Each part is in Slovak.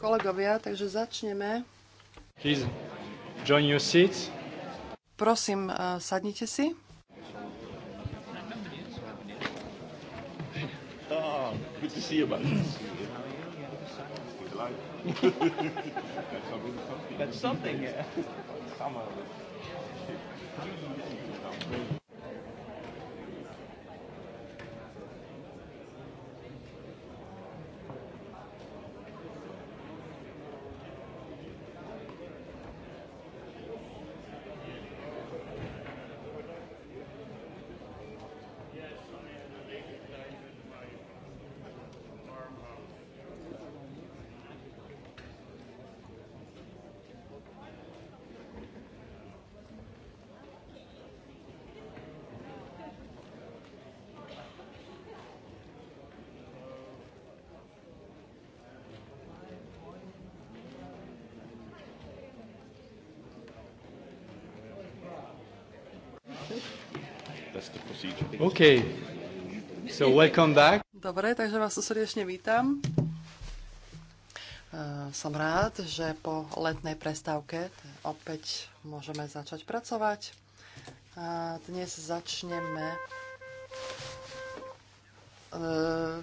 Kolegovia, takže začneme. Please join your seats. Prosím, eh, sadnite si. Oh, Okay. So welcome back. Dobre, takže vás tu srdečne vítam. E, som rád, že po letnej prestávke opäť môžeme začať pracovať. A dnes začneme e,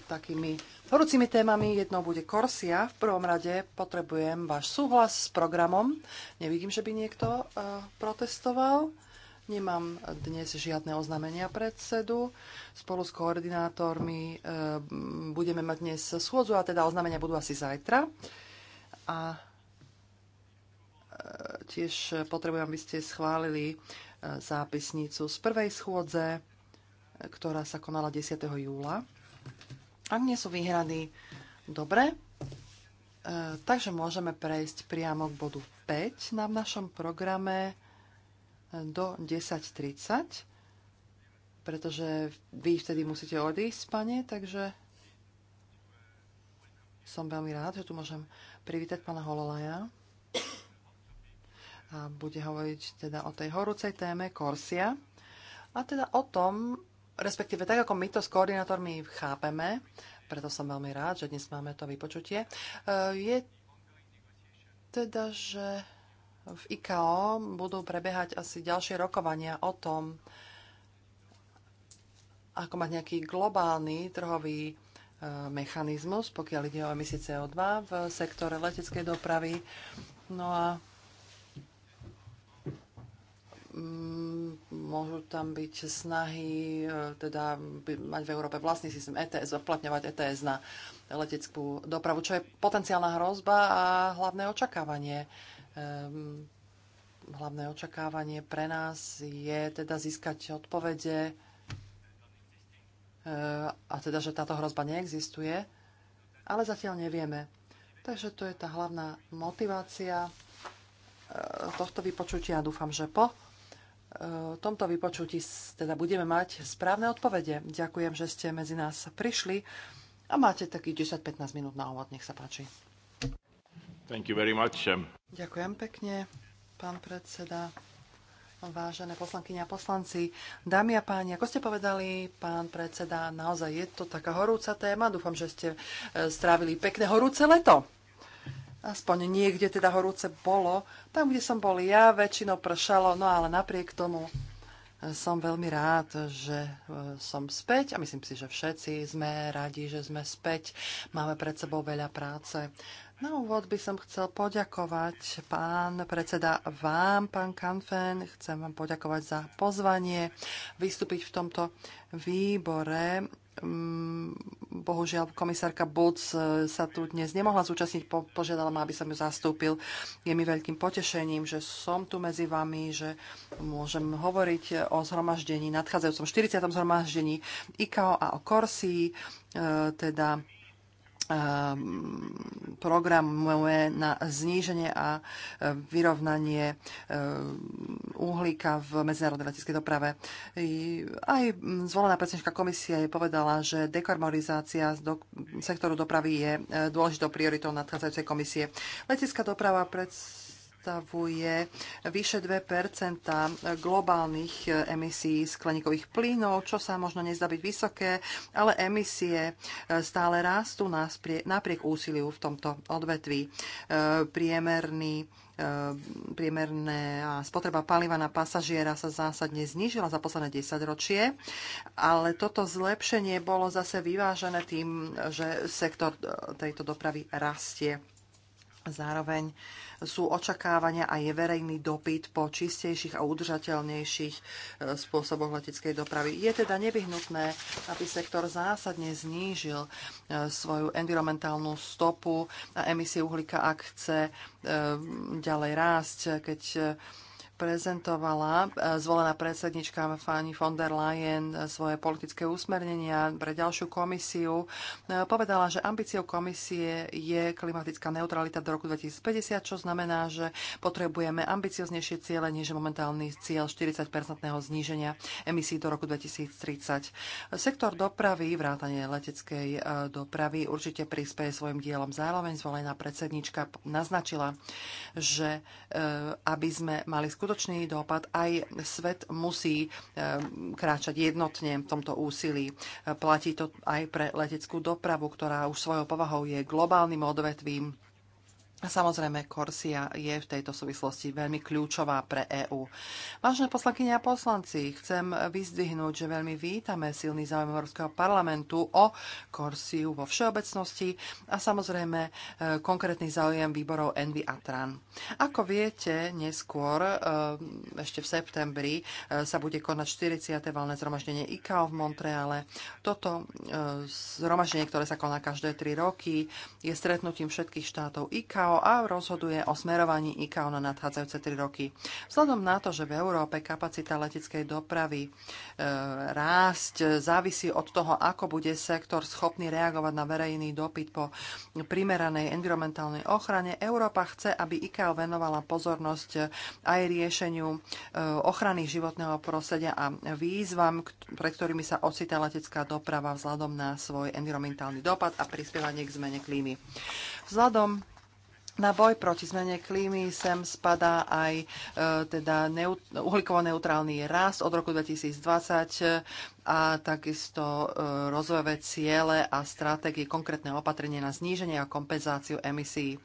takými horúcimi témami. Jednou bude Korsia. V prvom rade potrebujem váš súhlas s programom. Nevidím, že by niekto e, protestoval. Nemám dnes žiadne oznámenia predsedu. Spolu s koordinátormi e, budeme mať dnes schôdzu a teda oznámenia budú asi zajtra. A e, tiež potrebujem, aby ste schválili e, zápisnicu z prvej schôdze, ktorá sa konala 10. júla. Ak nie sú výhrady, dobre. E, takže môžeme prejsť priamo k bodu 5 na našom programe do 10.30, pretože vy vtedy musíte odísť, pane, takže som veľmi rád, že tu môžem privítať pána Hololaja a bude hovoriť teda o tej horúcej téme Korsia a teda o tom, respektíve tak, ako my to s koordinátormi chápeme, preto som veľmi rád, že dnes máme to vypočutie, e, je teda, že v IKO budú prebiehať asi ďalšie rokovania o tom, ako mať nejaký globálny trhový e, mechanizmus, pokiaľ ide o emisie CO2 v sektore leteckej dopravy. No a mm, môžu tam byť snahy e, teda mať v Európe vlastný systém ETS, uplatňovať ETS na leteckú dopravu, čo je potenciálna hrozba a hlavné očakávanie. Um, hlavné očakávanie pre nás je teda získať odpovede eh, a teda, že táto hrozba neexistuje, ale zatiaľ nevieme. Takže to je tá hlavná motivácia eh, tohto vypočutia a dúfam, že po eh, tomto vypočutí teda budeme mať správne odpovede. Ďakujem, že ste medzi nás prišli a máte taký 10-15 minút na úvod. Nech sa páči. Thank you very much. Um, Ďakujem pekne, pán predseda. Vážené poslankyne a poslanci, dámy a páni, ako ste povedali, pán predseda, naozaj je to taká horúca téma. Dúfam, že ste e, strávili pekné horúce leto. Aspoň niekde teda horúce bolo. Tam, kde som bol ja, väčšinou pršalo, no ale napriek tomu e, som veľmi rád, že e, som späť a myslím si, že všetci sme radi, že sme späť. Máme pred sebou veľa práce. Na úvod by som chcel poďakovať pán predseda vám, pán Kanfen. Chcem vám poďakovať za pozvanie vystúpiť v tomto výbore. Mm, bohužiaľ, komisárka Buc e, sa tu dnes nemohla zúčastniť, požiadala ma, aby som ju zastúpil. Je mi veľkým potešením, že som tu medzi vami, že môžem hovoriť o zhromaždení, nadchádzajúcom 40. zhromaždení IKO a o Korsii, e, teda Ehm, programuje na zníženie a e, vyrovnanie e, uhlíka v medzinárodnej leteckej doprave. Aj zvolená predsednička komisie je povedala, že dekarbonizácia do, sektoru dopravy je e, dôležitou prioritou nadchádzajúcej komisie. Letecká doprava predstavuje predstavuje vyše 2 globálnych emisí skleníkových plynov, čo sa možno nezdá byť vysoké, ale emisie e, stále rastú napriek úsiliu v tomto odvetví. E, priemerný e, a spotreba paliva na pasažiera sa zásadne znížila za posledné 10 ročie, ale toto zlepšenie bolo zase vyvážené tým, že sektor tejto dopravy rastie. Zároveň sú očakávania a je verejný dopyt po čistejších a udržateľnejších e, spôsoboch leteckej dopravy. Je teda nevyhnutné, aby sektor zásadne znížil e, svoju environmentálnu stopu a emisie uhlíka, ak chce e, ďalej rásť, keď prezentovala e, zvolená predsednička Fanny von der Leyen e, svoje politické usmernenia pre ďalšiu komisiu. E, povedala, že ambíciou komisie je klimatická neutralita do roku 2050, čo znamená, že potrebujeme ambicioznejšie ciele než momentálny cieľ 40-percentného zníženia emisí do roku 2030. Sektor dopravy, vrátanie leteckej dopravy, určite prispieje svojim dielom. Zároveň zvolená predsednička naznačila, že aby sme mali skutočne skutočný dopad, aj svet musí eh, kráčať jednotne v tomto úsilí. Platí to aj pre leteckú dopravu, ktorá už svojou povahou je globálnym odvetvím a samozrejme, Korsia je v tejto súvislosti veľmi kľúčová pre EÚ. Vážne poslankyne a poslanci, chcem vyzdvihnúť, že veľmi vítame silný záujem Európskeho parlamentu o Korsiu vo všeobecnosti a samozrejme e, konkrétny záujem výborov Envy a TRAN. Ako viete, neskôr, e, ešte v septembri, e, sa bude konať 40. valné zhromaždenie ICAO v Montreale. Toto zhromaždenie, ktoré sa koná každé 3 roky, je stretnutím všetkých štátov ICAO ICAO a rozhoduje o smerovaní IKO na nadchádzajúce 3 roky. Vzhľadom na to, že v Európe kapacita leteckej dopravy e, rásť závisí od toho, ako bude sektor schopný reagovať na verejný dopyt po primeranej environmentálnej ochrane, Európa chce, aby ICAO venovala pozornosť e, aj riešeniu e, ochrany životného prostredia a výzvam, pre ktorými sa ocitá letecká doprava vzhľadom na svoj environmentálny dopad a prispievanie k zmene klímy. Vzhľadom na boj proti zmene klímy sem spadá aj e, teda neut- uhlíkovo-neutrálny rast od roku 2020, a takisto e, rozvojové ciele a stratégie konkrétne opatrenie na zníženie a kompenzáciu emisí.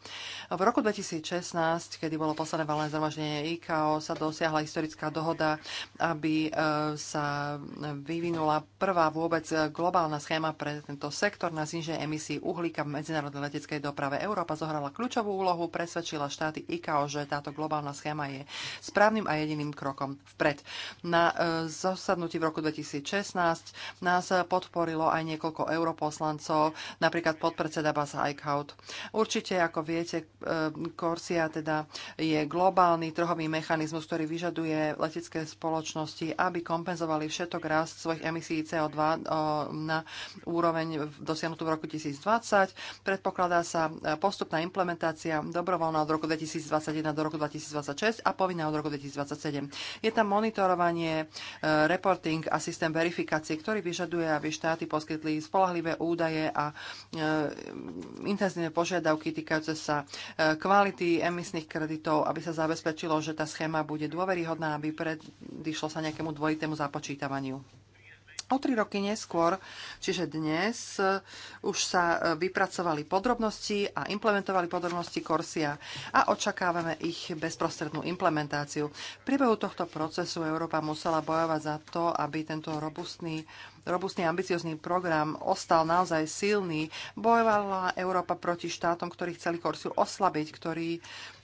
V roku 2016, kedy bolo posledné valné zhromaždenie IKO, sa dosiahla historická dohoda, aby e, sa vyvinula prvá vôbec globálna schéma pre tento sektor na zníženie emisí uhlíka v medzinárodnej leteckej doprave. Európa zohrala kľúčovú úlohu, presvedčila štáty IKO, že táto globálna schéma je správnym a jediným krokom vpred. Na e, zasadnutí v roku 2016 2016 nás podporilo aj niekoľko europoslancov, napríklad podpredseda Bas Eichhout. Určite, ako viete, Korsia e, teda je globálny trhový mechanizmus, ktorý vyžaduje letecké spoločnosti, aby kompenzovali všetok rast svojich emisí CO2 e, na úroveň dosiahnutú v roku 2020. Predpokladá sa postupná implementácia dobrovoľná od roku 2021 do roku 2026 a povinná od roku 2027. Je tam monitorovanie, e, reporting a systém verifikácie notifikácie, ktorý vyžaduje, aby štáty poskytli spolahlivé údaje a e, intenzívne požiadavky týkajúce sa e, kvality emisných kreditov, aby sa zabezpečilo, že tá schéma bude dôveryhodná, aby predišlo sa nejakému dvojitému započítavaniu o tri roky neskôr, čiže dnes eh, už sa eh, vypracovali podrobnosti a implementovali podrobnosti Korsia a očakávame ich bezprostrednú implementáciu. V priebehu tohto procesu Európa musela bojovať za to, aby tento robustný robustný ambiciozný program ostal naozaj silný. Bojovala Európa proti štátom, ktorí chceli Korsiu oslabiť, ktorí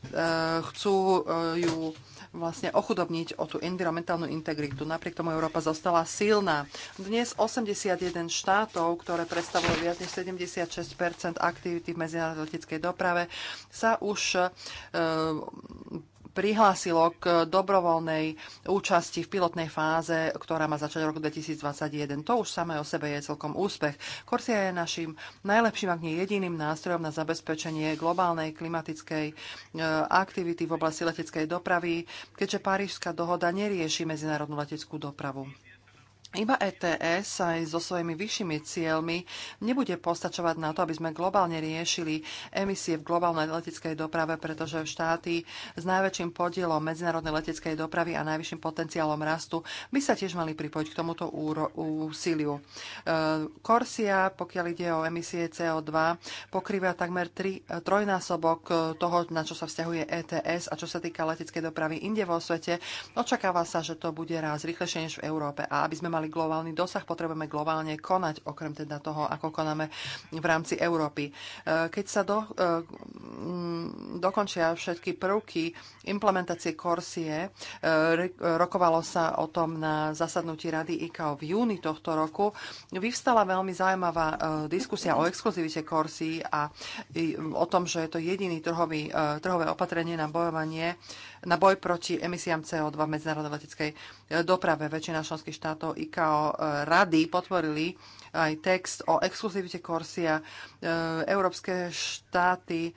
Eh, chcú eh, ju vlastne ochudobniť o tú environmentálnu integritu. Napriek tomu Európa zostala silná. Dnes 81 štátov, ktoré predstavujú viac než 76 aktivity v medzinárodnej leteckej doprave, sa už e, prihlásilo k dobrovoľnej účasti v pilotnej fáze, ktorá má začať rok 2021. To už samé o sebe je celkom úspech. Korsia je našim najlepším, ak nie jediným nástrojom na zabezpečenie globálnej klimatickej e, aktivity v oblasti leteckej dopravy, keďže Parížská dohoda nerieši medzinárodnú leteckú dopravu. Iba ETS aj so svojimi vyššími cieľmi nebude postačovať na to, aby sme globálne riešili emisie v globálnej leteckej doprave, pretože štáty s najväčším podielom medzinárodnej leteckej dopravy a najvyšším potenciálom rastu by sa tiež mali pripojiť k tomuto úsiliu. Korsia, e, pokiaľ ide o emisie CO2, pokrýva takmer tri, e, trojnásobok e, toho, na čo sa vzťahuje ETS a čo sa týka leteckej dopravy inde vo svete. Očakáva sa, že to bude raz rýchlejšie než v Európe a aby sme mali globálny dosah, potrebujeme globálne konať, okrem teda toho, ako konáme v rámci Európy. E, keď sa do, e, dokončia všetky prvky implementácie Korsie, e, rokovalo sa o tom na zasadnutí Rady IKO v júni tohto roku, vyvstala veľmi zaujímavá diskusia o exkluzivite korsi a o tom, že je to jediný trhový, trhové opatrenie na bojovanie na boj proti emisiám CO2 v medzinárodnej leteckej eh, doprave. Väčšina členských štátov IKO eh, rady potvorili aj text o exkluzivite Korsia. Eh, európske štáty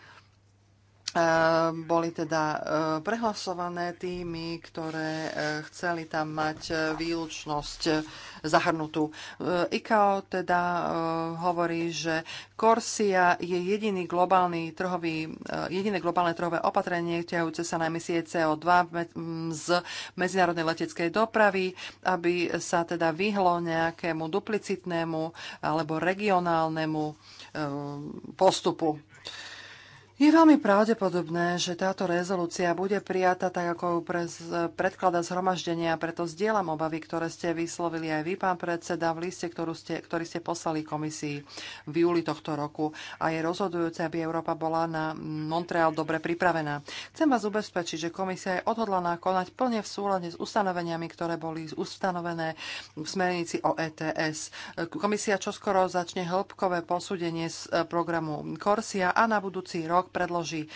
Ehm, boli teda ehm, prehlasované tými, ktoré ehm, chceli tam mať výlučnosť zahrnutú. ICAO teda hovorí, že Corsia je jediný globálny trhový, jediné globálne trhové opatrenie ťahujúce sa na emisie CO2 z medzinárodnej leteckej dopravy, aby sa teda vyhlo nejakému duplicitnému alebo regionálnemu postupu je veľmi pravdepodobné, že táto rezolúcia bude prijatá tak, ako ju predklada zhromaždenia, preto zdieľam obavy, ktoré ste vyslovili aj vy, pán predseda, v liste, ktorú ste, ktorý ste poslali komisii v júli tohto roku. A je rozhodujúce, aby Európa bola na Montreal dobre pripravená. Chcem vás ubezpečiť, že komisia je odhodlaná konať plne v súlade s ustanoveniami, ktoré boli ustanovené v smernici o ETS. Komisia čoskoro začne hĺbkové posúdenie z programu Corsia a na budúci rok predloží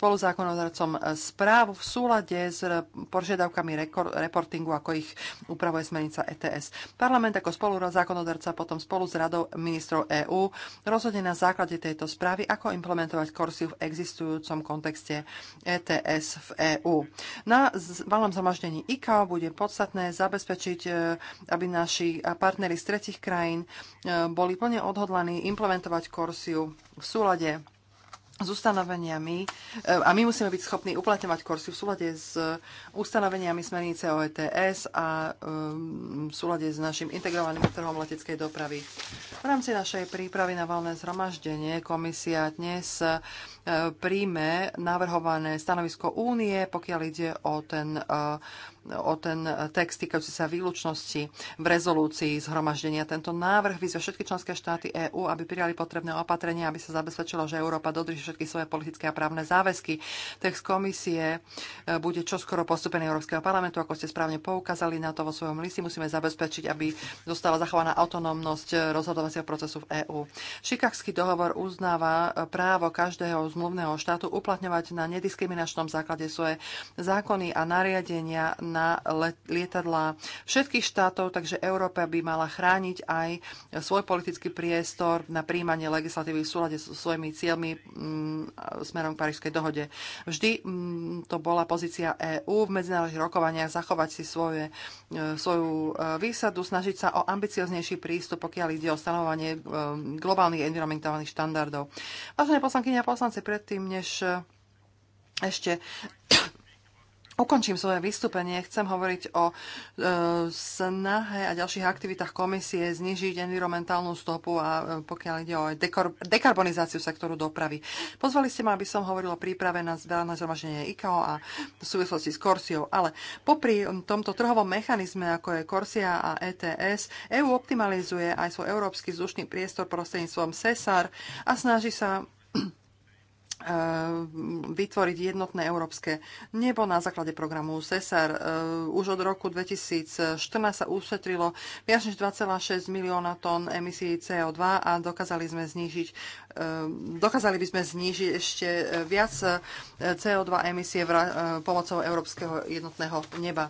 zákonodarcom správu v súlade s požiadavkami reportingu, ako ich upravuje smernica ETS. Parlament ako zákonodarca potom spolu s Radou ministrov EÚ rozhodne na základe tejto správy, ako implementovať korsiu v existujúcom kontexte ETS v EÚ. Na valnom zamaždení ICAO bude podstatné zabezpečiť, e, aby naši partnery z tretich krajín e, boli plne odhodlaní implementovať korsiu v súlade s ustanoveniami e, a my musíme byť schopní uplatňovať kursy v súlade s ustanoveniami smernice OETS a v súlade s našim integrovaným trhom leteckej dopravy. V rámci našej prípravy na valné zhromaždenie komisia dnes E, príjme navrhované stanovisko únie, pokiaľ ide o ten, e, o ten text týkajúci sa výlučnosti v rezolúcii zhromaždenia. Tento návrh vyzve všetky členské štáty EÚ, aby prijali potrebné opatrenia, aby sa zabezpečilo, že Európa dodrží všetky svoje politické a právne záväzky. Text komisie e, bude čoskoro postupený Európskeho parlamentu, ako ste správne poukázali na to vo svojom liste. Musíme zabezpečiť, aby zostala zachovaná autonómnosť rozhodovacieho procesu v EÚ. Šikakský dohovor uznáva právo každého zmluvného štátu uplatňovať na nediskriminačnom základe svoje zákony a nariadenia na lietadlá všetkých štátov, takže Európa by mala chrániť aj svoj politický priestor na príjmanie legislatívy v súlade so svojimi cieľmi mm, smerom k Parížskej dohode. Vždy mm, to bola pozícia EÚ v medzinárodných rokovaniach zachovať si svoje, e, svoju e, výsadu, snažiť sa o ambicioznejší prístup, pokiaľ ide o stanovanie e, globálnych environmentálnych štandardov. Vážené poslankyne a poslanci, mesiace predtým, než eh, ešte ukončím svoje vystúpenie, chcem hovoriť o e, snahe a ďalších aktivitách komisie znižiť environmentálnu stopu a e, pokiaľ ide o dekor, dekarbonizáciu sektoru dopravy. Pozvali ste ma, aby som hovoril o príprave na zberné zromaženie ICAO a v súvislosti s Korsiou, ale popri hm, tomto trhovom mechanizme, ako je Korsia a ETS, EU optimalizuje aj svoj európsky vzdušný priestor prostredníctvom CESAR a snaží sa Eh, vytvoriť jednotné európske nebo na základe programu CESAR. Eh, už od roku 2014 sa ušetrilo viac než 2,6 milióna tón emisí CO2 a dokázali sme znižiť, eh, dokázali by sme znížiť ešte viac CO2 emisie pomocou Európskeho jednotného neba.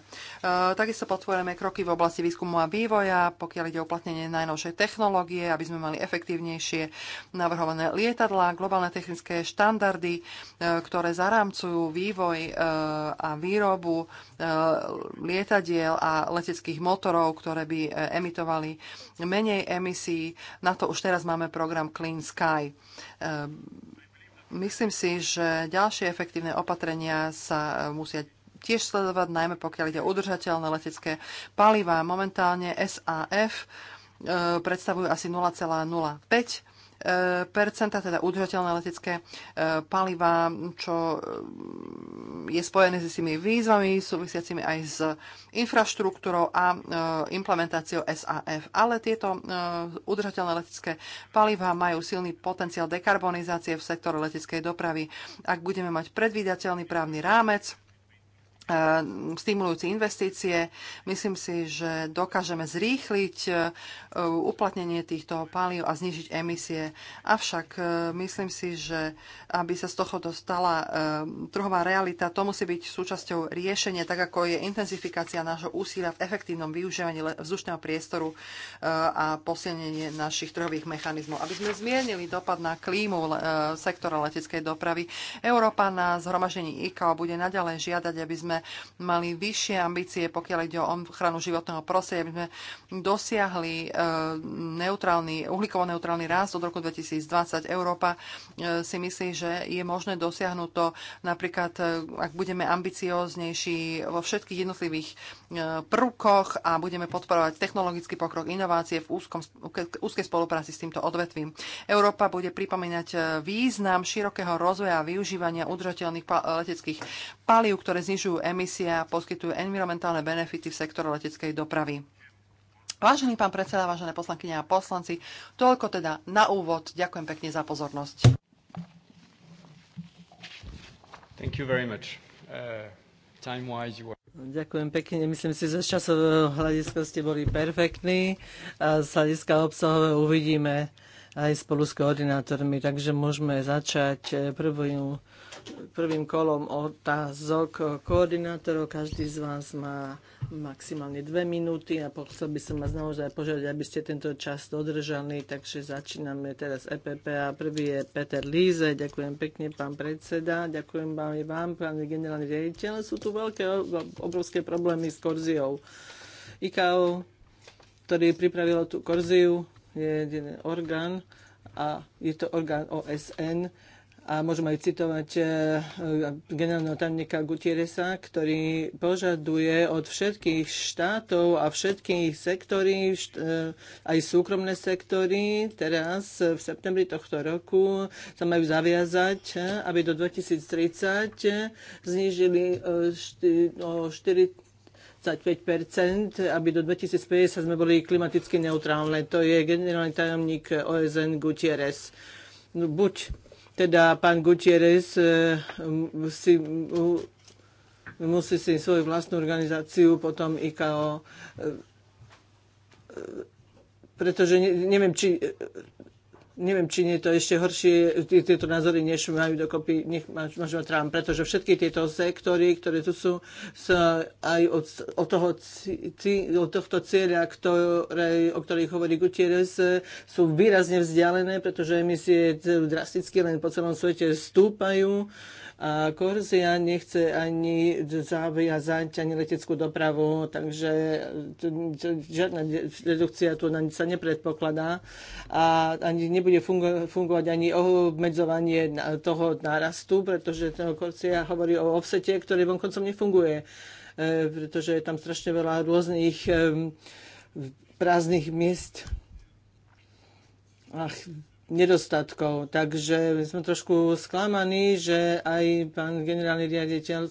Takisto potvoríme kroky v oblasti výskumu a vývoja, pokiaľ ide o uplatnenie najnovšej technológie, aby sme mali efektívnejšie navrhované lietadlá, globálne technické štandardy, štandardy, e, ktoré zarámcujú vývoj e, a výrobu e, lietadiel a leteckých motorov, ktoré by emitovali menej emisí. Na to už teraz máme program Clean Sky. Myslím si, že ďalšie efektívne opatrenia sa musia tiež sledovať, najmä pokiaľ ide o udržateľné letecké palivá. Momentálne SAF predstavujú asi 0,05 percenta, teda udržateľné letecké e, paliva, čo e, je spojené s tými výzvami súvisiacimi aj s infraštruktúrou a e, implementáciou SAF. Ale tieto udržateľné letecké paliva majú silný potenciál dekarbonizácie v sektore leteckej dopravy. Ak budeme mať predvídateľný právny rámec, stimulujúci investície. Myslím si, že dokážeme zrýchliť e, uplatnenie týchto palív a znižiť emisie. Avšak e, myslím si, že aby sa z toho dostala e, trhová realita, to musí byť súčasťou riešenia, tak ako je intenzifikácia nášho úsilia v efektívnom využívaní vzdušného priestoru a posilnenie našich trhových mechanizmov. Aby sme zmienili dopad na klímu sektora leteckej dopravy, Európa na zhromaždení ICAO bude naďalej žiadať, aby sme mali vyššie ambície, pokiaľ ide o ochranu životného prostredia, aby sme dosiahli e, neutrálny, uhlíkovo-neutrálny rast od roku 2020. Európa e, si myslí, že je možné dosiahnuť to napríklad, e, ak budeme ambicioznejší vo všetkých jednotlivých E, prúkoch a budeme podporovať technologický pokrok inovácie v úzkom, úzkej spolupráci s týmto odvetvím. Európa bude pripomínať e, význam širokého rozvoja a využívania udržateľných leteckých palív, ktoré znižujú emisie a poskytujú environmentálne benefity v sektore leteckej dopravy. Vážený pán predseda, vážené poslankyne a poslanci, toľko teda na úvod. Ďakujem pekne za pozornosť. Thank you very much. Uh... Ďakujem pekne. Myslím si, že z časového hľadiska ste boli perfektní. A z hľadiska obsahového uvidíme aj spolu s koordinátormi. Takže môžeme začať eh, prvým prvým kolom otázok koordinátorov. Každý z vás má maximálne dve minúty a chcel by som vás naozaj požiadať, aby ste tento čas dodržali. Takže začíname teraz EPP a prvý je Peter Líze. Ďakujem pekne, pán predseda. Ďakujem vám aj vám, pán generálny riaditeľ. Sú tu veľké, obrovské problémy s korziou. IKO, ktorý pripravilo tú korziu, je jeden orgán a je to orgán OSN, a môžeme aj citovať e, e, generálneho tajomníka Gutieresa, ktorý požaduje od všetkých štátov a všetkých sektorí, e, aj súkromné sektory, teraz v septembri tohto roku sa majú zaviazať, aby do 2030 znížili o 4 25 aby do 2050 sme boli klimaticky neutrálne. To je generálny tajomník OSN Gutierrez. Buď teda pán Gutierrez e, si musí si svoju vlastnú organizáciu potom IKO e, e, pretože neviem, či neviem, či nie je to ešte horšie, tieto názory, než majú dokopy, nech možno Trump, pretože všetky tieto sektory, ktoré tu sú, sa aj od, od, toho, od tohto cieľa, ktoré, o ktorých hovorí Gutierrez, sú výrazne vzdialené, pretože emisie drasticky len po celom svete stúpajú. A Korzia nechce ani zaviazať ani leteckú dopravu, takže žiadna redukcia tu sa nepredpokladá a ani nebude nebude fungo- fungovať ani obmedzovanie toho nárastu, pretože ten korcia hovorí o offsete, ktorý vonkoncom nefunguje, e, pretože je tam strašne veľa rôznych e, prázdnych miest. Ach, nedostatkov. Takže sme trošku sklamaní, že aj pán generálny riaditeľ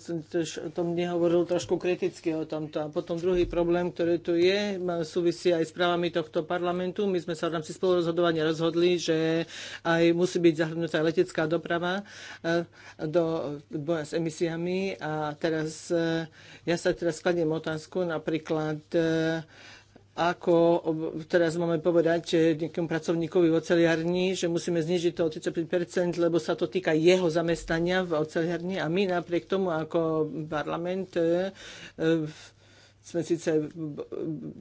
o tom nehovoril trošku kriticky o tomto. A potom druhý problém, ktorý tu je, súvisí aj s právami tohto parlamentu. My sme sa v rámci spolurozhodovania rozhodli, že aj musí byť zahrnutá letecká doprava eh, do boja s emisiami. A teraz eh, ja sa teraz skladiem otázku napríklad eh, ako teraz máme povedať eh, nejakému pracovníkovi v oceliarni, že musíme znižiť to o 35%, lebo sa to týka jeho zamestnania v oceliarni a my napriek tomu ako parlament eh, sme síce,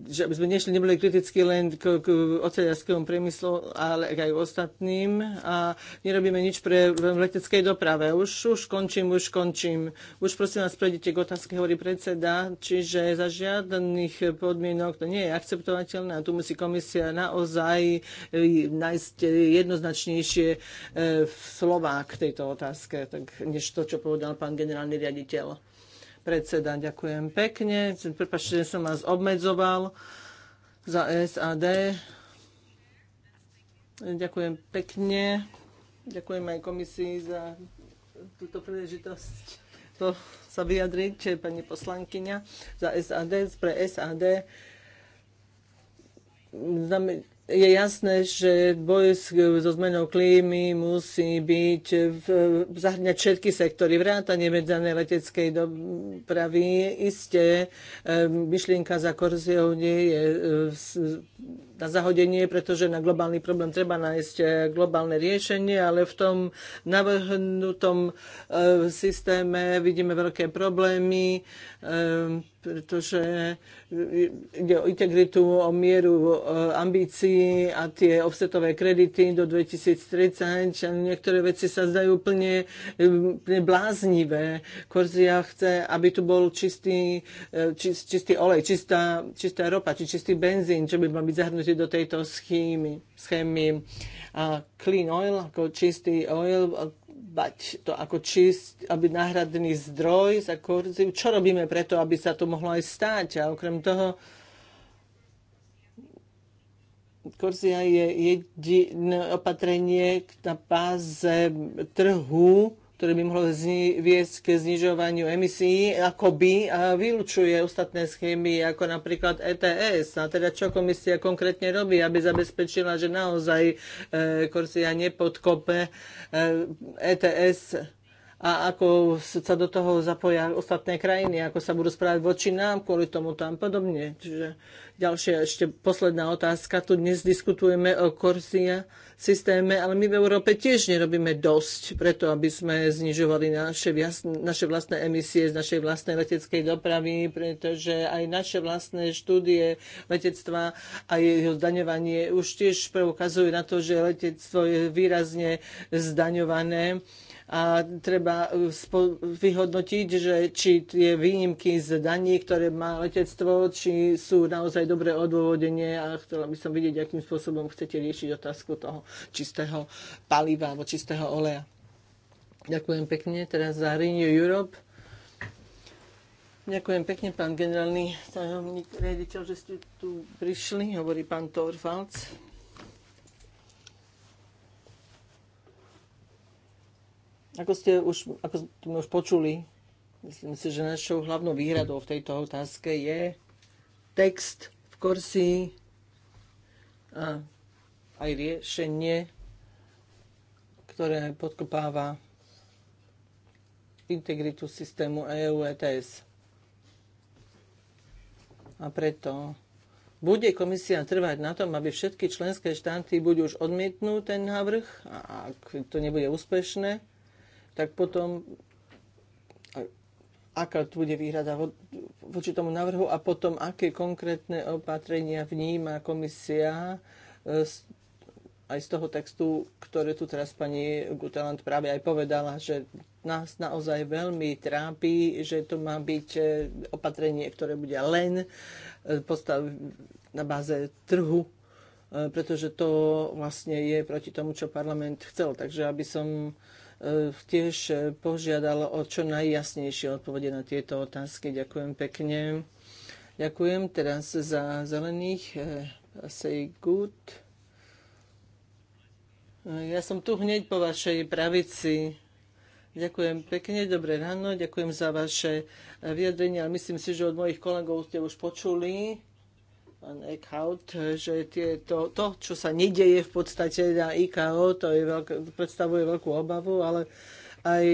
že aby sme nešli, neboli kriticky len k, k oceľarskému priemyslu, ale aj ostatným a nerobíme nič pre leteckej doprave. Už, už končím, už končím. Už prosím vás, prejdite k otázke, hovorí predseda, čiže za žiadnych podmienok to nie je akceptovateľné a tu musí komisia naozaj e, nájsť jednoznačnejšie e, slova k tejto otázke, tak, než to, čo povedal pán generálny riaditeľ. Predseda, ďakujem pekne. Prepačte, že som vás obmedzoval za SAD. Ďakujem pekne. Ďakujem aj komisii za túto príležitosť to sa vyjadriť, pani poslankyňa za SAD, pre SAD je jasné, že boj so zmenou klímy musí byť v, zahrňať všetky sektory, vrátanie medzanej leteckej dopravy. Isté, e, myšlienka za korziou nie je e, na zahodenie, pretože na globálny problém treba nájsť e, globálne riešenie, ale v tom navrhnutom e, systéme vidíme veľké problémy, e, pretože ide o integritu, o mieru ambícií a tie offsetové kredity do 2030. Niektoré veci sa zdajú plne, plne bláznivé. Korzia chce, aby tu bol čistý, čist, čistý olej, čistá, čistá ropa, či čistý benzín, čo by mal byť zahrnutý zaviazujú do tejto schémy. schémy. A clean oil, ako čistý oil, bať to ako čist, aby náhradný zdroj za korziu. Čo robíme preto, aby sa to mohlo aj stať? A okrem toho, korzia je jediné opatrenie na páze trhu, ktoré by mohlo zni- viesť ke znižovaniu emisí, akoby a vylučuje ostatné schémy, ako napríklad ETS. A teda čo komisia konkrétne robí, aby zabezpečila, že naozaj e, Korsia nepodkope e, ETS a ako sa do toho zapoja ostatné krajiny, ako sa budú správať voči nám, kvôli tomu tam podobne. Čiže ďalšia, ešte posledná otázka. Tu dnes diskutujeme o korzia systéme, ale my v Európe tiež nerobíme dosť preto, aby sme znižovali naše, naše vlastné emisie z našej vlastnej leteckej dopravy, pretože aj naše vlastné štúdie letectva a jeho zdaňovanie už tiež preukazujú na to, že letectvo je výrazne zdaňované a treba uh, vyhodnotiť, že či tie výnimky z daní, ktoré má letectvo, či sú naozaj dobré odôvodenie a chcela by som vidieť, akým spôsobom chcete riešiť otázku toho čistého paliva alebo čistého oleja. Ďakujem pekne teraz za Renew Europe. Ďakujem pekne, pán generálny tajomník, rediteľ, že ste tu prišli, hovorí pán Thorvalds. Ako ste už, ako sme už počuli, myslím si, že našou hlavnou výhradou v tejto otázke je text v korsi a aj riešenie, ktoré podkopáva integritu systému EU ETS. A preto bude komisia trvať na tom, aby všetky členské štáty buď už odmietnú ten návrh, a ak to nebude úspešné, tak potom aká tu bude výhrada voči tomu návrhu a potom aké konkrétne opatrenia vníma komisia e, aj z toho textu, ktoré tu teraz pani Gutelant práve aj povedala, že nás naozaj veľmi trápi, že to má byť e, opatrenie, ktoré bude len e, postav na báze trhu, pretože to vlastne je proti tomu, čo parlament chcel. Takže aby som E, tiež e, požiadal o čo najjasnejšie odpovede na tieto otázky. Ďakujem pekne. Ďakujem teraz za zelených. E, Say good. Ja som tu hneď po vašej pravici. Ďakujem pekne, dobré ráno, ďakujem za vaše vyjadrenie ale Myslím si, že od mojich kolegov ste už počuli pán Eckhout, že tieto, to, čo sa nedeje v podstate na IKO, to je veľk, predstavuje veľkú obavu, ale aj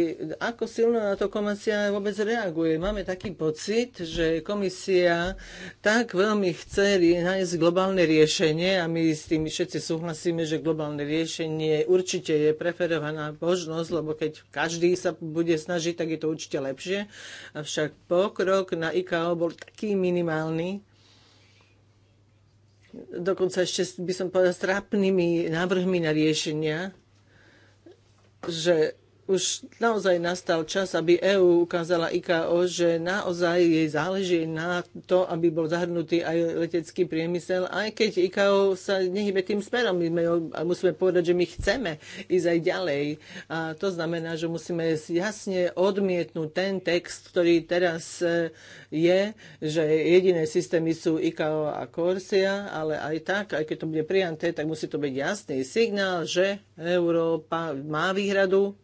ako silno na to komisia vôbec reaguje. Máme taký pocit, že komisia tak veľmi chce nájsť globálne riešenie a my s tým všetci súhlasíme, že globálne riešenie určite je preferovaná možnosť, lebo keď každý sa bude snažiť, tak je to určite lepšie. Avšak pokrok na IKO bol taký minimálny, dokonca ešte by som povedala s trápnymi návrhmi na riešenia, že už naozaj nastal čas, aby EÚ ukázala IKO, že naozaj jej záleží na to, aby bol zahrnutý aj letecký priemysel, aj keď IKO sa nehybe tým smerom. My musíme povedať, že my chceme ísť aj ďalej. A to znamená, že musíme jasne odmietnúť ten text, ktorý teraz e, je, že jediné systémy sú IKO a Corsia, ale aj tak, aj keď to bude prijaté, tak musí to byť jasný signál, že Európa má výhradu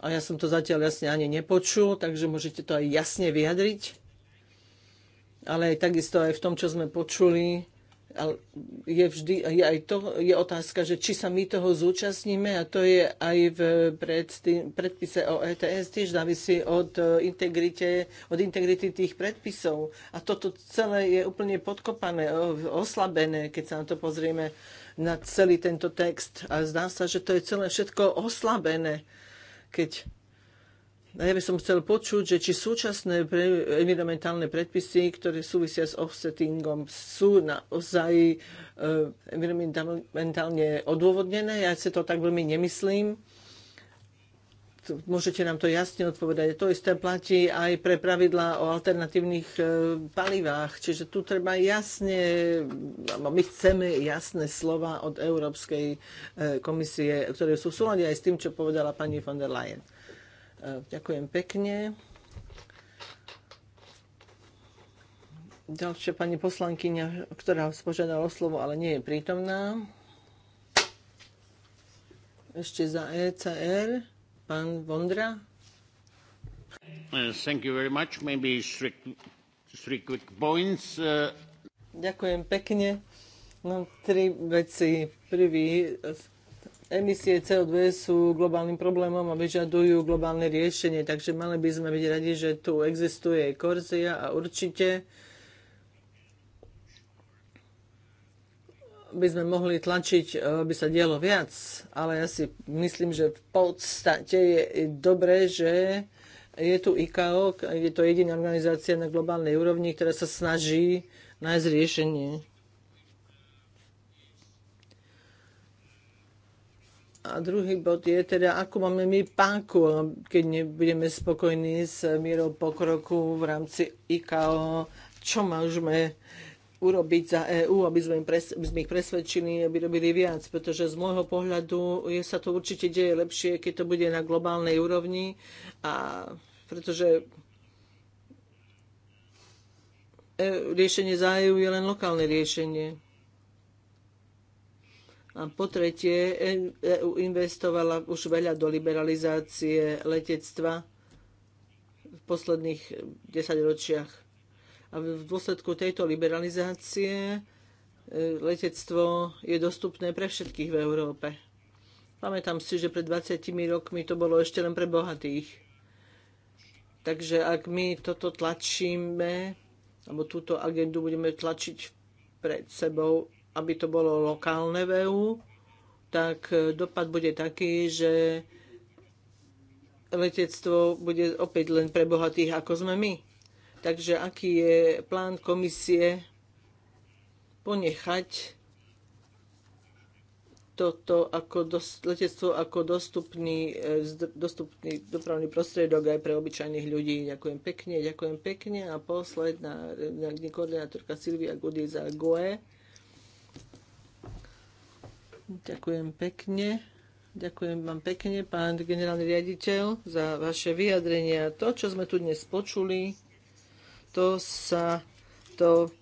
a ja som to zatiaľ jasne ani nepočul, takže môžete to aj jasne vyjadriť. Ale aj takisto aj v tom, čo sme počuli, je vždy, je aj to, je otázka, že či sa my toho zúčastníme a to je aj v pred tým, predpise o ETS tiež závisí od e, integrite, od integrity tých predpisov. A toto celé je úplne podkopané, oslabené, keď sa na to pozrieme na celý tento text. A zdá sa, že to je celé všetko oslabené keď ja by som chcel počuť, že či súčasné pre, environmentálne predpisy, ktoré súvisia s offsettingom, sú naozaj e, environmentálne odôvodnené. Ja si to tak veľmi nemyslím môžete nám to jasne odpovedať. To isté platí aj pre pravidlá o alternatívnych e, palivách. Čiže tu treba jasne, my chceme jasné slova od Európskej e, komisie, ktoré sú v súlade aj s tým, čo povedala pani von der Leyen. E, ďakujem pekne. Ďalšia pani poslankyňa, ktorá spožiadala slovo, ale nie je prítomná. Ešte za ECR. Pán Vondra? Uh, thank you very much. Maybe three, three quick points. Uh, Ďakujem pekne. No, tri veci. Prvý, emisie CO2 sú globálnym problémom a vyžadujú globálne riešenie, takže mali by sme byť radi, že tu existuje korzia a určite by sme mohli tlačiť, e, aby sa dielo viac, ale ja si myslím, že v podstate je dobré, že je tu IKO, je to jediná organizácia na globálnej úrovni, ktorá sa snaží nájsť riešenie. A druhý bod je teda, ako máme my páku, keď nebudeme spokojní s mierou pokroku v rámci IKO, čo môžeme uh, urobiť za EÚ, aby sme, im pres, aby sme ich presvedčili, aby robili viac, pretože z môjho pohľadu je, sa to určite deje lepšie, keď to bude na globálnej úrovni, a pretože e riešenie za EÚ je len lokálne riešenie. A po tretie, EU investovala už veľa do liberalizácie letectva v posledných desaťročiach v dôsledku tejto liberalizácie e, letectvo je dostupné pre všetkých v Európe. Pamätám si, že pred 20 rokmi to bolo ešte len pre bohatých. Takže ak my toto tlačíme, alebo túto agendu budeme tlačiť pred sebou, aby to bolo lokálne v EU, tak e, dopad bude taký, že letectvo bude opäť len pre bohatých, ako sme my. Takže aký je plán komisie ponechať toto ako letectvo ako dostupný, e, dostupný dopravný prostriedok aj pre obyčajných ľudí. Ďakujem pekne, ďakujem pekne. A posledná e, koordinátorka Silvia Gudy za GOE. Ďakujem pekne. Ďakujem vám pekne, pán generálny riaditeľ, za vaše vyjadrenia. To, čo sme tu dnes počuli, to sa to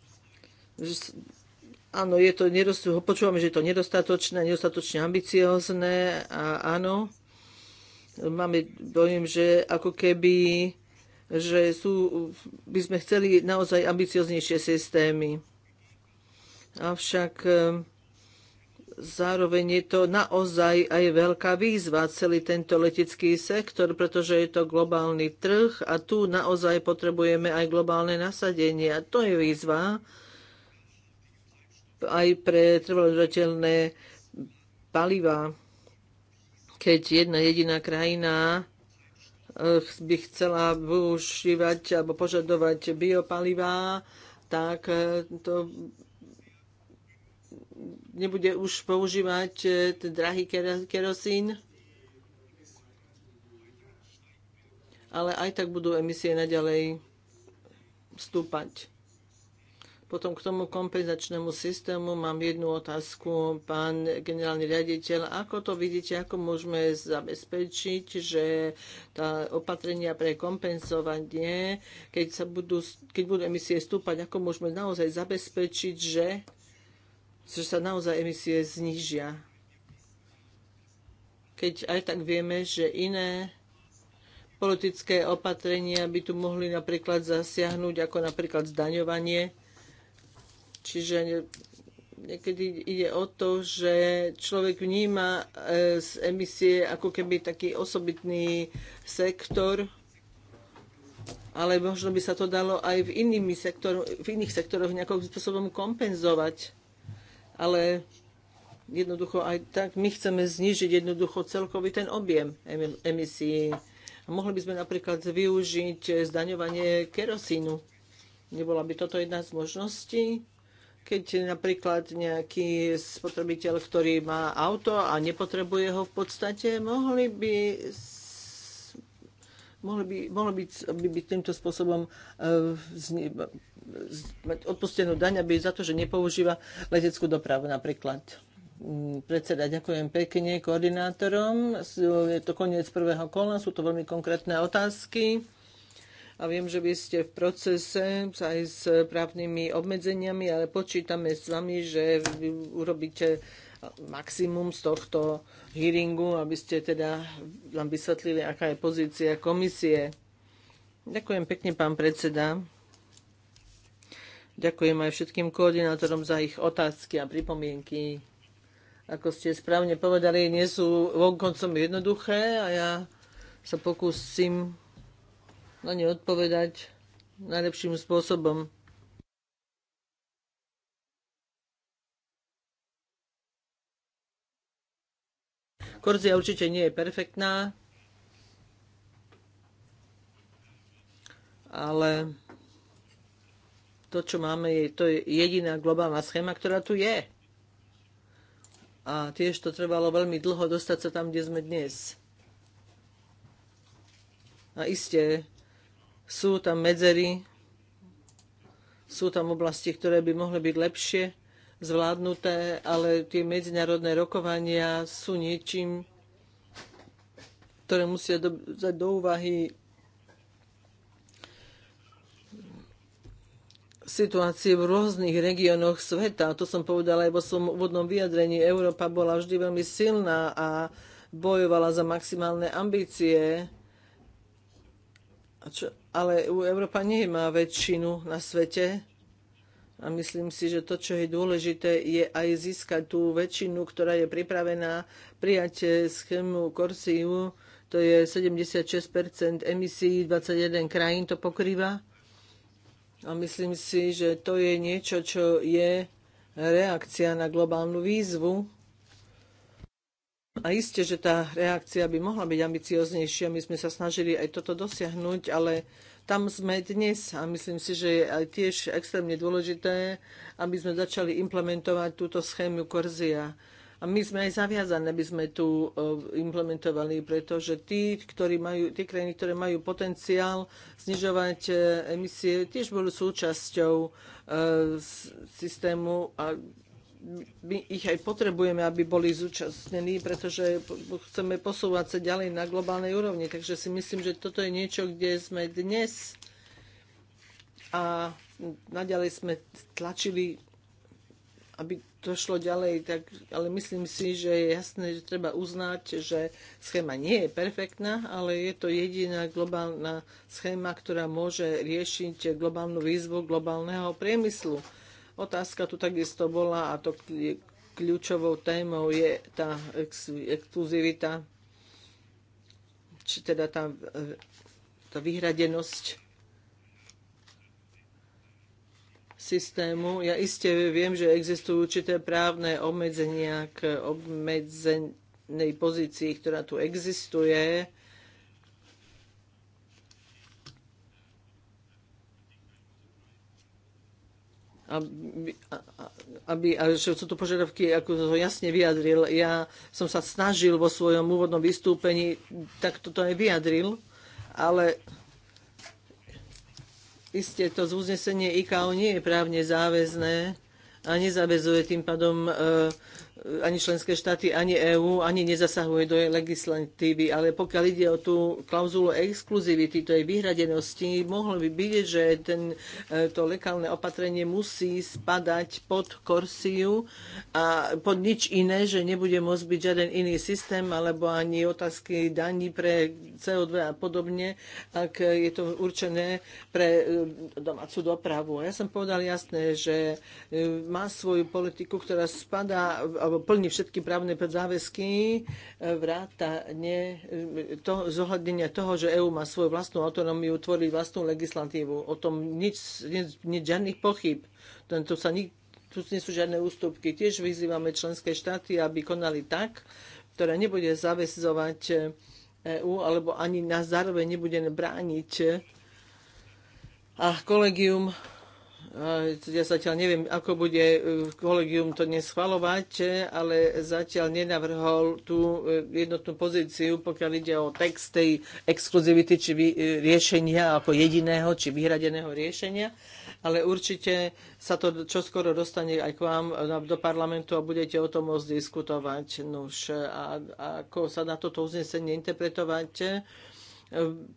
áno, je to nedostatočné, počúvame, že je to nedostatočné, nedostatočne ambiciozne a áno, máme dojem, že ako keby že sú, by sme chceli naozaj ambicioznejšie systémy. Avšak zároveň je to naozaj aj veľká výzva, celý tento letecký sektor, pretože je to globálny trh a tu naozaj potrebujeme aj globálne nasadenie. A to je výzva aj pre trvalodržateľné paliva. Keď jedna jediná krajina eh, by chcela využívať alebo požadovať biopalivá, tak eh, to nebude už používať e, ten drahý kerosín, ale aj tak budú emisie naďalej stúpať. Potom k tomu kompenzačnému systému mám jednu otázku, pán generálny riaditeľ. Ako to vidíte, ako môžeme zabezpečiť, že tá opatrenia pre kompenzovanie, keď, sa budú, keď budú emisie stúpať, ako môžeme naozaj zabezpečiť, že že sa naozaj emisie znížia. Keď aj tak vieme, že iné politické opatrenia by tu mohli napríklad zasiahnuť, ako napríklad zdaňovanie. Čiže niekedy ide o to, že človek vníma e, z emisie ako keby taký osobitný sektor, ale možno by sa to dalo aj v, inými sektor, v iných sektoroch nejakým spôsobom kompenzovať ale jednoducho aj tak my chceme znižiť jednoducho celkový ten objem emisí. A mohli by sme napríklad využiť zdaňovanie kerosínu. Nebola by toto jedna z možností? Keď napríklad nejaký spotrebiteľ, ktorý má auto a nepotrebuje ho v podstate, mohli by mohli by, mohli byť, by týmto spôsobom uh, mať odpustenú daň, aby za to, že nepoužíva leteckú dopravu napríklad. Mm, predseda, ďakujem pekne koordinátorom. Je to koniec prvého kola, sú to veľmi konkrétne otázky a viem, že vy ste v procese aj s právnymi obmedzeniami, ale počítame s vami, že vy urobíte maximum z tohto hearingu, aby ste teda nám vysvetlili, aká je pozícia komisie. Ďakujem pekne, pán predseda. Ďakujem aj všetkým koordinátorom za ich otázky a pripomienky. Ako ste správne povedali, nie sú vonkoncom jednoduché a ja sa pokúsim na ne odpovedať najlepším spôsobom. Korzia určite nie je perfektná, ale to, čo máme, je, to je jediná globálna schéma, ktorá tu je. A tiež to trvalo veľmi dlho dostať sa tam, kde sme dnes. A iste sú tam medzery, sú tam oblasti, ktoré by mohli byť lepšie zvládnuté, ale tie medzinárodné rokovania sú niečím, ktoré musia do, do úvahy situácie v rôznych regiónoch sveta. To som povedala aj vo svojom úvodnom vyjadrení. Európa bola vždy veľmi silná a bojovala za maximálne ambície. Čo, ale Európa nie má väčšinu na svete. A myslím si, že to, čo je dôležité, je aj získať tú väčšinu, ktorá je pripravená prijať schému Corsiu. To je 76 emisí, 21 krajín to pokrýva. A myslím si, že to je niečo, čo je reakcia na globálnu výzvu. A isté, že tá reakcia by mohla byť ambicioznejšia. My sme sa snažili aj toto dosiahnuť, ale tam sme dnes a myslím si, že je aj tiež extrémne dôležité, aby sme začali implementovať túto schému Korzia a my sme aj zaviazané, aby sme tu e, implementovali, pretože tí, ktorí majú, tie krajiny, ktoré majú potenciál znižovať e, emisie, tiež boli súčasťou e, systému a my ich aj potrebujeme, aby boli zúčastnení, pretože chceme posúvať sa ďalej na globálnej úrovni. Takže si myslím, že toto je niečo, kde sme dnes a naďalej sme tlačili, aby šlo ďalej, tak, ale myslím si, že je jasné, že treba uznať, že schéma nie je perfektná, ale je to jediná globálna schéma, ktorá môže riešiť globálnu výzvu globálneho priemyslu. Otázka tu takisto bola, a to kľúčovou témou je tá exkluzivita, či teda tá, e, tá vyhradenosť systému. Ja iste viem, že existujú určité právne obmedzenia k obmedzenej pozícii, ktorá tu existuje. aby, aby a že sú tu požiadavky, ako to jasne vyjadril. Ja som sa snažil vo svojom úvodnom vystúpení, tak toto aj vyjadril, ale Isté, to uznesenie IKAO nie je právne záväzné a nezavezuje tým pádom e, ani členské štáty, ani EÚ, ani nezasahuje do jej legislatívy. Ale pokiaľ ide o tú klauzulu exkluzivity, to vyhradenosti, mohlo by byť, že ten, e, to lekálne opatrenie musí spadať pod korsiu a pod nič iné, že nebude môcť byť žiaden iný systém alebo ani otázky daní pre CO2 a podobne, ak je to určené pre e, domácu dopravu. Ja som povedal jasné, že e, má svoju politiku, ktorá spadá alebo plní všetky právne záväzky e, vrátane e, to, zohľadnenia toho, že EÚ má svoju vlastnú autonómiu, tvorí vlastnú legislatívu. O tom nič, nič, nič žiadnych pochyb. To sa nik, tu nie sú žiadne ústupky. Tiež vyzývame členské štáty, aby konali tak, ktoré nebude zavezovať EÚ, e alebo ani nás zároveň nebude brániť a kolegium ja zatiaľ neviem, ako bude e, kolegium to dnes schvalovať, e, ale zatiaľ nenavrhol tú e, jednotnú pozíciu, pokiaľ ide o text tej exkluzivity či riešenia ako jediného či vyhradeného riešenia. Ale určite sa to čoskoro dostane aj k vám do parlamentu a budete o tom môcť diskutovať. Nuž, a, a ako sa na toto uznesenie interpretovať,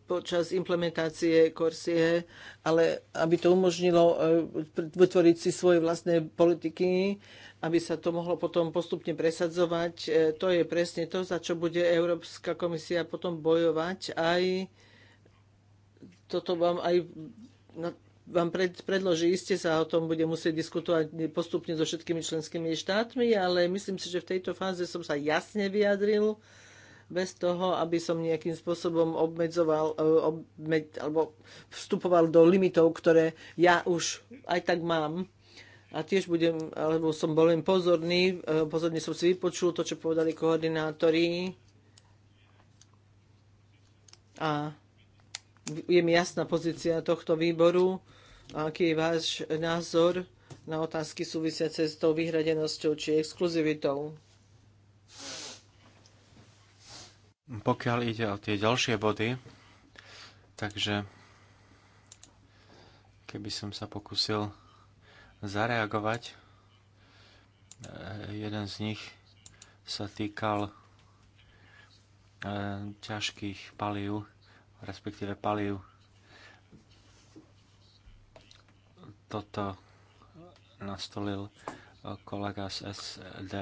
počas implementácie Korsie, ale aby to umožnilo e, vytvoriť si svoje vlastné politiky, aby sa to mohlo potom postupne presadzovať. E, to je presne to, za čo bude Európska komisia potom bojovať. Aj toto vám aj vám predloží, iste sa o tom bude musieť diskutovať postupne so všetkými členskými štátmi, ale myslím si, že v tejto fáze som sa jasne vyjadril bez toho, aby som nejakým spôsobom obmedzoval e, obmed, alebo vstupoval do limitov, ktoré ja už aj tak mám. A tiež budem, alebo som bol len pozorný, e, pozorne som si vypočul to, čo povedali koordinátori. A je mi jasná pozícia tohto výboru. aký je váš názor na otázky súvisiace s tou vyhradenosťou či exkluzivitou? Pokiaľ ide o tie ďalšie body, takže keby som sa pokusil zareagovať, eh, jeden z nich sa týkal eh, ťažkých palív, respektíve palív. Toto nastolil kolega z SD.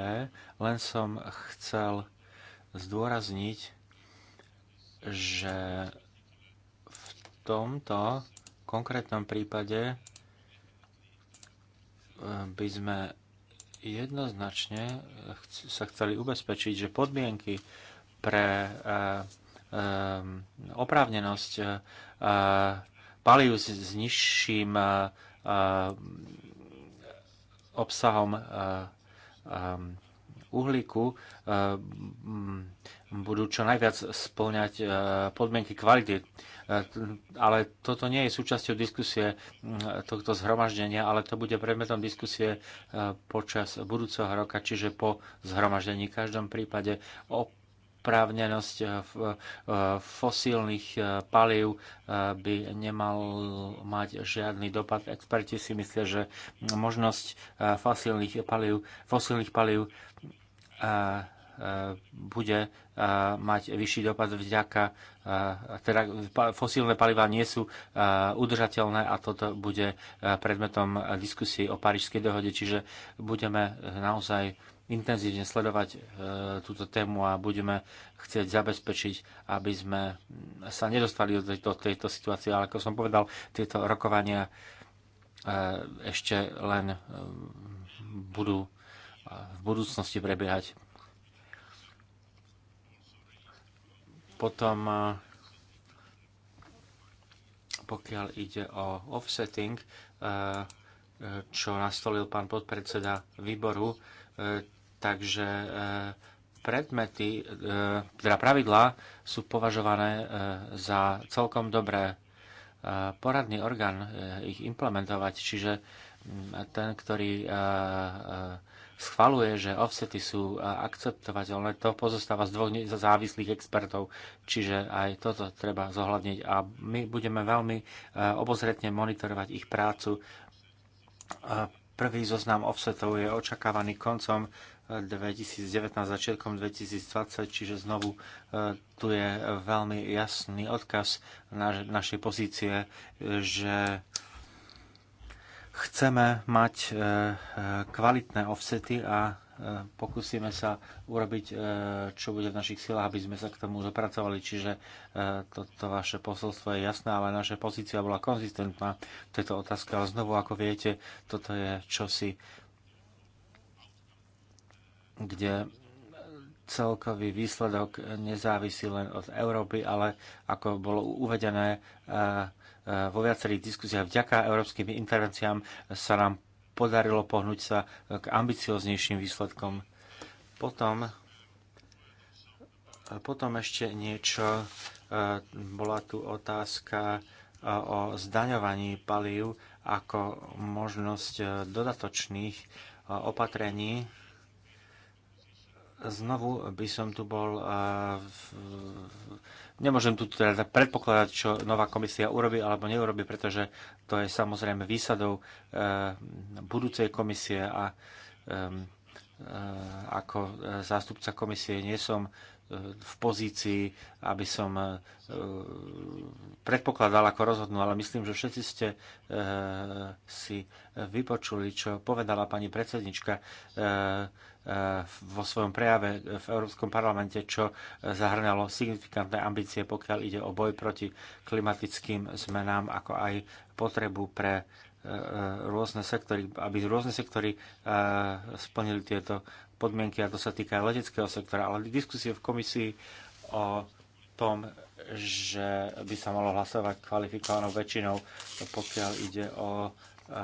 Len som chcel zdôrazniť, že v tomto konkrétnom prípade eh, by sme jednoznačne sa chceli ubezpečiť, že podmienky pre eh, eh, oprávnenosť palív s nižším obsahom uhlíku budú čo najviac spĺňať e, podmienky kvality. E, ale toto nie je súčasťou diskusie tohto zhromaždenia, ale to bude predmetom diskusie e, počas budúceho roka, čiže po zhromaždení. V každom prípade oprávnenosť fosílnych palív by nemal mať žiadny dopad. Experti si myslia, že možnosť fosílnych palív, fosílnych palív E, bude e, mať vyšší dopad vďaka, e, teda fosílne paliva nie sú udržateľné a toto bude predmetom diskusie o Parížskej dohode, čiže budeme naozaj intenzívne sledovať túto tému a budeme chcieť zabezpečiť, aby sme sa nedostali do tejto, tejto situácie. Ale ako som povedal, tieto rokovania ešte len budú v budúcnosti prebiehať. Potom, eh, pokiaľ ide o offsetting, eh, eh, čo nastolil pán podpredseda výboru, takže predmety, teda pravidlá sú považované za celkom dobré. Poradný orgán ich implementovať, čiže mm, ten, ktorý schvaluje, že offsety sú e, akceptovateľné, to pozostáva z dvoch závislých expertov, čiže aj toto treba zohľadniť a my budeme veľmi e, obozretne monitorovať ich prácu. E, prvý zoznam offsetov je očakávaný koncom 2019, začiatkom 2020, čiže znovu tu je veľmi jasný odkaz na, našej pozície, že Chceme mať e, e, kvalitné offsety a e, pokúsime sa urobiť, čo bude v našich silách, aby sme sa k tomu zapracovali. Čiže toto vaše posolstvo je jasné, ale naša pozícia bola konzistentná v tejto otázke. Ale znovu, ako viete, toto je čosi, kde celkový výsledok nezávisí len od Európy, ale ako bolo uvedené, Eh, vo viacerých diskusiách vďaka európskym intervenciám sa nám podarilo pohnúť sa k ambicioznejším výsledkom. Potom, potom ešte niečo, eh, bola tu otázka eh, o zdaňovaní palív ako možnosť dodatočných opatrení Znovu by som tu bol... Nemôžem tu teda predpokladať, čo nová komisia urobí alebo neurobi, pretože to je samozrejme výsadou e, budúcej komisie a e, ako e, zástupca komisie nie som v pozícii, aby som e, predpokladal, ako rozhodnú, ale myslím, že všetci ste e, si vypočuli, čo povedala pani predsednička e, vo svojom prejave v Európskom parlamente, čo zahrňalo signifikantné ambície, pokiaľ ide o boj proti klimatickým zmenám, ako aj potrebu pre rôzne sektory, aby rôzne sektory splnili tieto podmienky, ako sa týka leteckého sektora, ale diskusie v komisii o tom, že by sa malo hlasovať kvalifikovanou väčšinou, pokiaľ ide o e, e,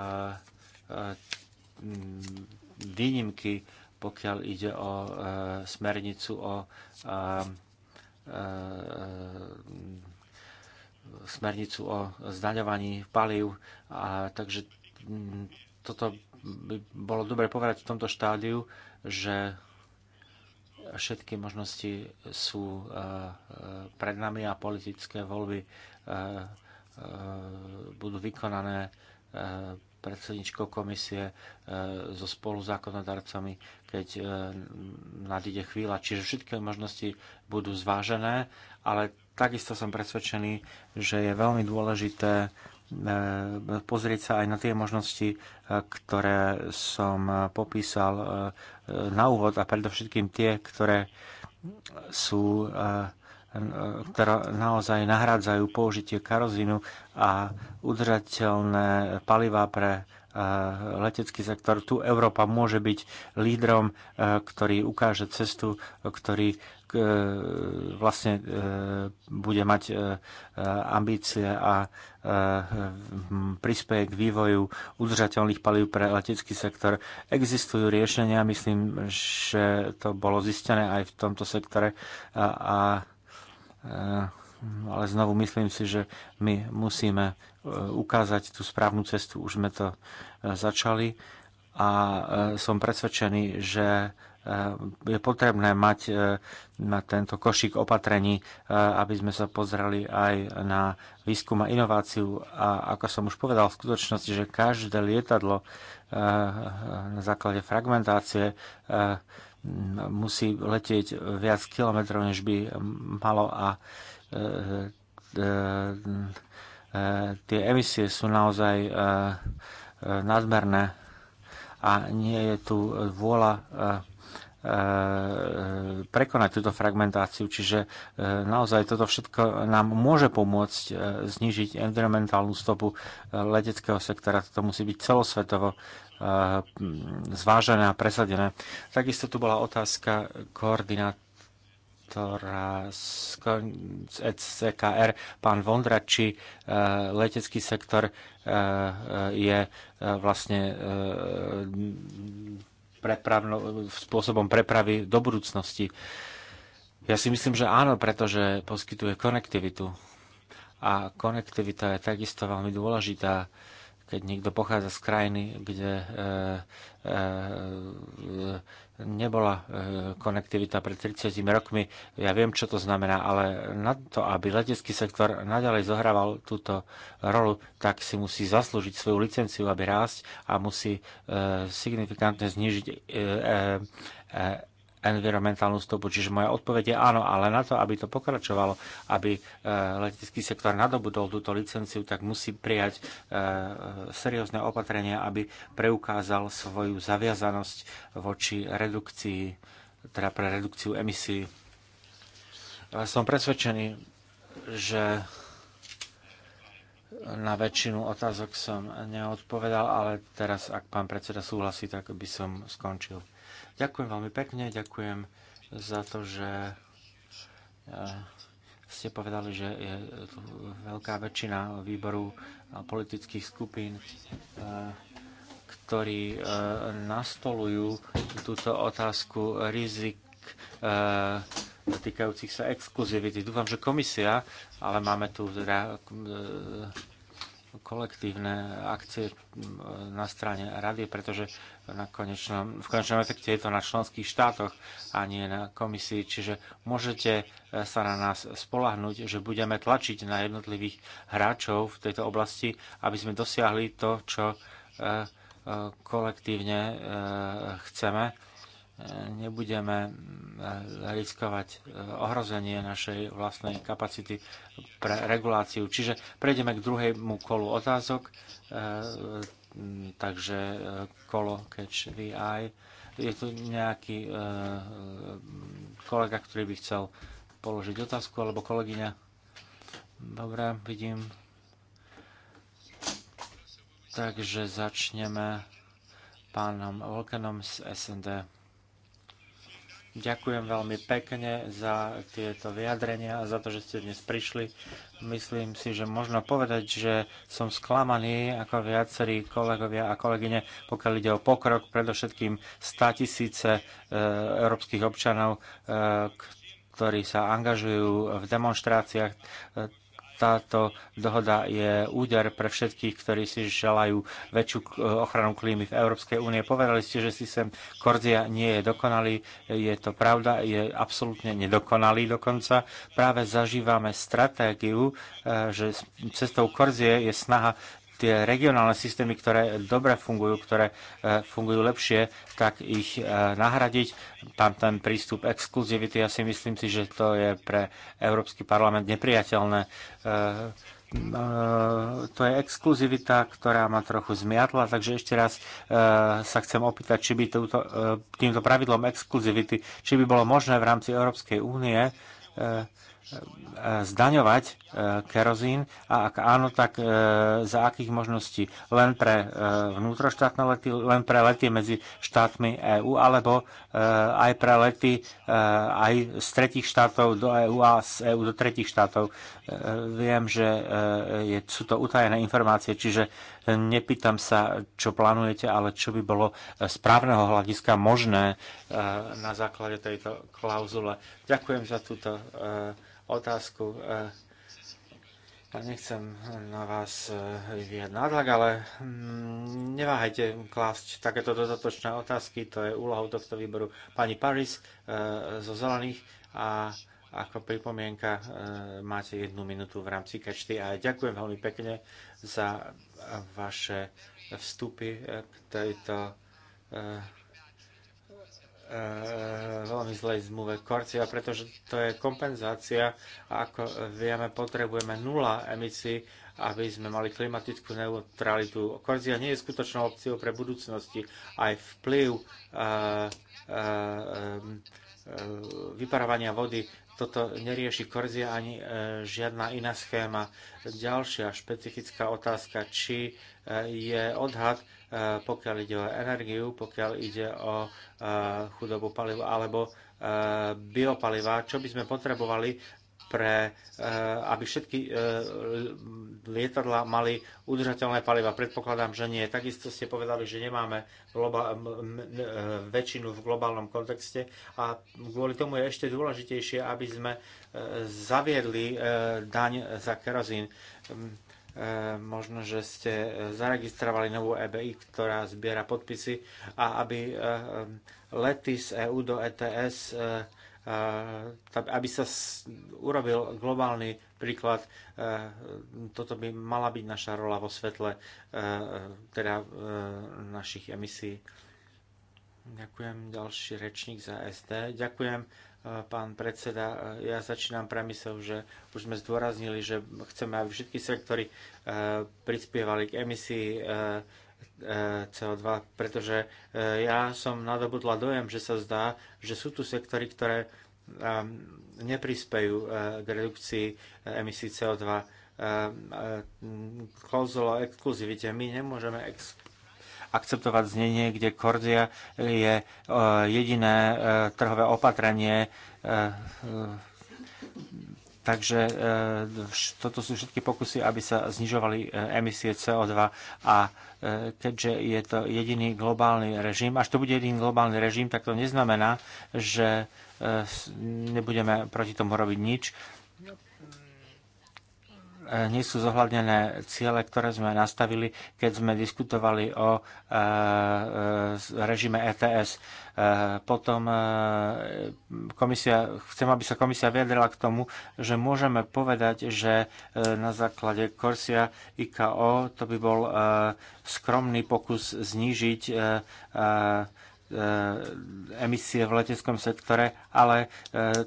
výnimky, pokiaľ ide o e, smernicu o smernicu o zdaňovaní palív. A, takže toto by bolo dobre povedať v tomto štádiu, že všetky možnosti sú e, e, pred nami a politické voľby e, budú vykonané predsedničkou komisie so zákonodarcami, keď nadíde chvíľa. Čiže všetky možnosti budú zvážené, ale takisto som presvedčený, že je veľmi dôležité E, pozrieť sa aj na tie možnosti, e, ktoré som popísal e, na úvod a predovšetkým tie, ktoré sú ktoré naozaj nahrádzajú použitie karozínu a udržateľné palivá pre letecký sektor. Tu Európa môže byť lídrom, ktorý ukáže cestu, ktorý E, vlastne e, bude mať e, ambície a prispieje k vývoju udržateľných palív pre letecký sektor. Existujú riešenia, myslím, že to bolo zistené aj v tomto sektore a, a ale znovu myslím si, že my musíme ukázať tú správnu cestu. Už sme to začali a som presvedčený, že Eh, je potrebné mať eh, na tento košík opatrení, eh, aby sme sa pozreli aj na výskum a inováciu. A ako som už povedal, v skutočnosti, že každé lietadlo na základe fragmentácie musí letieť viac kilometrov, než by malo a tie emisie sú naozaj nadmerné a nie je tu vôľa Eh, prekonať túto fragmentáciu. Čiže eh, naozaj toto všetko nám môže pomôcť eh, znižiť environmentálnu stopu leteckého sektora. Toto musí byť celosvetovo zvážené a presadené. Takisto tu bola otázka koordinátora ktorá z ECKR, pán Vondra, či letecký sektor je vlastne prepravno, spôsobom prepravy do budúcnosti? Ja si myslím, že áno, pretože poskytuje konektivitu. A konektivita je takisto veľmi dôležitá keď niekto pochádza z krajiny, kde e, e, e, nebola konektivita pred 30 rokmi. Ja viem, čo to znamená, ale na to, aby letecký sektor naďalej zohrával túto rolu, tak si musí zaslúžiť svoju licenciu, aby rásť a musí signifikantne znižiť environmentálnu stopu. Čiže moja odpoveď je áno, ale na to, aby to pokračovalo, aby e, letecký sektor nadobudol túto licenciu, tak musí prijať e, seriózne opatrenia, aby preukázal svoju zaviazanosť voči redukcii, teda pre redukciu emisí. Som presvedčený, že na väčšinu otázok som neodpovedal, ale teraz, ak pán predseda súhlasí, tak by som skončil. Ďakujem veľmi pekne, ďakujem za to, že eh, ste povedali, že je tu veľká väčšina výboru politických skupín, eh, ktorí eh, nastolujú túto otázku rizik týkajúcich sa exkluzivity. Dúfam, že komisia, ale máme tu teda, kolektívne akcie mm, na strane rady, pretože na konečnom, v konečnom efekte je to na členských štátoch a nie na komisii, čiže môžete e, sa na nás spolahnuť, že budeme tlačiť na jednotlivých hráčov v tejto oblasti, aby sme dosiahli to, čo e, e, kolektívne chceme. Nebudeme riskovať ohrozenie našej vlastnej kapacity pre reguláciu. Čiže prejdeme k druhému kolu otázok Mm, takže e, kolo Catch the Eye. Je tu nejaký e, e, kolega, ktorý by chcel položiť otázku, alebo kolegyňa? Dobre, vidím. Takže začneme pánom Volkanom z SND. Ďakujem veľmi pekne za tieto vyjadrenia a za to, že ste dnes prišli. Myslím si, že možno povedať, že som sklamaný ako viacerí kolegovia a kolegyne, pokiaľ ide o pokrok, predovšetkým 100 tisíce e, európskych občanov, e, ktorí sa angažujú v demonstráciách. E, táto dohoda je úder pre všetkých, ktorí si želajú väčšiu eh, ochranu klímy v Európskej únie. Povedali ste, že systém Kordia nie je dokonalý, je to pravda, je absolútne nedokonalý dokonca. Práve zažívame stratégiu, eh, že cestou Korzie je snaha tie regionálne systémy, ktoré dobre fungujú, ktoré e, fungujú lepšie, tak ich e, nahradiť. Tam ten prístup exkluzivity, ja si myslím si, že to je pre Európsky parlament nepriateľné. E, to je exkluzivita, ktorá ma trochu zmiatla, takže ešte raz sa chcem opýtať, či by týmto, týmto pravidlom exkluzivity, či by bolo možné v rámci Európskej únie E, zdaňovať e, kerozín a ak áno, tak e, za akých možností? Len pre vnútroštátne lety, len pre lety medzi štátmi EÚ alebo aj pre lety aj z tretich štátov do EÚ a z EÚ do tretich štátov. Viem, že sú to utajené informácie, čiže Nepýtam sa, čo plánujete, ale čo by bolo z právneho hľadiska možné e, na základe tejto klauzule. Ďakujem za túto e, otázku. E, nechcem na vás vyvíjať nádlak, ale mm, neváhajte klásť takéto dodatočné otázky. To je úlohou tohto výboru pani Paris zo Zelených a ako pripomienka e, máte jednu minútu v rámci kečty a ďakujem veľmi pekne za vaše vstupy k tejto e, e, veľmi zlej zmluve Korcia, pretože to je kompenzácia a ako vieme, potrebujeme nula emisí, aby sme mali klimatickú neutralitu. Korcia nie je skutočnou opciou pre budúcnosti. Aj vplyv e, e, e, vyparovania vody toto nerieši korzia ani e, žiadna iná schéma. Ďalšia špecifická otázka, či e, je odhad, e, pokiaľ ide o energiu, pokiaľ ide o chudobu palivu alebo biopalivá, čo by sme potrebovali pre, e, aby všetky e, lietadla mali udržateľné paliva. Predpokladám, že nie. Takisto ste povedali, že nemáme e, väčšinu v globálnom kontexte a kvôli tomu je ešte dôležitejšie, aby sme zaviedli daň za kerozín. Možno, že ste zaregistrovali novú EBI, ktorá zbiera podpisy a aby lety z EU do ETS aby sa urobil globálny príklad, e, toto by mala byť naša rola vo svetle e, e, teda našich emisí. Ďakujem, ďalší rečník za SD. Ďakujem, pán predseda. Ja začínam premysel, že už sme zdôraznili, že chceme, aby všetky sektory prispievali k emisii CO2, pretože e, ja som nadobudla dojem, že sa zdá, že sú tu sektory, ktoré ehm, neprispejú e, k redukcii e, emisí CO2. Klauzula exkluzivite. My nemôžeme ex- akceptovať znenie, kde Kordia je jediné trhové opatrenie Takže e, toto sú všetky pokusy, aby sa znižovali e, emisie CO2 a e, keďže je to jediný globálny režim, až to bude jediný globálny režim, tak to neznamená, že nebudeme proti tomu robiť nič. E, nie sú zohľadnené ciele, ktoré sme nastavili, keď sme diskutovali o e, e, režime ETS. Potom komisia, chcem, aby sa komisia vyjadrila k tomu, že môžeme povedať, že na základe Korsia IKO to by bol skromný pokus znížiť E, emisie v leteckom sektore, ale e,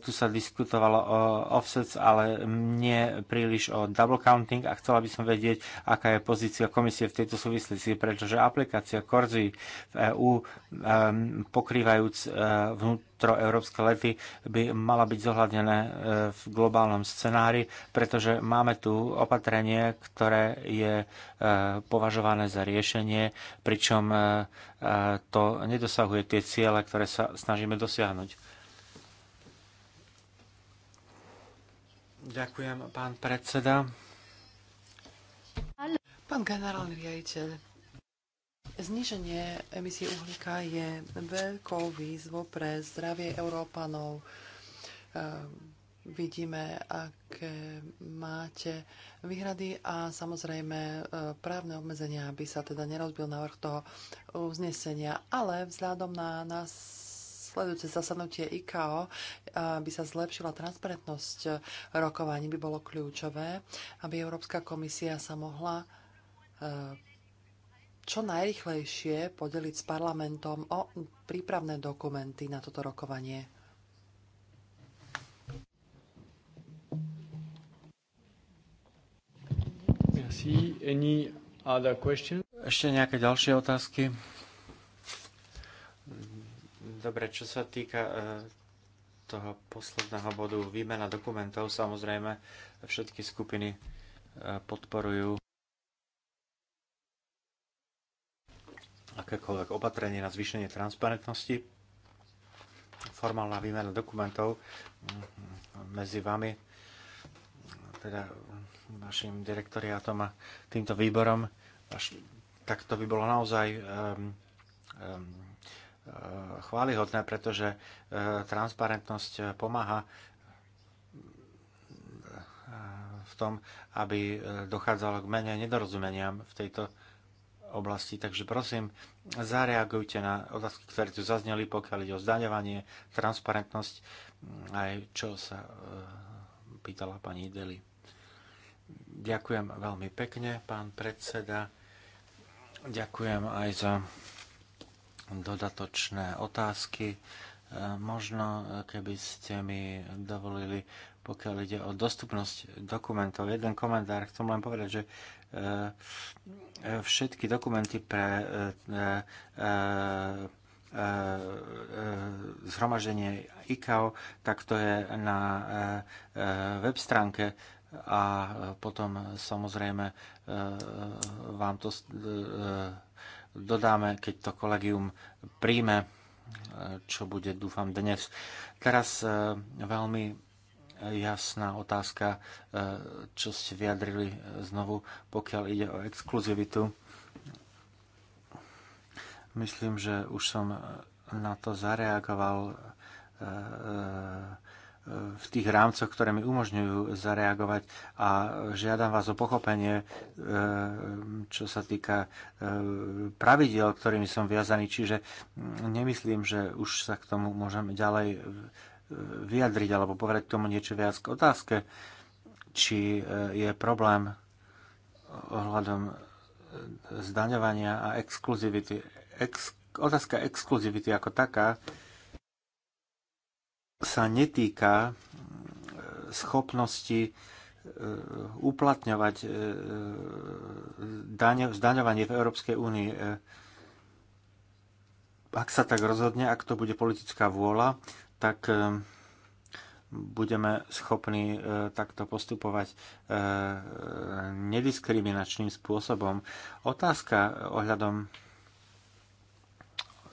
tu sa diskutovalo o offsets, ale nie príliš o double counting a chcela by som vedieť, aká je pozícia komisie v tejto súvislosti, pretože aplikácia Corsi v EÚ e, pokrývajúc vnútorné vnútroeurópske lety by mala byť zohľadnené e, v globálnom scenári, pretože máme tu opatrenie, ktoré je e, považované za riešenie, pričom e, to nedosahuje tie ciele, ktoré sa snažíme dosiahnuť. Ďakujem, pán predseda. Pán generálny riaditeľ, Zníženie emisie uhlíka je veľkou výzvou pre zdravie Európanov. Ehm, vidíme, ak máte výhrady a samozrejme ehm, právne obmedzenia, aby sa teda nerozbil návrh toho uznesenia. Ale vzhľadom na nás sledujúce zasadnutie IKO, aby sa zlepšila transparentnosť rokovaní, by bolo kľúčové, aby Európska komisia sa mohla ehm, čo najrychlejšie podeliť s parlamentom o prípravné dokumenty na toto rokovanie. Ešte nejaké ďalšie otázky? Dobre, čo sa týka e, toho posledného bodu, výmena dokumentov, samozrejme všetky skupiny e, podporujú akékoľvek opatrenie na zvýšenie transparentnosti. Formálna výmena dokumentov mm, medzi vami, teda vašim direktoriátom a týmto výborom, až, tak to by bolo naozaj um, um, chválihodné, pretože eh, transparentnosť pomáha eh, v tom, aby dochádzalo k menej nedorozumeniam v tejto oblasti. Takže prosím, zareagujte na otázky, ktoré tu zazneli, pokiaľ ide o zdaňovanie, transparentnosť, mm, aj čo sa e, pýtala pani Deli. Ďakujem veľmi pekne, pán predseda. Ďakujem aj za dodatočné otázky. E, možno, e, keby ste mi dovolili, pokiaľ ide o dostupnosť dokumentov, jeden komentár, chcem len povedať, že E, e, všetky dokumenty pre e, zhromaždenie ICAO, tak to je na web stránke a potom samozrejme vám to dodáme, keď to kolegium príjme, čo bude, dúfam, dnes. Teraz veľmi jasná otázka, e, čo ste vyjadrili e, znovu, pokiaľ ide o exkluzivitu. Myslím, že už som na to zareagoval e, v tých rámcoch, ktoré mi umožňujú zareagovať a žiadam vás o pochopenie, čo sa týka pravidel, ktorými som viazaný, čiže mm, nemyslím, že už sa k tomu môžem ďalej vyjadriť alebo povedať k tomu niečo viac k otázke, či e, je problém ohľadom e, zdaňovania a exkluzivity. Ex, otázka exkluzivity ako taká sa netýka e, schopnosti uplatňovať zdaňovanie v Európskej únii. Ak sa tak rozhodne, ak to bude politická vôľa, tak eh, budeme schopní eh, takto postupovať eh, nediskriminačným spôsobom. Otázka ohľadom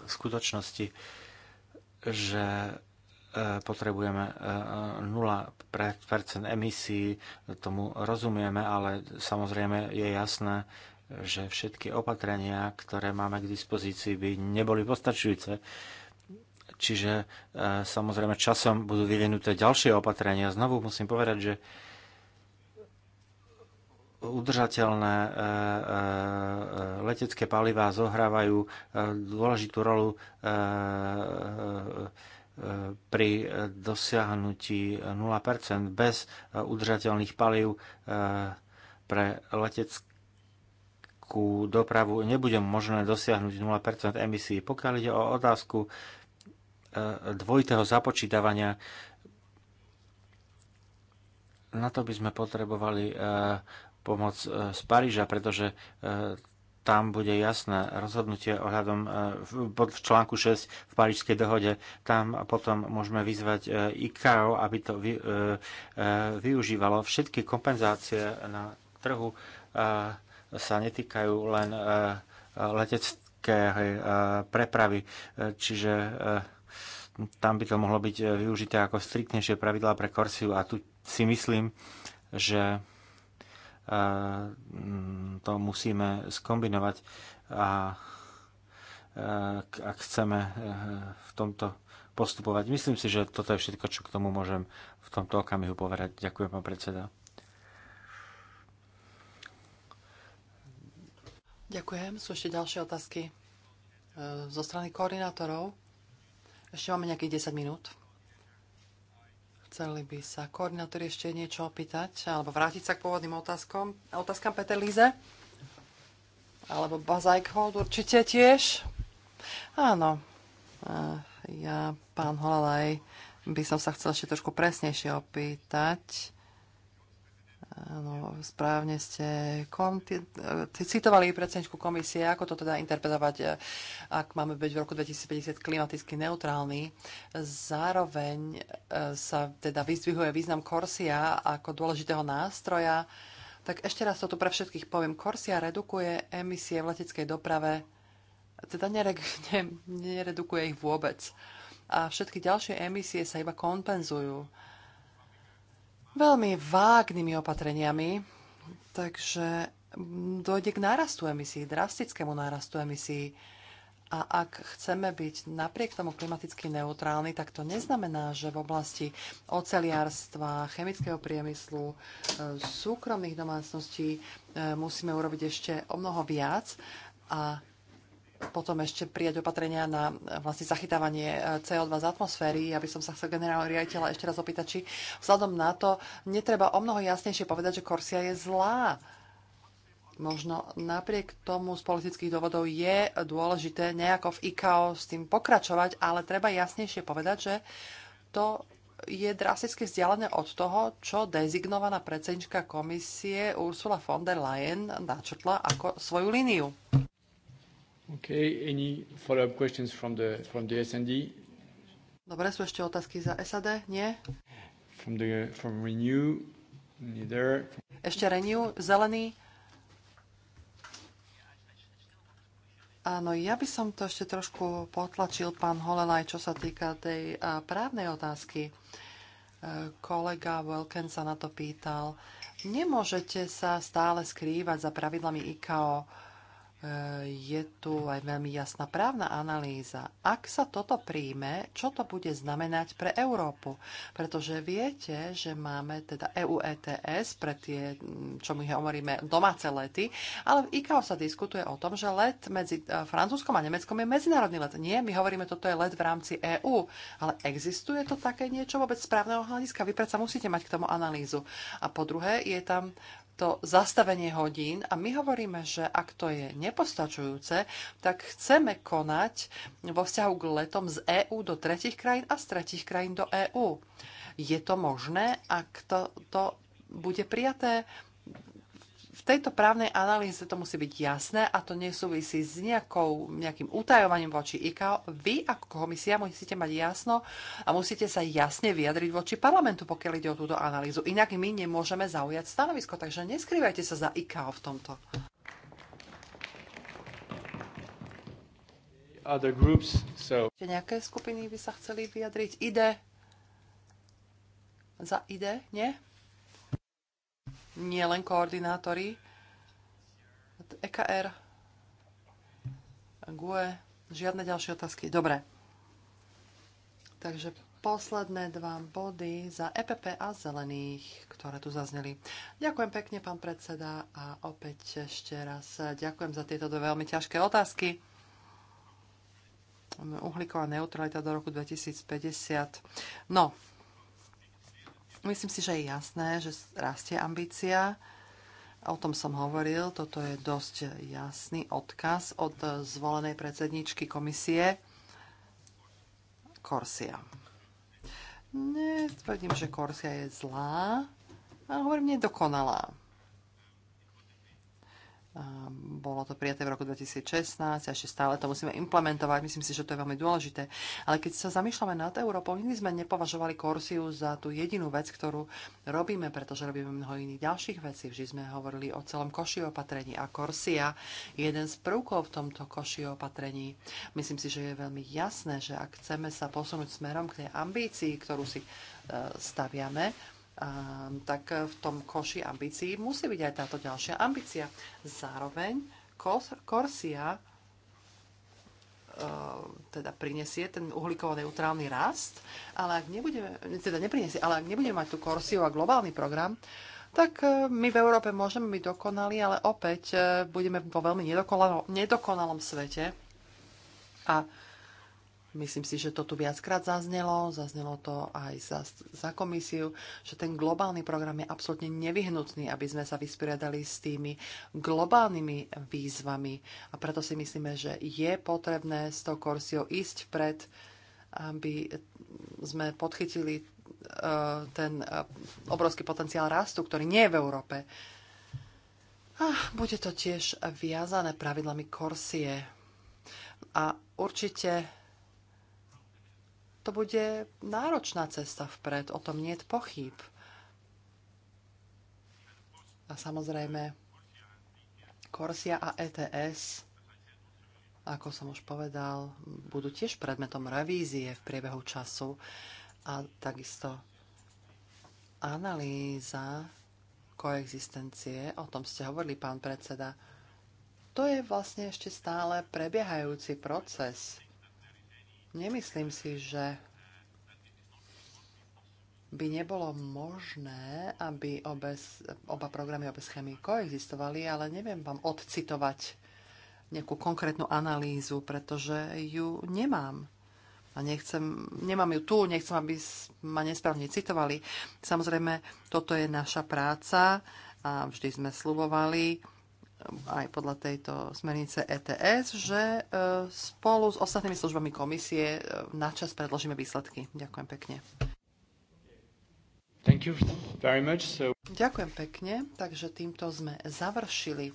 skutočnosti, že potrebujeme 0% emisí, tomu rozumieme, ale samozrejme je jasné, že všetky opatrenia, ktoré máme k dispozícii, by neboli postačujúce Čiže e, samozrejme časom budú vyvinuté ďalšie opatrenia. Znovu musím povedať, že udržateľné e, e, letecké palivá zohrávajú dôležitú rolu pri dosiahnutí 0% bez udržateľných palív pre leteckú dopravu nebude možné dosiahnuť 0% emisí. Pokiaľ ide o otázku dvojitého započítavania. Na to by sme potrebovali eh, pomoc eh, z Paríža, pretože eh, tam bude jasné rozhodnutie ohľadom v článku 6 v Parížskej dohode. Tam potom môžeme vyzvať ICAO, aby to využívalo. Všetky kompenzácie na trhu sa netýkajú len leteckej prepravy, čiže tam by to mohlo byť e, využité ako striktnejšie pravidlá pre Korsiu a tu si myslím, že e, to musíme skombinovať a e, ak chceme v tomto postupovať. Myslím si, že toto je všetko, čo k tomu môžem v tomto okamihu povedať. Ďakujem, pán predseda. Ďakujem. Sú ešte ďalšie otázky zo strany koordinátorov. Ešte máme nejakých 10 minút. Chceli by sa koordinátori ešte niečo opýtať alebo vrátiť sa k pôvodným otázkom. Otázkam Peter Líze? Alebo Bazajk Hold určite tiež? Áno. Ja, pán Holalaj, by som sa chcel ešte trošku presnejšie opýtať Áno, správne ste eh, citovali predsedničku komisie, ako to teda interpretovať, eh, ak máme byť v roku 2050 klimaticky neutrálny. Zároveň eh, sa teda vyzdvihuje význam Korsia ako dôležitého nástroja. Tak ešte raz to tu pre všetkých poviem. Korsia redukuje emisie v leteckej doprave, teda nereg- ne, neredukuje ich vôbec. A všetky ďalšie emisie sa iba kompenzujú veľmi vágnymi opatreniami, takže dojde k nárastu emisí, drastickému nárastu emisí. A ak chceme byť napriek tomu klimaticky neutrálni, tak to neznamená, že v oblasti oceliárstva, chemického priemyslu, e, súkromných domácností e, musíme urobiť ešte o mnoho viac. A potom ešte prijať opatrenia na e, vlastne zachytávanie e, CO2 z atmosféry. Ja by som sa chcel generálneho riaditeľa ešte raz opýtať, či vzhľadom na to netreba o mnoho jasnejšie povedať, že Korsia je zlá. Možno napriek tomu z politických dôvodov je dôležité nejako v IKAO s tým pokračovať, ale treba jasnejšie povedať, že to je drasticky vzdialené od toho, čo dezignovaná predsednička komisie Ursula von der Leyen načrtla ako svoju líniu. Okay, any follow-up questions from the, from the SND? Dobre, sú ešte otázky za SAD? Nie? From the, from Renew, neither. Ešte Renew, zelený. Áno, ja by som to ešte trošku potlačil, pán Holenaj, čo sa týka tej právnej otázky. E, kolega Welken sa na to pýtal. Nemôžete sa stále skrývať za pravidlami ICAO E, je tu aj veľmi jasná právna analýza. Ak sa toto príjme, čo to bude znamenať pre Európu? Pretože viete, že máme teda EU ETS pre tie, čo my hovoríme, domáce lety, ale v ICAO sa diskutuje o tom, že let medzi e, Francúzskom a Nemeckom je medzinárodný let. Nie, my hovoríme, toto je let v rámci EÚ, ale existuje to také niečo vôbec správneho hľadiska? Vy predsa musíte mať k tomu analýzu. A po druhé, je tam to zastavenie hodín a my hovoríme, že ak to je nepostačujúce, tak chceme konať vo vzťahu k letom z EÚ do tretich krajín a z tretich krajín do EÚ. Je to možné, ak to, to bude prijaté? tejto právnej analýze to musí byť jasné a to nesúvisí s nejakou, nejakým utajovaním voči IKAO. Vy ako komisia musíte mať jasno a musíte sa jasne vyjadriť voči parlamentu, pokiaľ ide o túto analýzu. Inak my nemôžeme zaujať stanovisko, takže neskrývajte sa za IKAO v tomto. Other groups, so... Nejaké skupiny by sa chceli vyjadriť? Ide? Za ide? Nie? nie len koordinátori. EKR, GUE, žiadne ďalšie otázky. Dobre. Takže posledné dva body za EPP a zelených, ktoré tu zazneli. Ďakujem pekne, pán predseda, a opäť ešte raz ďakujem za tieto dve veľmi ťažké otázky. Uhlíková neutralita do roku 2050. No, Myslím si, že je jasné, že rastie ambícia. O tom som hovoril, toto je dosť jasný odkaz od zvolenej predsedničky komisie Korsia. Netvrdím, že Korsia je zlá, ale hovorím, nedokonalá. Ehm, bolo to prijaté v roku 2016 a ešte stále to musíme implementovať. Myslím si, že to je veľmi dôležité. Ale keď sa zamýšľame nad Európou, nikdy sme nepovažovali Korsiu za tú jedinú vec, ktorú robíme, pretože robíme mnoho iných ďalších vecí. Vždy sme hovorili o celom koši opatrení a Korsia je jeden z prvkov v tomto koši opatrení. Myslím si, že je veľmi jasné, že ak chceme sa posunúť smerom k tej ambícii, ktorú si eh, staviame, Ehm, tak v tom koši ambícií musí byť aj táto ďalšia ambícia. Zároveň Korsia ehm, teda prinesie ten uhlíkovo-neutrálny rast, ale ak nebudeme, teda neprinesie, ale ak nebudeme mať tú Korsiu a globálny program, tak e, my v Európe môžeme byť dokonali, ale opäť e, budeme vo veľmi nedokonalom, nedokonalom svete. A Myslím si, že to tu viackrát zaznelo, zaznelo to aj za, za komisiu, že ten globálny program je absolútne nevyhnutný, aby sme sa vysporiadali s tými globálnymi výzvami. A preto si myslíme, že je potrebné s tou korsiou ísť vpred, aby sme podchytili e, ten e, obrovský potenciál rastu, ktorý nie je v Európe. A bude to tiež viazané pravidlami korsie. A určite to bude náročná cesta vpred, o tom nie je pochyb. A samozrejme, Korsia a ETS, ako som už povedal, budú tiež predmetom revízie v priebehu času a takisto analýza koexistencie, o tom ste hovorili, pán predseda, to je vlastne ešte stále prebiehajúci proces Nemyslím si, že by nebolo možné, aby obe, oba programy, obe schémy koexistovali, ale neviem vám odcitovať nejakú konkrétnu analýzu, pretože ju nemám. A nechcem, nemám ju tu, nechcem, aby ma nesprávne citovali. Samozrejme, toto je naša práca a vždy sme slubovali, aj podľa tejto smernice ETS, že e, spolu s ostatnými službami komisie e, načas predložíme výsledky. Ďakujem pekne. Thank you very much. So... Ďakujem pekne. Takže týmto sme završili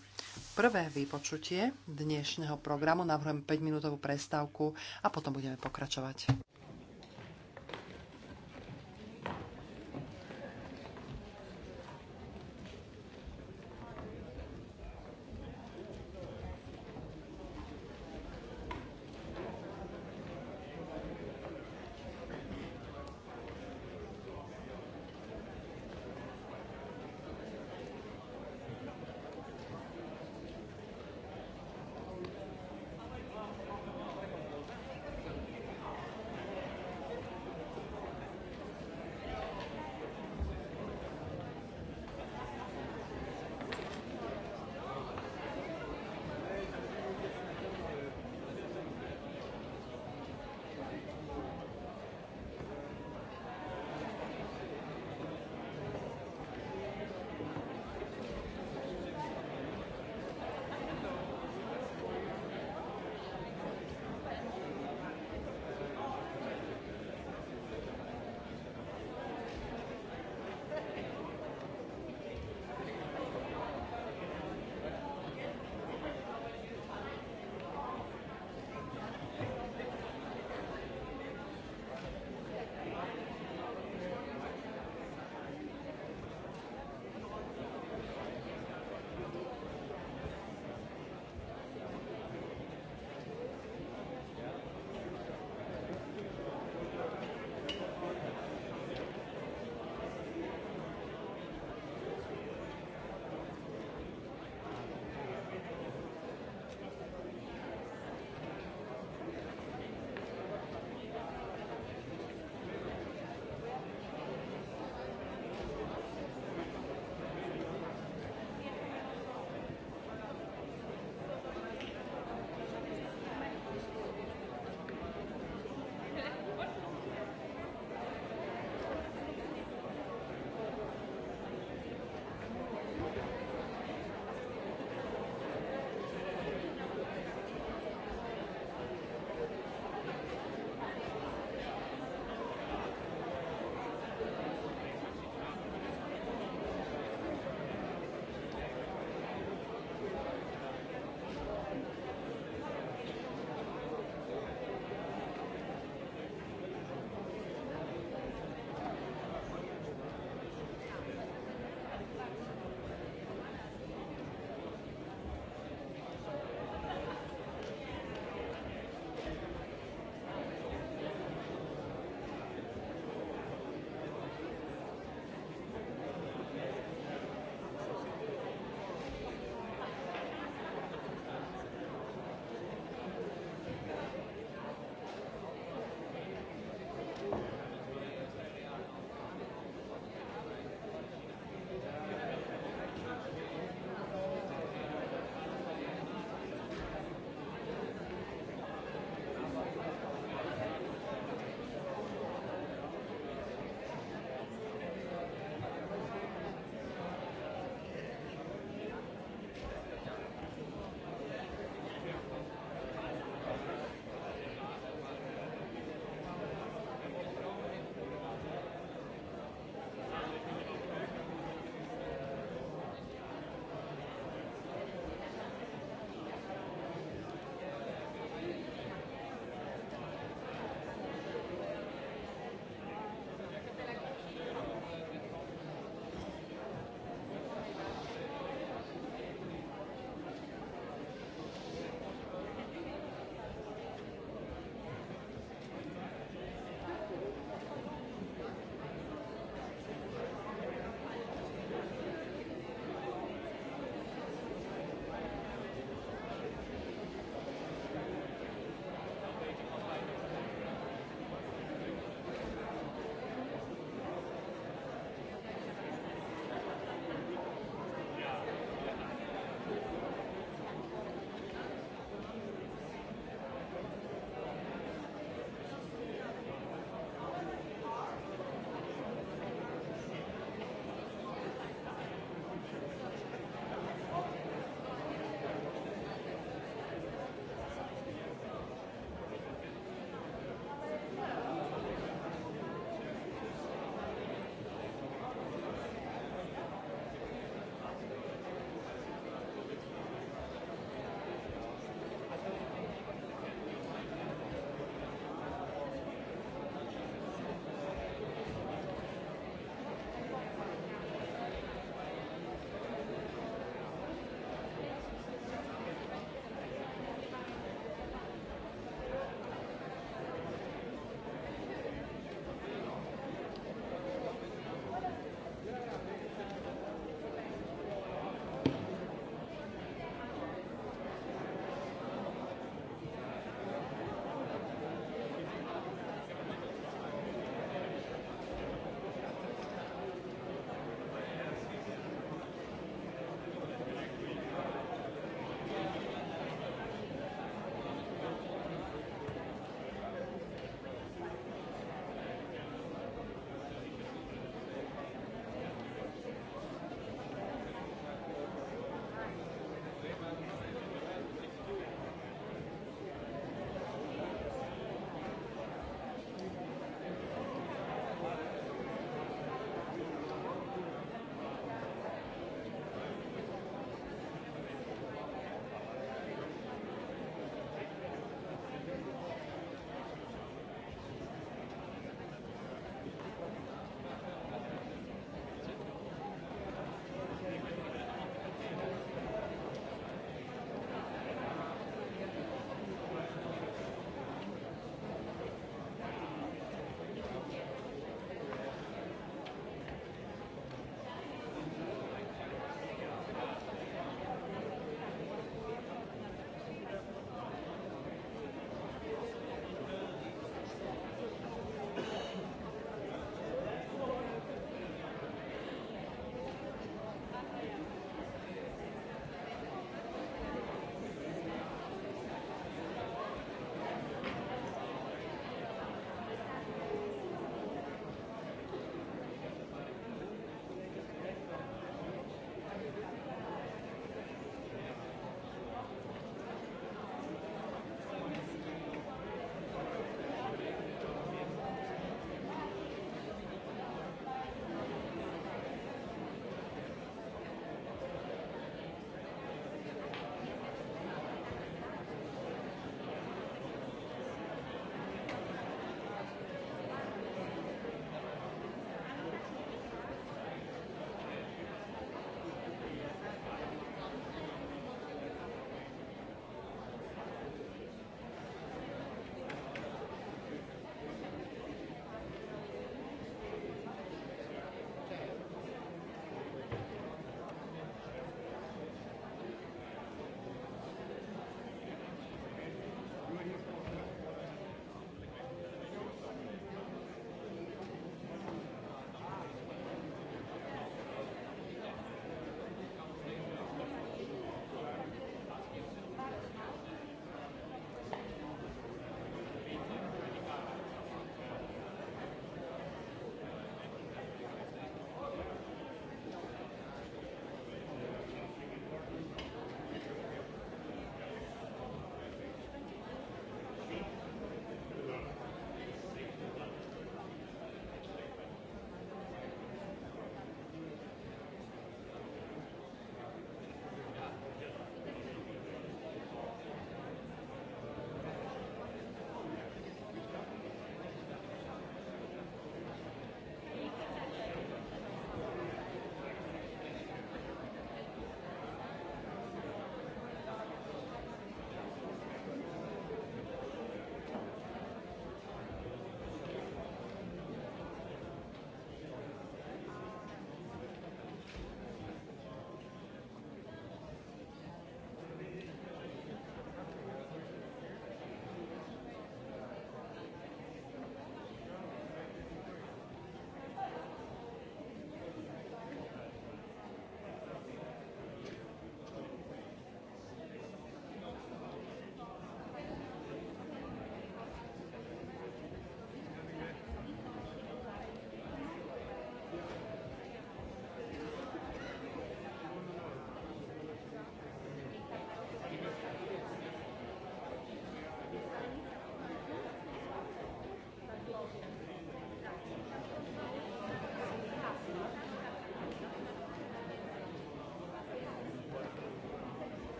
prvé vypočutie dnešného programu. Navrhujem 5-minútovú prestávku a potom budeme pokračovať.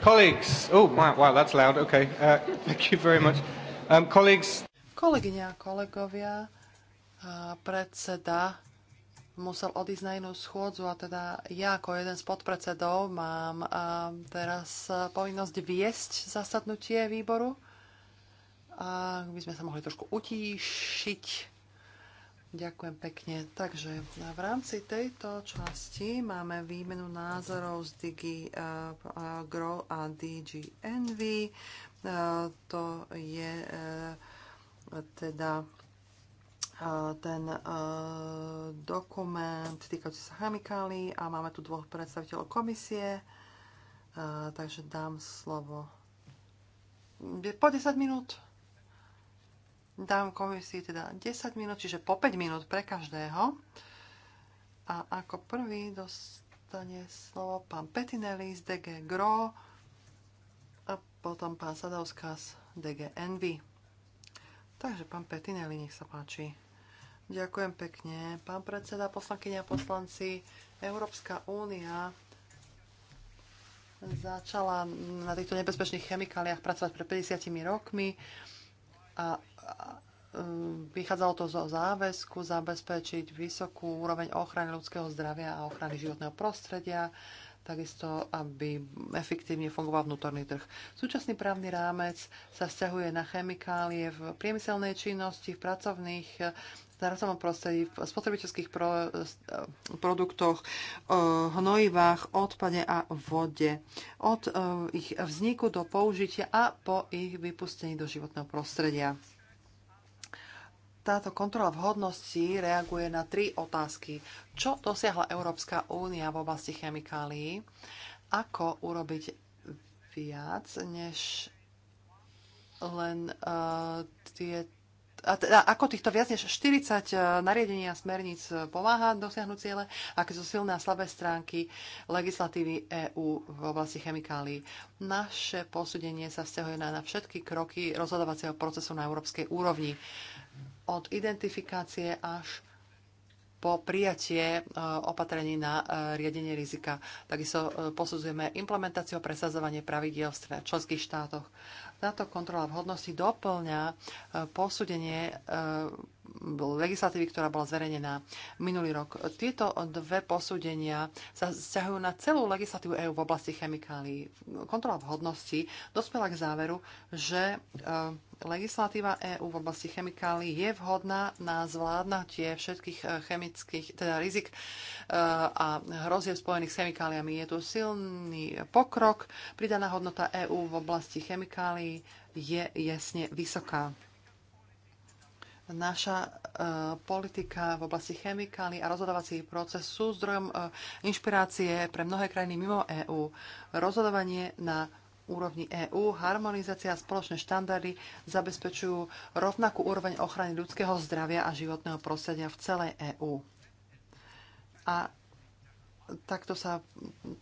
Colleagues, oh wow, that's loud, okay. Uh, thank you very much. Um, colleagues. Kolegyňa, kolegovia, uh, predseda musel odísť na inú schôdzu a teda ja ako jeden z podpredsedov mám uh, teraz uh, povinnosť viesť zasadnutie výboru. A by sme sa mohli trošku utíšiť Ďakujem pekne. Takže eh, v rámci tejto časti máme výmenu názorov z Digi uh, eh, uh, Grow a DG Envy. Uh, to je teda ten dokument týkajúci sa chemikálií a máme tu dvoch predstaviteľov komisie. Takže dám slovo. Po 10 minút. Dám komisii teda 10 minút, čiže po 5 minút pre každého. A ako prvý dostane slovo pán Petinelli z DG GRO a potom pán Sadovská z DG Envy. Takže pán Petinelli, nech sa páči. Ďakujem pekne. Pán predseda, poslankyňa a poslanci, Európska únia začala na týchto nebezpečných chemikáliách pracovať pred 50 rokmi a E, vychádzalo to zo záväzku zabezpečiť vysokú úroveň ochrany ľudského zdravia a ochrany životného prostredia, takisto aby efektívne fungoval vnútorný trh. Súčasný právny rámec sa vzťahuje na chemikálie v priemyselnej činnosti, v pracovných e, v pracovnom prostredí, v spotrebiteľských pro, e, produktoch, hnojivách, odpade a vode. Od ich vzniku do použitia a po ich vypustení do životného prostredia táto kontrola vhodnosti reaguje na tri otázky. Čo dosiahla Európska únia v oblasti chemikálií? Ako urobiť viac, než len uh, tie a teda ako týchto viac než 40 eh, nariadení a smerníc pomáha dosiahnuť ciele, aké sú silné a slabé stránky legislatívy EÚ v oblasti chemikálií. Naše posúdenie sa vzťahuje na, všetky kroky rozhodovacieho procesu na európskej úrovni od identifikácie až po prijatie e, opatrení na e, riadenie rizika. Takisto e, posudzujeme implementáciu a presadzovanie pravidiel v členských štátoch. Táto kontrola vhodnosti doplňa posúdenie legislatívy, ktorá bola zverejnená minulý rok. Tieto dve posúdenia sa vzťahujú na celú legislatívu EÚ v oblasti chemikálií. Kontrola vhodnosti dospela k záveru, že Legislatíva EÚ v oblasti chemikálií je vhodná na zvládnatie všetkých e, chemických, teda rizik e, a hrozie spojených s chemikáliami. Je tu silný pokrok. Pridaná hodnota EÚ v oblasti chemikálií je jasne vysoká. Naša e, politika v oblasti chemikálií a rozhodovací proces sú zdrojom inšpirácie pre mnohé krajiny mimo EÚ. Rozhodovanie na úrovni EÚ harmonizácia a spoločné štandardy zabezpečujú rovnakú úroveň ochrany ľudského zdravia a životného prostredia v celej EÚ. A takto sa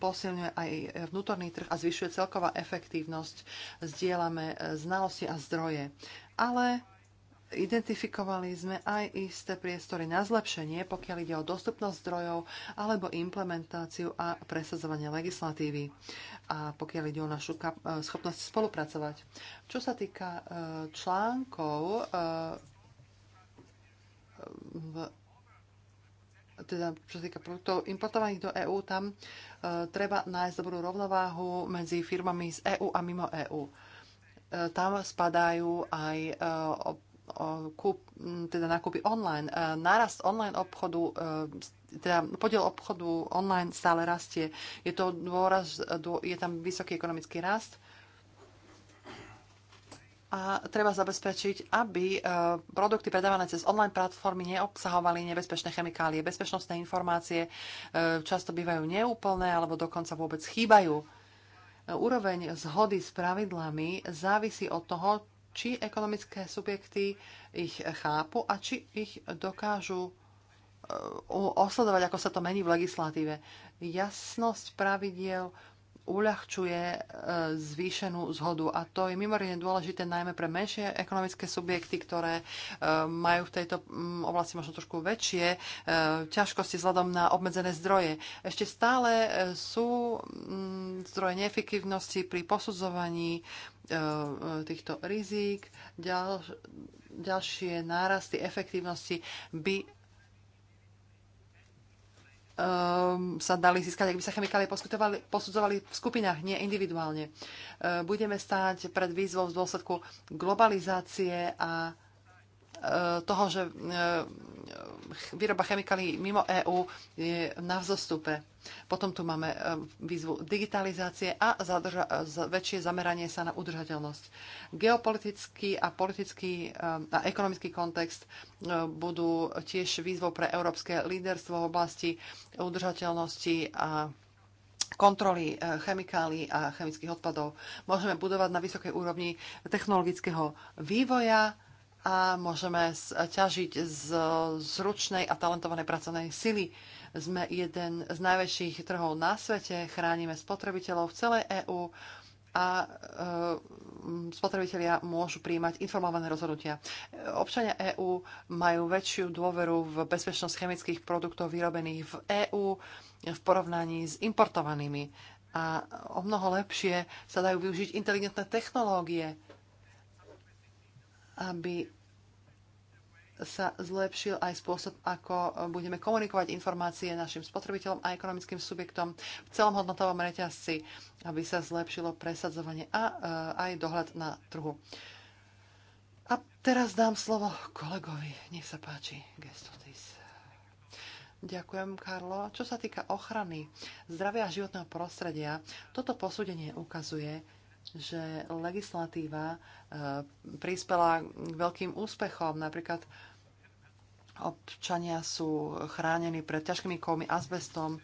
posilňuje aj vnútorný trh a zvyšuje celková efektívnosť. Zdieľame znalosti a zdroje. Ale Identifikovali sme aj isté priestory na zlepšenie, pokiaľ ide o dostupnosť zdrojov alebo implementáciu a presadzovanie legislatívy a pokiaľ ide o našu e, schopnosť spolupracovať. Čo sa týka e, článkov e, v teda čo sa týka produktov importovaných do EÚ, tam e, treba nájsť dobrú rovnováhu medzi firmami z EÚ a mimo EÚ. E, tam spadajú aj e, kúp, teda nákupy online. E, Nárast online obchodu, e, teda podiel obchodu online stále rastie. Je, to dôraz, je tam vysoký ekonomický rast a treba zabezpečiť, aby e, produkty predávané cez online platformy neobsahovali nebezpečné chemikálie. Bezpečnostné informácie často bývajú neúplné alebo dokonca vôbec chýbajú. Úroveň zhody s pravidlami závisí od toho, či ekonomické subjekty ich chápu a či ich dokážu eh, osledovať, ako sa to mení v legislatíve. Jasnosť pravidiel uľahčuje e, zvýšenú zhodu. A to je mimoriadne dôležité najmä pre menšie ekonomické subjekty, ktoré e, majú v tejto oblasti možno trošku väčšie e, ťažkosti vzhľadom na obmedzené zdroje. Ešte stále sú zdroje neefektívnosti pri posudzovaní týchto rizík. Ďal, ďalšie nárasty efektívnosti by um, sa dali získať, ak by sa chemikálie posudzovali v skupinách, nie individuálne. Uh, budeme stáť pred výzvou z dôsledku globalizácie a toho, že eh, výroba chemikálií mimo EÚ je na vzostupe. Potom tu máme eh, výzvu digitalizácie a zadrža- väčšie zameranie sa na udržateľnosť. Geopolitický a politický eh, a ekonomický kontext budú tiež výzvou pre európske líderstvo v oblasti udržateľnosti a kontroly chemikálií a chemických odpadov. Môžeme budovať na vysokej úrovni technologického vývoja, a môžeme ťažiť z zručnej a talentovanej pracovnej sily. Sme jeden z najväčších trhov na svete, chránime spotrebiteľov v celej EÚ a e, spotrebitelia môžu príjmať informované rozhodnutia. Občania EÚ majú väčšiu dôveru v bezpečnosť chemických produktov vyrobených v EÚ v porovnaní s importovanými. A o mnoho lepšie sa dajú využiť inteligentné technológie aby sa zlepšil aj spôsob, ako budeme komunikovať informácie našim spotrebiteľom a ekonomickým subjektom v celom hodnotovom reťazci, aby sa zlepšilo presadzovanie a e, aj dohľad na trhu. A teraz dám slovo kolegovi. Nech sa páči, gestotis. Ďakujem, Karlo. Čo sa týka ochrany zdravia a životného prostredia, toto posúdenie ukazuje, že legislatíva e, prispela k veľkým úspechom. Napríklad občania sú chránení pred ťažkými kovmi, azbestom, e,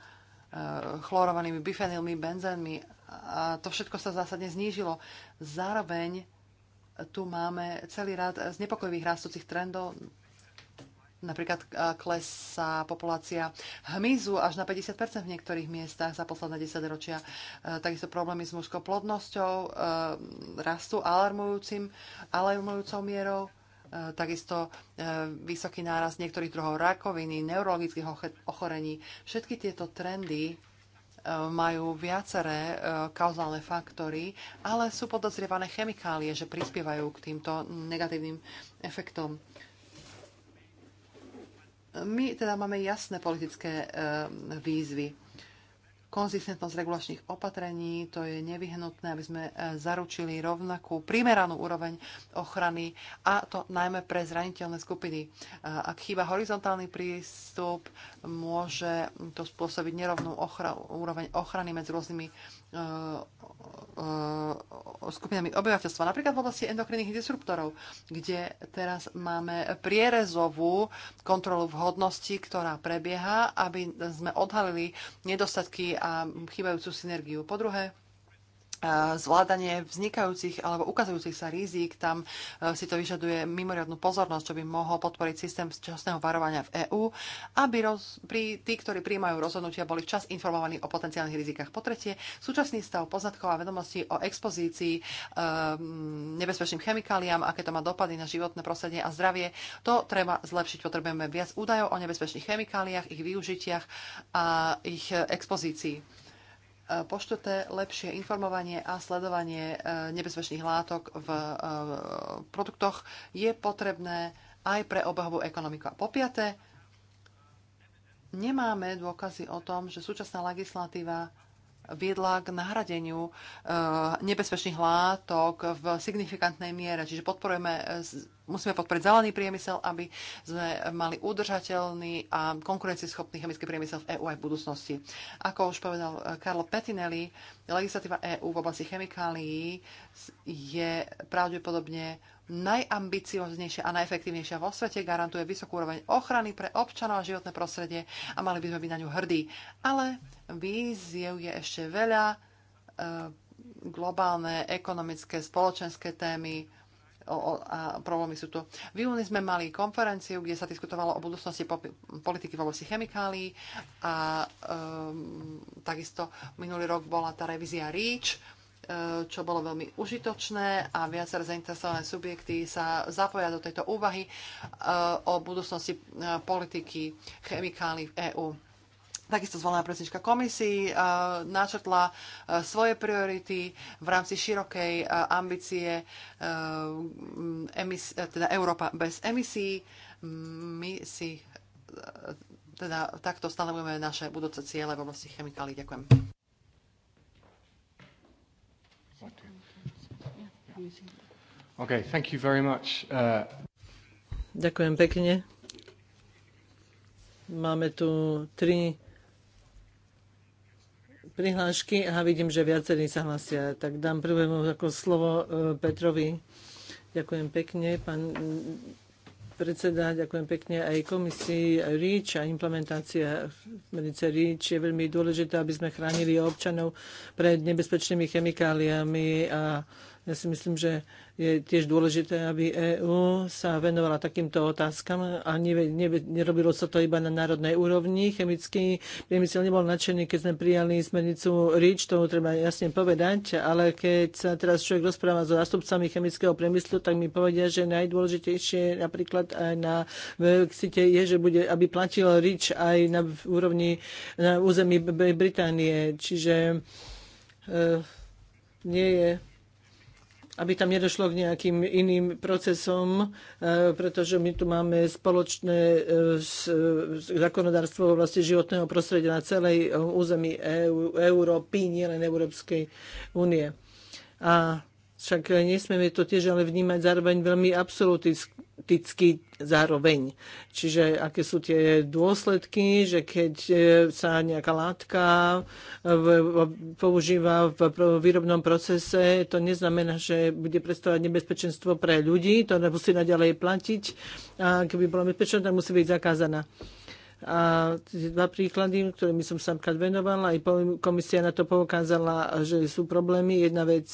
chlorovanými bifenilmi, benzénmi. A to všetko sa zásadne znížilo. Zároveň tu máme celý rad znepokojivých rastúcich trendov, Napríklad e, klesá populácia hmyzu až na 50% v niektorých miestach za posledné 10 ročia. E, takisto problémy s mužskou plodnosťou e, rastú alarmujúcim, alarmujúcou mierou. Takisto vysoký náraz niektorých druhov rakoviny, neurologických ochorení. Všetky tieto trendy majú viaceré kauzálne faktory, ale sú podozrievané chemikálie, že prispievajú k týmto negatívnym efektom. My teda máme jasné politické eh, výzvy konzistentnosť regulačných opatrení, to je nevyhnutné, aby sme e, zaručili rovnakú primeranú úroveň ochrany a to najmä pre zraniteľné skupiny. E, ak chýba horizontálny prístup, môže to spôsobiť nerovnú ochra- úroveň ochrany medzi rôznymi e, skupinami obyvateľstva. Napríklad v oblasti endokrinných disruptorov, kde teraz máme prierezovú kontrolu vhodnosti, ktorá prebieha, aby sme odhalili nedostatky a chýbajúcu synergiu. Po druhé, zvládanie vznikajúcich alebo ukazujúcich sa rizík, tam e, si to vyžaduje mimoriadnú pozornosť, čo by mohol podporiť systém včasného varovania v EÚ, aby roz, pri, tí, ktorí príjmajú rozhodnutia, boli včas informovaní o potenciálnych rizikách. Po tretie, súčasný stav poznatkov a vedomostí o expozícii e, nebezpečným chemikáliám, aké to má dopady na životné prostredie a zdravie, to treba zlepšiť. Potrebujeme viac údajov o nebezpečných chemikáliách, ich využitiach a ich e, expozícii. E, poštvrté lepšie informovanie a sledovanie e, nebezpečných látok v e, produktoch je potrebné aj pre obehovú ekonomiku. A po piaté, nemáme dôkazy o tom, že súčasná legislatíva viedla k nahradeniu eh, nebezpečných látok v signifikantnej miere. Čiže podporujeme, eh, musíme podporiť zelený priemysel, aby sme mali udržateľný a konkurencieschopný chemický priemysel v EÚ aj v budúcnosti. Ako už povedal eh, Karlo Petinelli, legislatíva EÚ v oblasti chemikálií je pravdepodobne najambicioznejšia a najefektívnejšia vo svete, garantuje vysokú úroveň ochrany pre občanov a životné prostredie a mali by sme byť na ňu hrdí. Ale víziev je ešte veľa, e, globálne, ekonomické, spoločenské témy, o, o, a problémy sú tu. V júni sme mali konferenciu, kde sa diskutovalo o budúcnosti po, politiky v oblasti chemikálií a e, takisto minulý rok bola tá revízia REACH, E, čo bolo veľmi užitočné a viacer zainteresované subjekty sa zapoja do tejto úvahy e, o budúcnosti e, politiky chemikálií v EÚ. Takisto zvolená predsednička komisii načrtla svoje priority v rámci širokej ambície emis, teda Európa bez emisí. My si teda takto stanovujeme naše budúce ciele v oblasti chemikálií. Ďakujem. thank you very much. Uh... Ďakujem pekne. Máme tu tri prihlášky a vidím, že viacerí sa hlasia. Tak dám prvému ako slovo uh, Petrovi. Ďakujem pekne, pán predseda, ďakujem pekne aj komisii REACH a implementácia medice REACH je veľmi dôležitá, aby sme chránili občanov pred nebezpečnými chemikáliami a ja si myslím, že je tiež dôležité, aby EÚ sa venovala takýmto otázkam a nerobilo sa to iba na národnej úrovni. Chemický priemysel nebol nadšený, keď sme prijali smernicu REACH, to treba jasne povedať, ale keď sa teraz človek rozpráva so zástupcami chemického priemyslu, tak mi povedia, že najdôležitejšie napríklad aj na Brexite je, že bude, aby platil REACH aj na úrovni, na území Británie. Čiže e, nie je aby tam nedošlo k nejakým iným procesom, e, pretože my tu máme spoločné e, e, zákonodárstvo v oblasti životného prostredia na celej území Európy, nielen Európskej únie. A však eh, nesmieme to tiež ale vnímať zároveň veľmi absolutisticky zároveň. Čiže aké sú tie dôsledky, že keď eh, sa nejaká látka eh, v, v, používa v, v výrobnom procese, to neznamená, že bude predstavovať nebezpečenstvo pre ľudí, to musí naďalej platiť. A keby bola bezpečná, tak musí byť zakázaná. A tie dva príklady, ktorými som sa venovala, aj komisia na to poukázala, že sú problémy. Jedna vec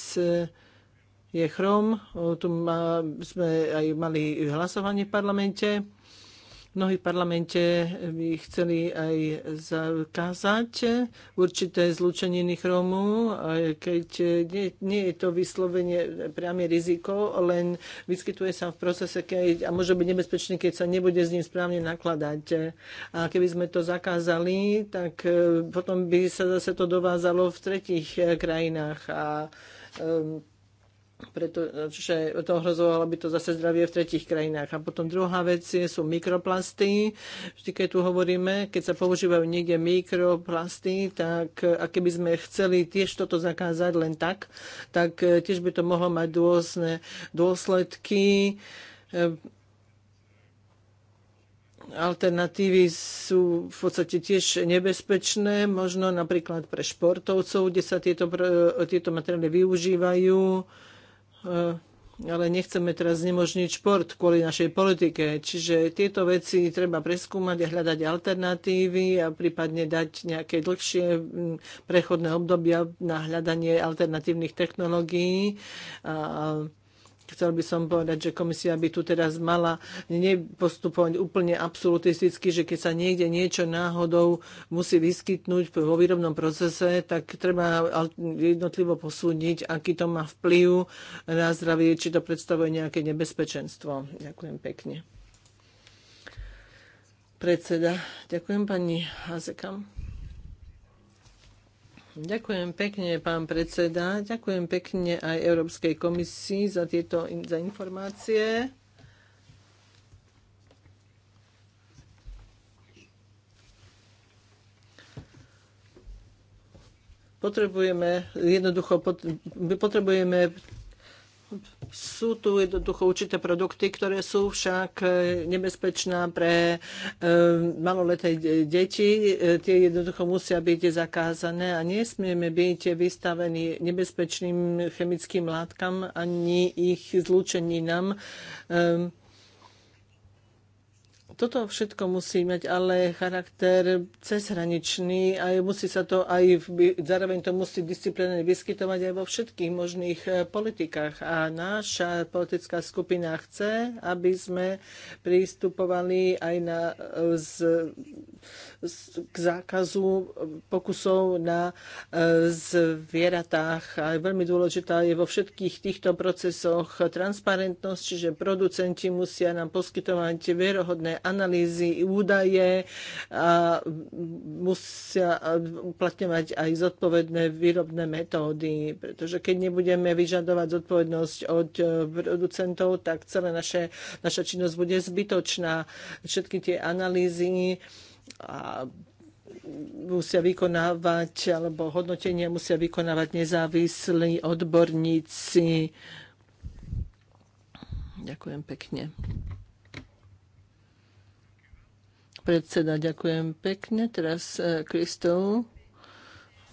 je chrom. Tu má, sme aj mali hlasovanie v parlamente. Mnohí v parlamente by chceli aj zakázať určité zlúčeniny chromu, keď nie, nie je to vyslovene priame riziko, len vyskytuje sa v procese keď, a môže byť nebezpečný, keď sa nebude s ním správne nakladať. A keby sme to zakázali, tak e, potom by sa zase to dovázalo v tretich e, krajinách. A, um, pretože to ohrozovalo by to zase zdravie v tretich krajinách. A potom druhá vec je, sú mikroplasty. Vždy, keď tu hovoríme, keď sa používajú niekde mikroplasty, tak a keby sme chceli tiež toto zakázať len tak, tak e, tiež by to mohlo mať dôsne dôsledky. E, alternatívy sú v podstate tiež nebezpečné, možno napríklad pre športovcov, kde sa tieto, e, tieto materiály využívajú E, ale nechceme teraz znemožniť šport kvôli našej politike. Čiže tieto veci treba preskúmať a hľadať alternatívy a prípadne dať nejaké dlhšie prechodné obdobia na hľadanie alternatívnych technológií. A, Chcel by som povedať, že komisia by tu teraz mala nepostupovať úplne absolutisticky, že keď sa niekde niečo náhodou musí vyskytnúť vo výrobnom procese, tak treba jednotlivo posúdiť, aký to má vplyv na zdravie, či to predstavuje nejaké nebezpečenstvo. Ďakujem pekne. Predseda, ďakujem pani Hazekam. Ďakujem pekne, pán predseda. Ďakujem pekne aj Európskej komisii za tieto za informácie. Potrebujeme, jednoducho potrebujeme sú tu jednoducho určité produkty, ktoré sú však e, nebezpečná pre e, maloleté deti. E, tie jednoducho musia byť zakázané a nesmieme byť vystavení nebezpečným chemickým látkam ani ich zlúčeninám. nám ehm, toto všetko musí mať ale charakter cezhraničný a musí sa to aj, zároveň to musí disciplinárne vyskytovať aj vo všetkých možných e, politikách. A naša politická skupina chce, aby sme prístupovali aj na, z, k zákazu e, pokusov na e, zvieratách. A veľmi dôležitá je vo všetkých týchto procesoch transparentnosť, čiže producenti musia nám poskytovať vierohodné analýzy, údaje a musia e, uplatňovať aj zodpovedné výrobné metódy, pretože keď nebudeme vyžadovať zodpovednosť od producentov, tak celá naše, naša činnosť bude zbytočná. Všetky tie analýzy, a musia vykonávať, alebo hodnotenia musia vykonávať nezávislí odborníci. Ďakujem pekne. Predseda, ďakujem pekne. Teraz eh, Kristov.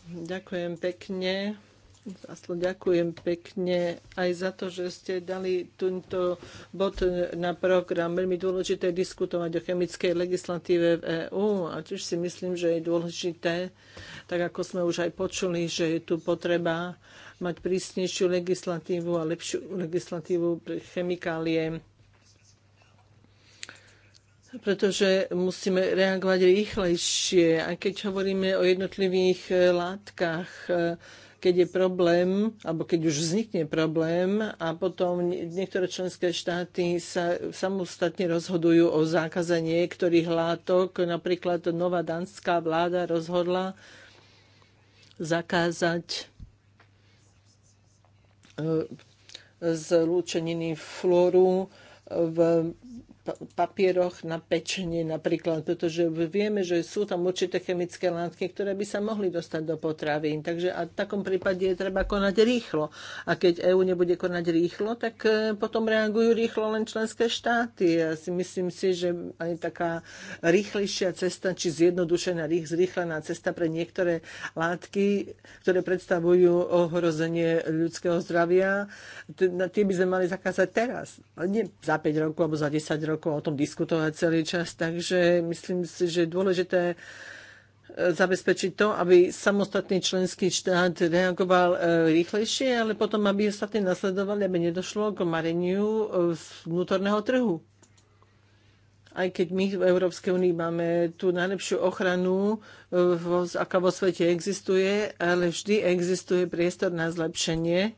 Ďakujem pekne. Zaslo, ďakujem pekne aj za to, že ste dali tento bod na program. Veľmi dôležité diskutovať o chemickej legislatíve v EÚ a tiež si myslím, že je dôležité, tak ako sme už aj počuli, že je tu potreba mať prísnejšiu legislatívu a lepšiu legislatívu pre chemikálie pretože musíme reagovať rýchlejšie. A keď hovoríme o jednotlivých látkach, keď je problém, alebo keď už vznikne problém a potom niektoré členské štáty sa samostatne rozhodujú o zákaze niektorých látok. Napríklad nová danská vláda rozhodla zakázať e, zlúčeniny flóru v papieroch na pečenie napríklad, pretože vieme, že sú tam určité chemické látky, ktoré by sa mohli dostať do potravín. Takže a v takom prípade je treba konať rýchlo. A keď EÚ nebude konať rýchlo, tak e, potom reagujú rýchlo len členské štáty. Ja si myslím si, že aj taká rýchlejšia cesta, či zjednodušená, zrýchlená cesta pre niektoré látky, ktoré predstavujú ohrozenie ľudského zdravia, tie by sme mali zakázať teraz. Nie za 5 rokov alebo za 10 rokov rokov o tom diskutovať celý čas, takže myslím si, že je dôležité e, zabezpečiť to, aby samostatný členský štát reagoval e, rýchlejšie, ale potom, aby ostatní nasledovali, aby nedošlo k mareniu e, vnútorného trhu. Aj keď my v Európskej únii máme tú najlepšiu ochranu, aká vo svete existuje, ale vždy existuje priestor na zlepšenie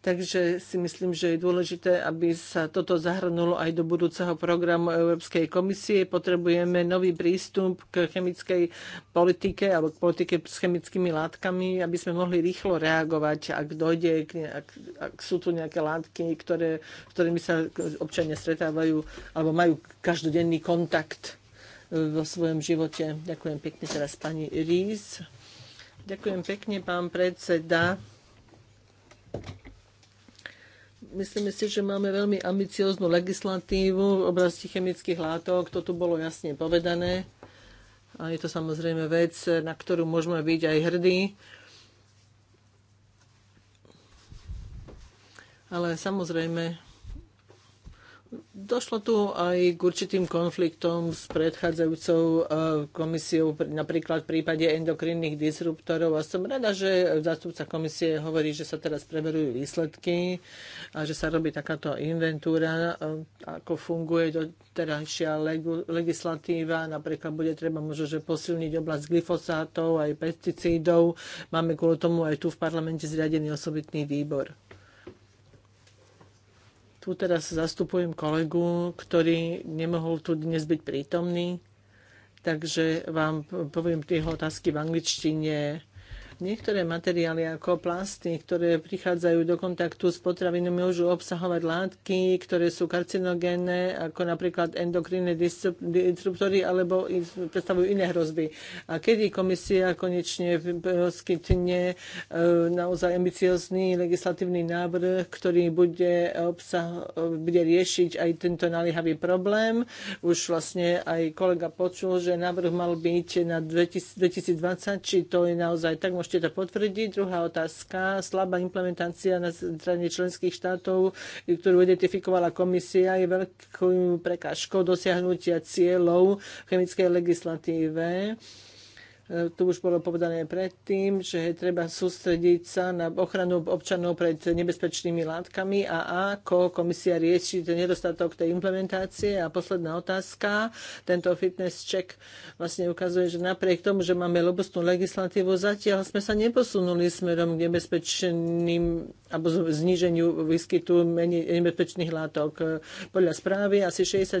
Takže si myslím, že je dôležité, aby sa toto zahrnulo aj do budúceho programu Európskej komisie. Potrebujeme nový prístup k chemickej politike alebo k politike s chemickými látkami, aby sme mohli rýchlo reagovať, ak dojde, ak, ak sú tu nejaké látky, ktoré, ktorými sa občania stretávajú alebo majú každodenný kontakt e, vo svojom živote. Ďakujem pekne teraz pani Ríz. Ďakujem pekne, pán predseda. Myslíme si, že máme veľmi ambicióznu legislatívu v oblasti chemických látok, to tu bolo jasne povedané. A je to samozrejme vec, na ktorú môžeme byť aj hrdí. Ale samozrejme, Došlo tu aj k určitým konfliktom s predchádzajúcou eh, komisiou, napríklad v prípade endokrinných disruptorov. A som rada, že zástupca komisie hovorí, že sa teraz preverujú výsledky a že sa robí takáto inventúra, eh, ako funguje doterajšia legislatíva. Napríklad bude treba možno, že posilniť oblasť glyfosátov aj pesticídov. Máme kvôli tomu aj tu v parlamente zriadený osobitný výbor tu teraz zastupujem kolegu, ktorý nemohol tu dnes byť prítomný, takže vám poviem tie otázky v angličtine. Niektoré materiály ako plasty, ktoré prichádzajú do kontaktu s potravinou, môžu obsahovať látky, ktoré sú karcinogénne, ako napríklad endokrinné disruptory, alebo predstavujú iné hrozby. A kedy komisia konečne poskytne e, naozaj ambiciozný legislatívny návrh, ktorý bude, obsah, bude riešiť aj tento naliehavý problém. Už vlastne aj kolega počul, že návrh mal byť na 2020, či to je naozaj tak možno Môžete to potvrdiť? Druhá otázka. Slabá implementácia na strane členských štátov, ktorú identifikovala komisia, je veľkou prekážkou dosiahnutia cieľov v chemickej legislatíve. E, tu už bolo povedané predtým, že treba sústrediť sa na ochranu občanov pred nebezpečnými látkami a ako komisia rieši ten nedostatok tej implementácie. A posledná otázka, tento fitness check vlastne ukazuje, že napriek tomu, že máme robustnú legislatívu, zatiaľ sme sa neposunuli smerom k nebezpečným alebo zníženiu výskytu menej nebezpečných látok. Podľa správy asi 60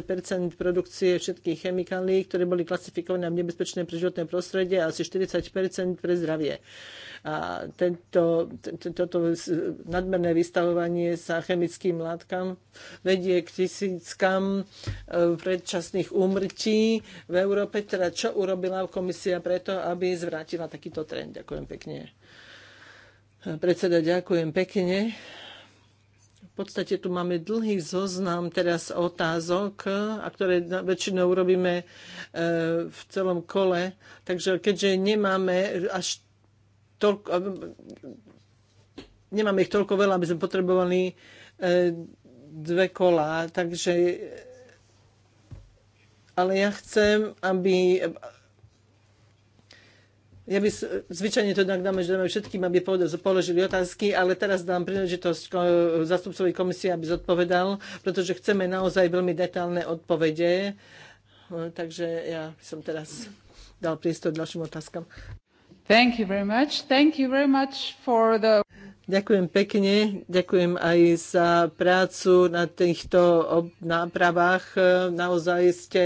produkcie všetkých chemikálií, ktoré boli klasifikované v nebezpečné pre životné prostredie, a asi 40 pre zdravie. A tento, toto nadmerné vystavovanie sa chemickým látkam vedie k tisíckam e, predčasných úmrtí v Európe. Teda čo urobila komisia preto, aby zvrátila takýto trend? Ďakujem pekne. Predseda, ďakujem pekne podstate tu máme dlhý zoznam teraz otázok, a ktoré väčšinou robíme e, v celom kole. Takže keďže nemáme až toľko, e, nemáme ich toľko veľa, aby sme potrebovali e, dve kola, takže ale ja chcem, aby, ja by zvyčajne to tak dáme, že dáme všetkým, aby položili otázky, ale teraz dám príležitosť zastupcovi komisie, aby zodpovedal, pretože chceme naozaj veľmi detálne odpovede. Hm, takže ja som teraz dal priestor ďalším otázkam. Thank you very much. Thank you very much for the... Ďakujem pekne, ďakujem aj za prácu na týchto nápravách. Naozaj ste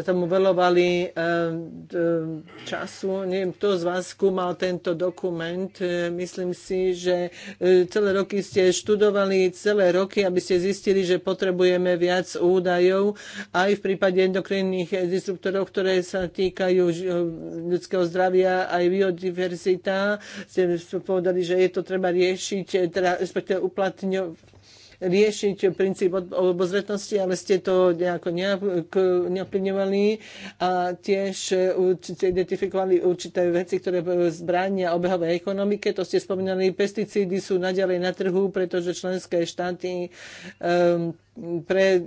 tomu velovali eh, eh, času. Neviem, kto z vás skúmal tento dokument. Eh, myslím si, že celé roky ste študovali, celé roky, aby ste zistili, že potrebujeme viac údajov aj v prípade endokrinných disruptorov, ktoré sa týkajú ľudského zdravia, aj biodiverzita. Ste povedali, že je to treba riešiť riešiť, e, teda, respektíve uplatňovať riešiť princíp obozretnosti, ale ste to nejako neaplňovali a tiež e, určite identifikovali určité veci, ktoré zbrania obehovej ekonomike. To ste spomínali, pesticídy sú naďalej na trhu, pretože členské štáty um, pre,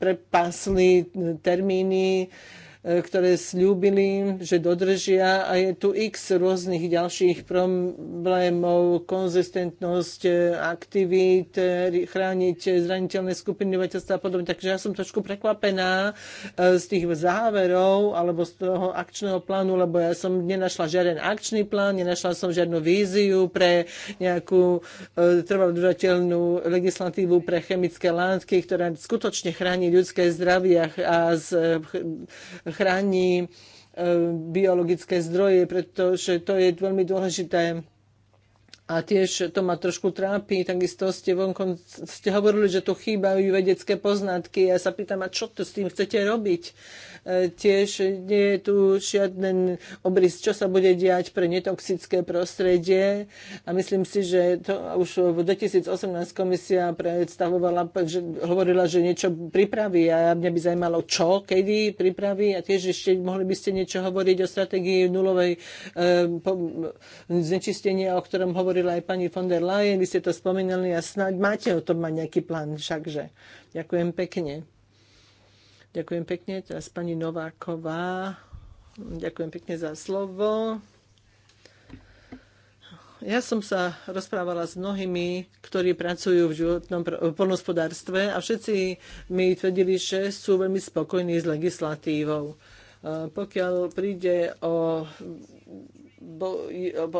prepasli termíny E, ktoré slúbili, že dodržia a je tu x rôznych ďalších problémov, konzistentnosť e, aktivít, e, chrániť zraniteľné skupiny obyvateľstva a podobne. Takže ja som trošku prekvapená z tých záverov alebo z toho akčného plánu, lebo ja som nenašla žiaden akčný plán, nenašla som žiadnu víziu pre nejakú trvalodržateľnú legislatívu pre chemické látky, ktorá skutočne chráni ľudské zdravie a z chráni e, biologické zdroje, pretože to je veľmi dôležité a tiež to ma trošku trápi. Takisto ste, vonkom, ste hovorili, že tu chýbajú vedecké poznatky. Ja sa pýtam, a čo to s tým chcete robiť? Tiež nie je tu žiaden obrys, čo sa bude diať pre netoxické prostredie. A myslím si, že to už v 2018 komisia predstavovala, že hovorila, že niečo pripraví a mňa by zajímalo, čo, kedy pripraví a tiež ešte mohli by ste niečo hovoriť o stratégii nulovej eh, znečistenia, o ktorom hovorila aj pani von der Leyen. Vy ste to spomínali a snáď máte o tom mať nejaký plán, všakže. Ďakujem pekne. Ďakujem pekne, teraz pani Nováková. Ďakujem pekne za slovo. Ja som sa rozprávala s mnohými, ktorí pracujú v životnom polnospodárstve a všetci mi tvrdili, že sú veľmi spokojní s legislatívou. E, pokiaľ príde o bo,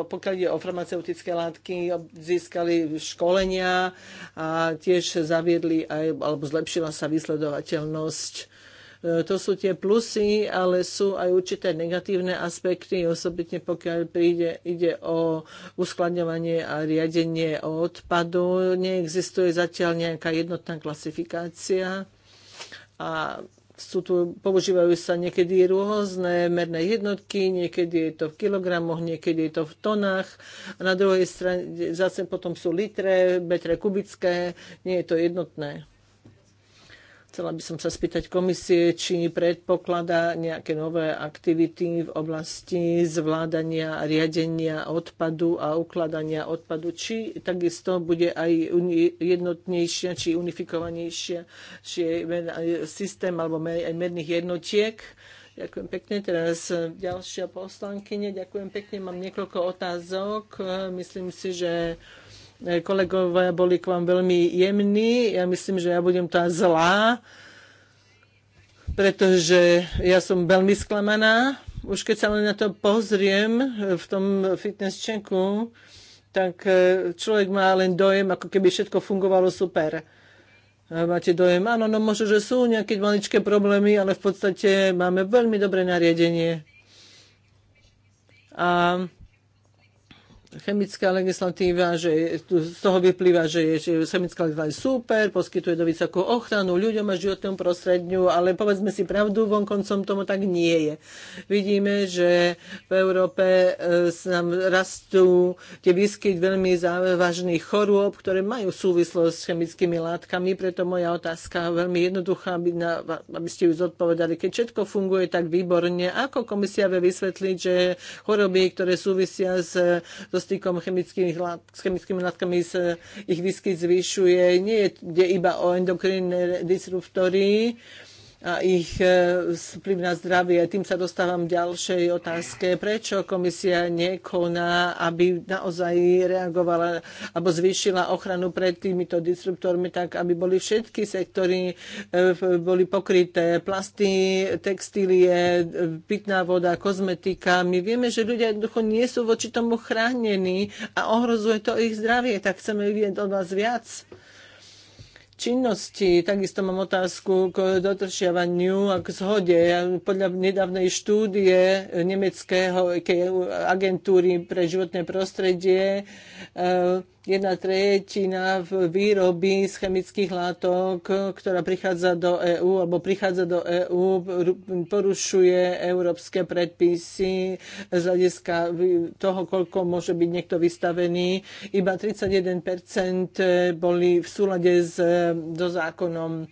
pokiaľ je o farmaceutické látky, získali školenia a tiež zaviedli aj, alebo zlepšila sa vysledovateľnosť E, to sú tie plusy, ale sú aj určité negatívne aspekty, osobitne pokiaľ príde, ide o uskladňovanie a riadenie odpadu. Neexistuje zatiaľ nejaká jednotná klasifikácia a sú tu, používajú sa niekedy rôzne merné jednotky, niekedy je to v kilogramoch, niekedy je to v tonách. A na druhej strane zase potom sú litre, metre kubické, nie je to jednotné. Chcela by som sa spýtať komisie, či predpokladá nejaké nové aktivity v oblasti zvládania, riadenia odpadu a ukladania odpadu, či takisto bude aj jednotnejšia, či unifikovanejšia či systém alebo aj merných jednotiek. Ďakujem pekne. Teraz ďalšia poslankyne. Ďakujem pekne. Mám niekoľko otázok. Myslím si, že E, kolegovia boli k vám veľmi jemní. Ja myslím, že ja budem tá zlá, pretože ja som veľmi sklamaná. Už keď sa len na to pozriem v tom fitness čenku, tak e, človek má len dojem, ako keby všetko fungovalo super. E, máte dojem, áno, no možno, že sú nejaké maličké problémy, ale v podstate máme veľmi dobré nariadenie. A chemická legislatíva, že z toho vyplýva, že, je, že chemická legislatíva je super, poskytuje do vysokú ochranu ľuďom a životnému prostrediu, ale povedzme si pravdu, vonkoncom tomu tak nie je. Vidíme, že v Európe e, nám rastú tie výskyt veľmi závažných chorôb, ktoré majú súvislosť s chemickými látkami, preto moja otázka veľmi jednoduchá, aby, na, aby ste ju zodpovedali. Keď všetko funguje tak výborne, ako komisia vie vysvetliť, že choroby, ktoré súvisia s, so stykom s chemickými látkami sa ich výskyt zvyšuje. Nie je ide iba o endokrinné disruptory, a ich vplyv e, na zdravie. Tým sa dostávam k ďalšej otázke. Prečo komisia nekoná, aby naozaj reagovala alebo zvýšila ochranu pred týmito disruptormi, tak aby boli všetky sektory e, boli pokryté. Plasty, textílie, pitná voda, kozmetika. My vieme, že ľudia jednoducho nie sú voči tomu chránení a ohrozuje to ich zdravie. Tak chceme vidieť od vás viac činnosti. Takisto mám otázku k dodržiavaniu a k zhode. Podľa nedávnej štúdie nemeckého agentúry pre životné prostredie jedna tretina výroby z chemických látok, ktorá prichádza do EÚ alebo prichádza do EÚ, porušuje európske predpisy z hľadiska toho, koľko môže byť niekto vystavený. Iba 31% boli v súlade s, so zákonom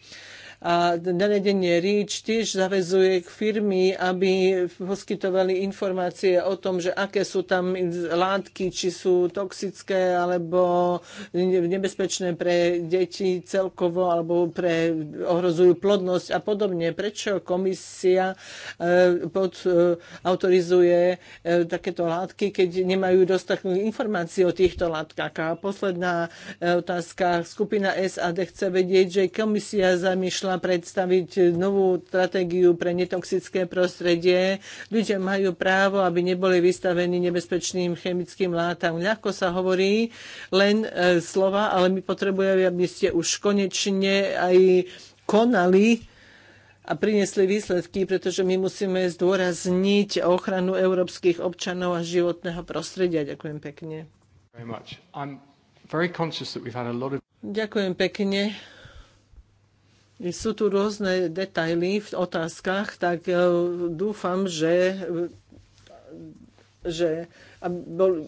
a nariadenie REACH tiež zavezuje k firmy, aby poskytovali informácie o tom, že aké sú tam látky, či sú toxické alebo nebezpečné pre deti celkovo alebo pre ohrozujú plodnosť a podobne. Prečo komisia e, pod, e, autorizuje e, takéto látky, keď nemajú dostatnú informácií o týchto látkach? A posledná otázka. Skupina SAD chce vedieť, že komisia zamýšľa snažila predstaviť novú stratégiu pre netoxické prostredie. Ľudia majú právo, aby neboli vystavení nebezpečným chemickým látam. Ľahko sa hovorí len e, slova, ale my potrebujeme, aby ste už konečne aj konali a priniesli výsledky, pretože my musíme zdôrazniť ochranu európskych občanov a životného prostredia. Ďakujem pekne. Of... Ďakujem pekne sú tu rôzne detaily v otázkach, tak e, dúfam, že, e, že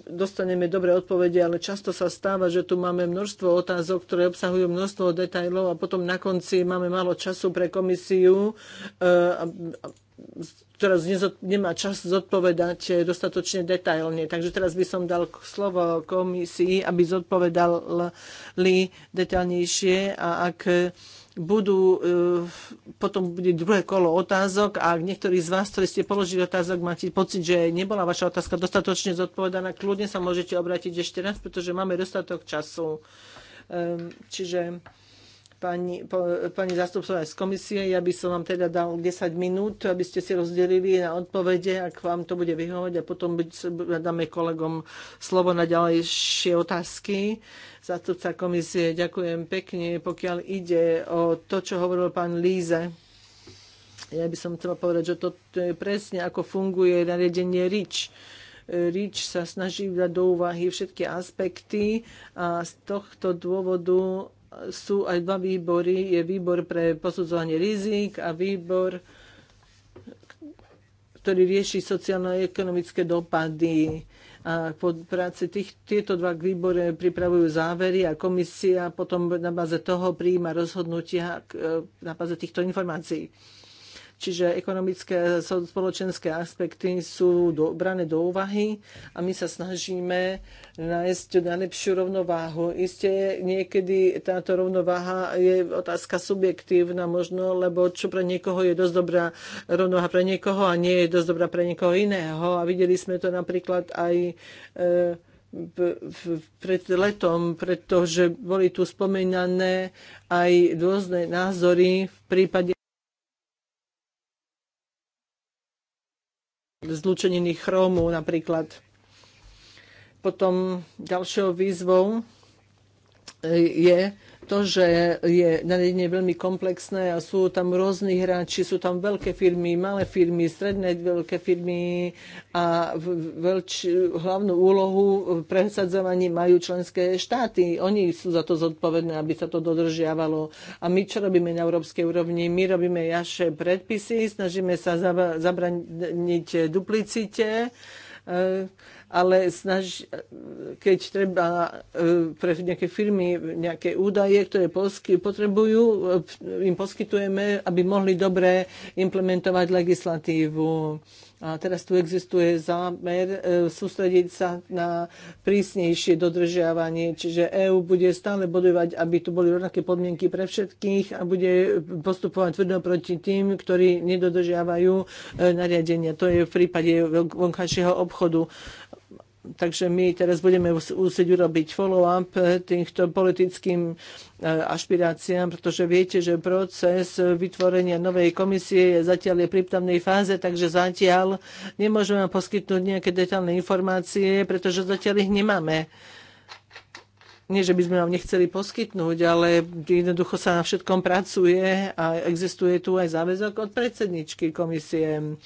dostaneme dobré odpovede, ale často sa stáva, že tu máme množstvo otázok, ktoré obsahujú množstvo detailov a potom na konci máme málo času pre komisiu, ktorá e, nemá čas zodpovedať dostatočne detailne. Takže teraz by som dal slovo komisii, aby zodpovedali detailnejšie a ak budú, e, potom bude druhé kolo otázok a niektorí z vás, ktorí ste položili otázok, máte pocit, že nebola vaša otázka dostatočne zodpovedaná, kľudne sa môžete obrátiť ešte raz, pretože máme dostatok času. Ehm, čiže pani, pani zastupcovia z komisie. Ja by som vám teda dal 10 minút, aby ste si rozdelili na odpovede, ak vám to bude vyhovať a potom dáme kolegom slovo na ďalejšie otázky. Zastupca komisie, ďakujem pekne, pokiaľ ide o to, čo hovoril pán Líze. Ja by som chcela povedať, že to je presne ako funguje nariadenie RIČ. RIČ sa snaží dať do úvahy všetky aspekty a z tohto dôvodu sú aj dva výbory. Je výbor pre posudzovanie rizik a výbor, ktorý rieši sociálno-ekonomické dopady. A po práci tých, tieto dva výbore pripravujú závery a komisia potom na báze toho prijíma rozhodnutia na báze týchto informácií. Čiže ekonomické a spoločenské aspekty sú do, brané do úvahy a my sa snažíme nájsť najlepšiu rovnováhu. Isté niekedy táto rovnováha je otázka subjektívna možno, lebo čo pre niekoho je dosť dobrá rovnováha pre niekoho a nie je dosť dobrá pre niekoho iného. A videli sme to napríklad aj e, pred letom, pretože boli tu spomínané aj rôzne názory v prípade zlúčeniny chrómu napríklad. Potom ďalšou výzvou je to, že je nariadenie veľmi komplexné a sú tam rôzni hráči, sú tam veľké firmy, malé firmy, stredné veľké firmy a veľč, hlavnú úlohu v presadzovaní majú členské štáty. Oni sú za to zodpovedné, aby sa to dodržiavalo. A my čo robíme na európskej úrovni? My robíme jaše predpisy, snažíme sa zabrániť duplicite Eh, ale snaž, keď treba eh, pre nejaké firmy nejaké údaje, ktoré potrebujú, eh, im poskytujeme, aby mohli dobre implementovať legislatívu a teraz tu existuje zámer e, sústrediť sa na prísnejšie dodržiavanie, čiže EÚ bude stále bodovať, aby tu boli rovnaké podmienky pre všetkých a bude postupovať tvrdo proti tým, ktorí nedodržiavajú e, nariadenia. To je v prípade vonkajšieho obchodu takže my teraz budeme úsiť urobiť follow-up eh, týmto politickým eh, ašpiráciám, pretože viete, že proces vytvorenia novej komisie je zatiaľ je pri prípravnej fáze, takže zatiaľ nemôžeme vám poskytnúť nejaké detálne informácie, pretože zatiaľ ich nemáme. Nie, že by sme vám nechceli poskytnúť, ale jednoducho sa na všetkom pracuje a existuje tu aj záväzok od predsedničky komisie.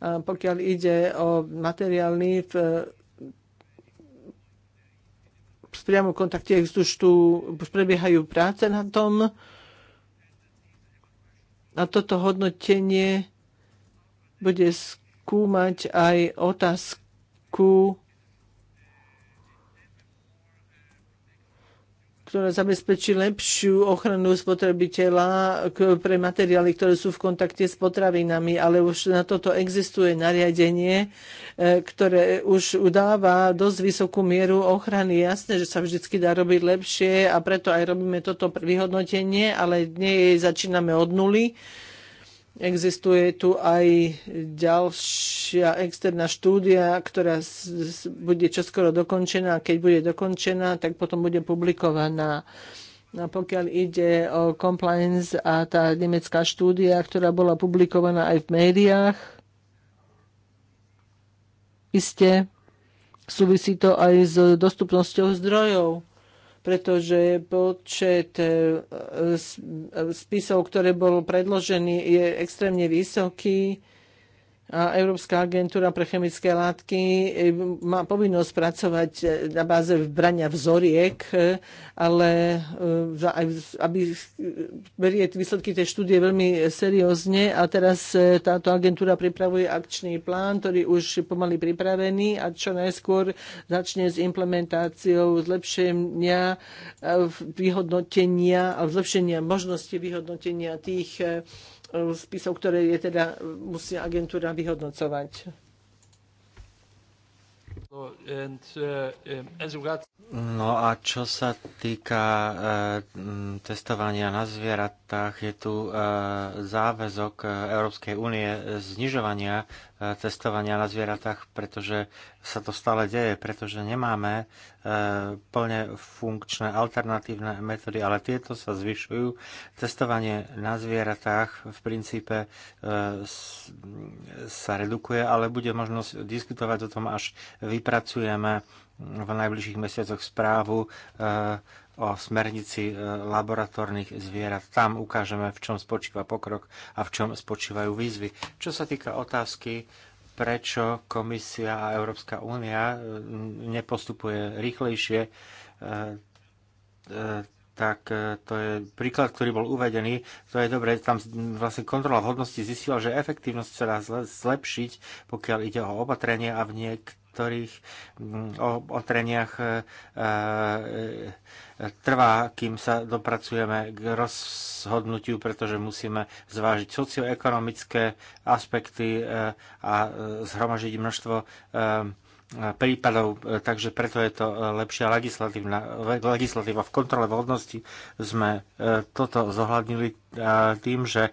pokiaľ ide o materiálny v v priamom kontakte, už tu prebiehajú práce na tom. A toto hodnotenie bude skúmať aj otázku ktorá zabezpečí lepšiu ochranu spotrebiteľa pre materiály, ktoré sú v kontakte s potravinami, ale už na toto existuje nariadenie, e, ktoré už udáva dosť vysokú mieru ochrany. Jasné, že sa vždy dá robiť lepšie a preto aj robíme toto vyhodnotenie, ale nie začíname od nuly Existuje tu aj ďalšia externá štúdia, ktorá bude čoskoro dokončená. Keď bude dokončená, tak potom bude publikovaná. A pokiaľ ide o compliance a tá nemecká štúdia, ktorá bola publikovaná aj v médiách, iste súvisí to aj s dostupnosťou zdrojov pretože počet e, e, spisov, ktoré bol predložený, je extrémne vysoký a Európska agentúra pre chemické látky eh, má povinnosť pracovať eh, na báze brania vzoriek, eh, ale aby berie výsledky tej štúdie veľmi seriózne a teraz táto agentúra pripravuje akčný plán, ktorý už je pomaly pripravený a čo najskôr začne s implementáciou zlepšenia vyhodnotenia a zlepšenia možnosti vyhodnotenia tých Eh, spisov, ktoré je teda, eh, musí agentúra vyhodnocovať. No, eh, no a čo sa týka testovania na zvierat, tak je tu e, záväzok e, Európskej únie znižovania e, testovania na zvieratách, pretože sa to stále deje, pretože nemáme plne funkčné alternatívne metódy, ale tieto sa zvyšujú. Testovanie na zvieratách v princípe sa redukuje, ale bude možnosť diskutovať o tom, až vypracujeme v najbližších mesiacoch správu o smernici e, laboratórnych zvierat. Tam ukážeme, v čom spočíva pokrok a v čom spočívajú výzvy. Čo sa týka otázky, prečo Komisia a Európska únia e, nepostupuje rýchlejšie, e, tak to je príklad, ktorý bol uvedený. To je dobre, tam vlastne kontrola vhodnosti zistila, že efektívnosť sa dá zlepšiť, pokiaľ ide o opatrenie a v niek- ktorých mm, otreniach e, e, trvá, kým sa dopracujeme k rozhodnutiu, pretože musíme zvážiť socioekonomické aspekty e, a zhromažiť množstvo prípadov, e, takže preto je to e, lepšia legislatíva. V kontrole vhodnosti sme e, toto zohľadnili tým, že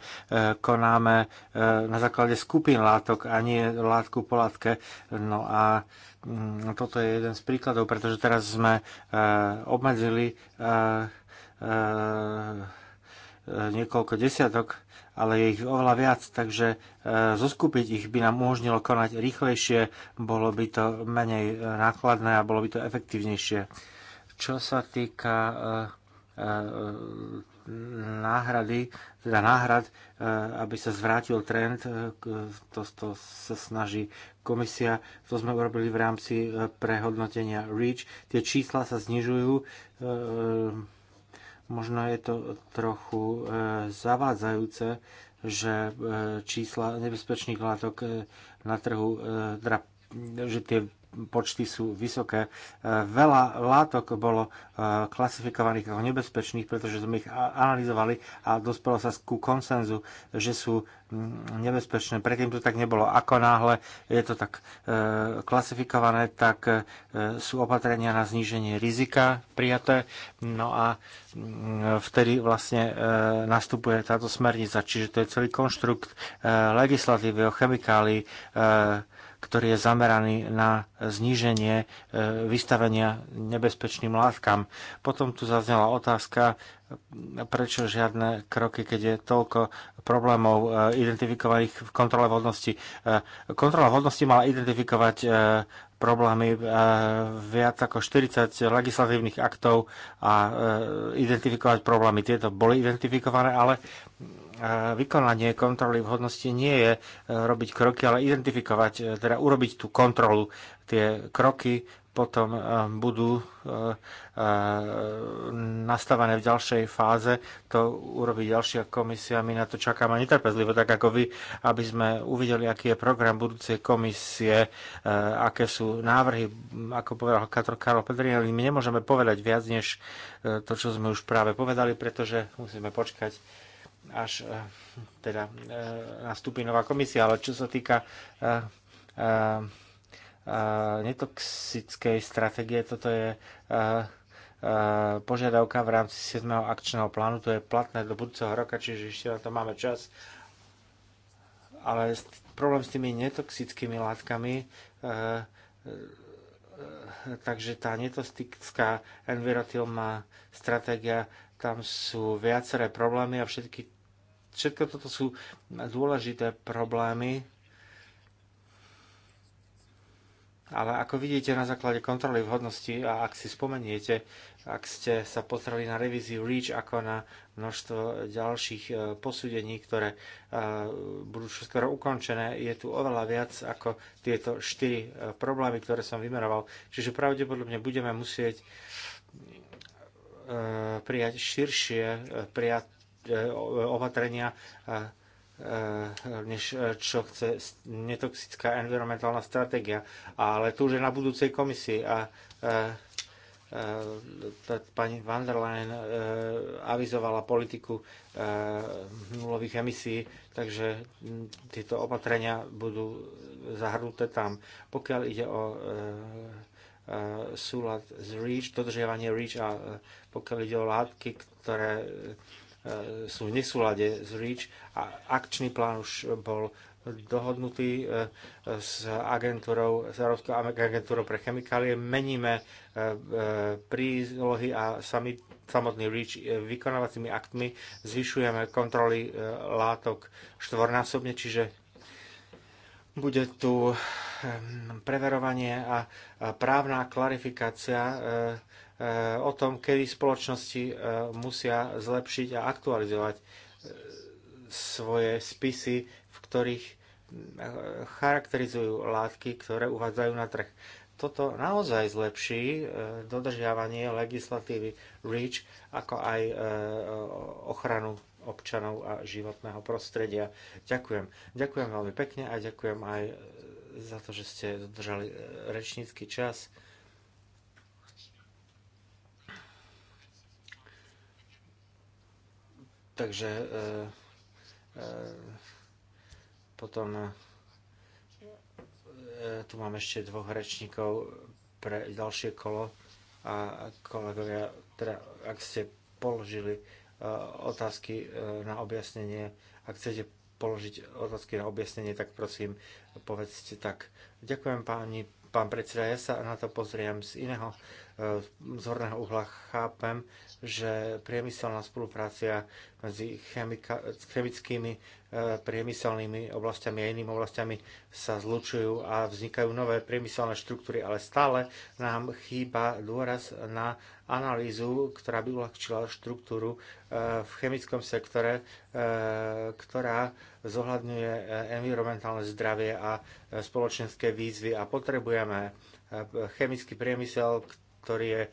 konáme na základe skupín látok a nie látku po látke. No a mm, toto je jeden z príkladov, pretože teraz sme obmedzili niekoľko desiatok ale je ich oveľa viac, takže e, zoskupiť ich by nám umožnilo konať rýchlejšie, bolo by to menej e, nákladné a bolo by to efektívnejšie. Čo sa týka e, náhrady, teda náhrad, aby sa zvrátil trend, to, to sa snaží komisia, to sme urobili v rámci prehodnotenia REACH. Tie čísla sa znižujú, Možno je to trochu e, zavádzajúce, že e, čísla nebezpečných látok e, na trhu, teda, že tie počty sú vysoké. E, veľa látok bolo e, klasifikovaných ako nebezpečných, pretože sme ich analyzovali a dospelo sa ku konsenzu, že sú nebezpečné. Predtým to tak nebolo. Ako náhle je to tak e, klasifikované, tak sú opatrenia na zníženie rizika prijaté. No a vtedy vlastne nastupuje táto smernica. Čiže to je celý konštrukt legislatívy o chemikálii, ktorý je zameraný na zníženie e, vystavenia nebezpečným látkam. Potom tu zaznela otázka, prečo žiadne kroky, keď je toľko problémov e, identifikovaných v kontrole vhodnosti. E, kontrola vhodnosti mala identifikovať problémy viac ako 40 legislatívnych aktov a identifikovať problémy. Tieto boli identifikované, ale vykonanie kontroly vhodnosti nie je e, robiť kroky, ale identifikovať, e, teda urobiť tú kontrolu. Tie kroky potom e, budú nastavené v ďalšej fáze. To urobí ďalšia komisia. My na to čakáme netrpezlivo, tak ako vy, aby sme uvideli, aký je program budúcej komisie, aké sú návrhy. Ako povedal Karol Pedrinelli, my nemôžeme povedať viac, než to, čo sme už práve povedali, pretože musíme počkať až eh, teda eh, nastúpi nová komisia, ale čo sa týka eh, netoxickej stratégie, toto je požiadavka v rámci 7. akčného plánu, to je platné do budúceho roka, čiže ešte na to máme čas. Ale problém s tými netoxickými látkami, takže tá netoxická envirotilná stratégia tam sú viaceré problémy a všetky, všetko toto sú dôležité problémy, ale ako vidíte na základe kontroly vhodnosti a ak si spomeniete, ak ste sa pozreli na revíziu REACH ako na množstvo ďalších e, posúdení, ktoré e, budú skoro ukončené, je tu oveľa viac ako tieto štyri e, problémy, ktoré som vymeroval. Čiže pravdepodobne budeme musieť prijať širšie e, prijať e, e, opatrenia než čo chce netoxická environmentálna stratégia. Ale tu už je na budúcej komisii a, pani van der Leyen avizovala politiku nulových emisí, takže tieto opatrenia budú zahrnuté tam. Pokiaľ ide o Eh, súlad z REACH, dodržiavanie REACH a eh, pokiaľ ide o látky, ktoré eh, sú v nesúlade z REACH a akčný plán už bol dohodnutý s agentúrou, s Európskou agentúrou pre chemikálie. Meníme prílohy a sami, samotný REACH vykonávacími aktmi zvyšujeme kontroly látok štvornásobne, čiže bude tu preverovanie a právna klarifikácia e, e, o tom, kedy spoločnosti e, musia zlepšiť a aktualizovať svoje spisy, v ktorých charakterizujú látky, ktoré uvádzajú na trh. Toto naozaj zlepší dodržiavanie legislatívy REACH, ako aj ochranu občanov a životného prostredia. Ďakujem. Ďakujem veľmi pekne a ďakujem aj za to, že ste dodržali e, rečnícky čas. Takže e, e, potom tu mám ešte dvoch rečníkov pre ďalšie kolo a kolegovia, teda ak ste položili otázky e, na objasnenie. Ak chcete položiť otázky na objasnenie, tak prosím, povedzte tak. Ďakujem páni, pán predseda, ja sa na to pozriem z iného, e, z horného uhla chápem, že priemyselná spolupráca medzi chemickými e, priemyselnými oblastiami a inými oblastiami sa zlučujú a vznikajú nové priemyselné štruktúry, ale stále nám chýba dôraz na analýzu, ktorá by uľahčila štruktúru e, v chemickom sektore, e, ktorá zohľadňuje environmentálne zdravie a spoločenské výzvy a potrebujeme chemický priemysel, ktorý je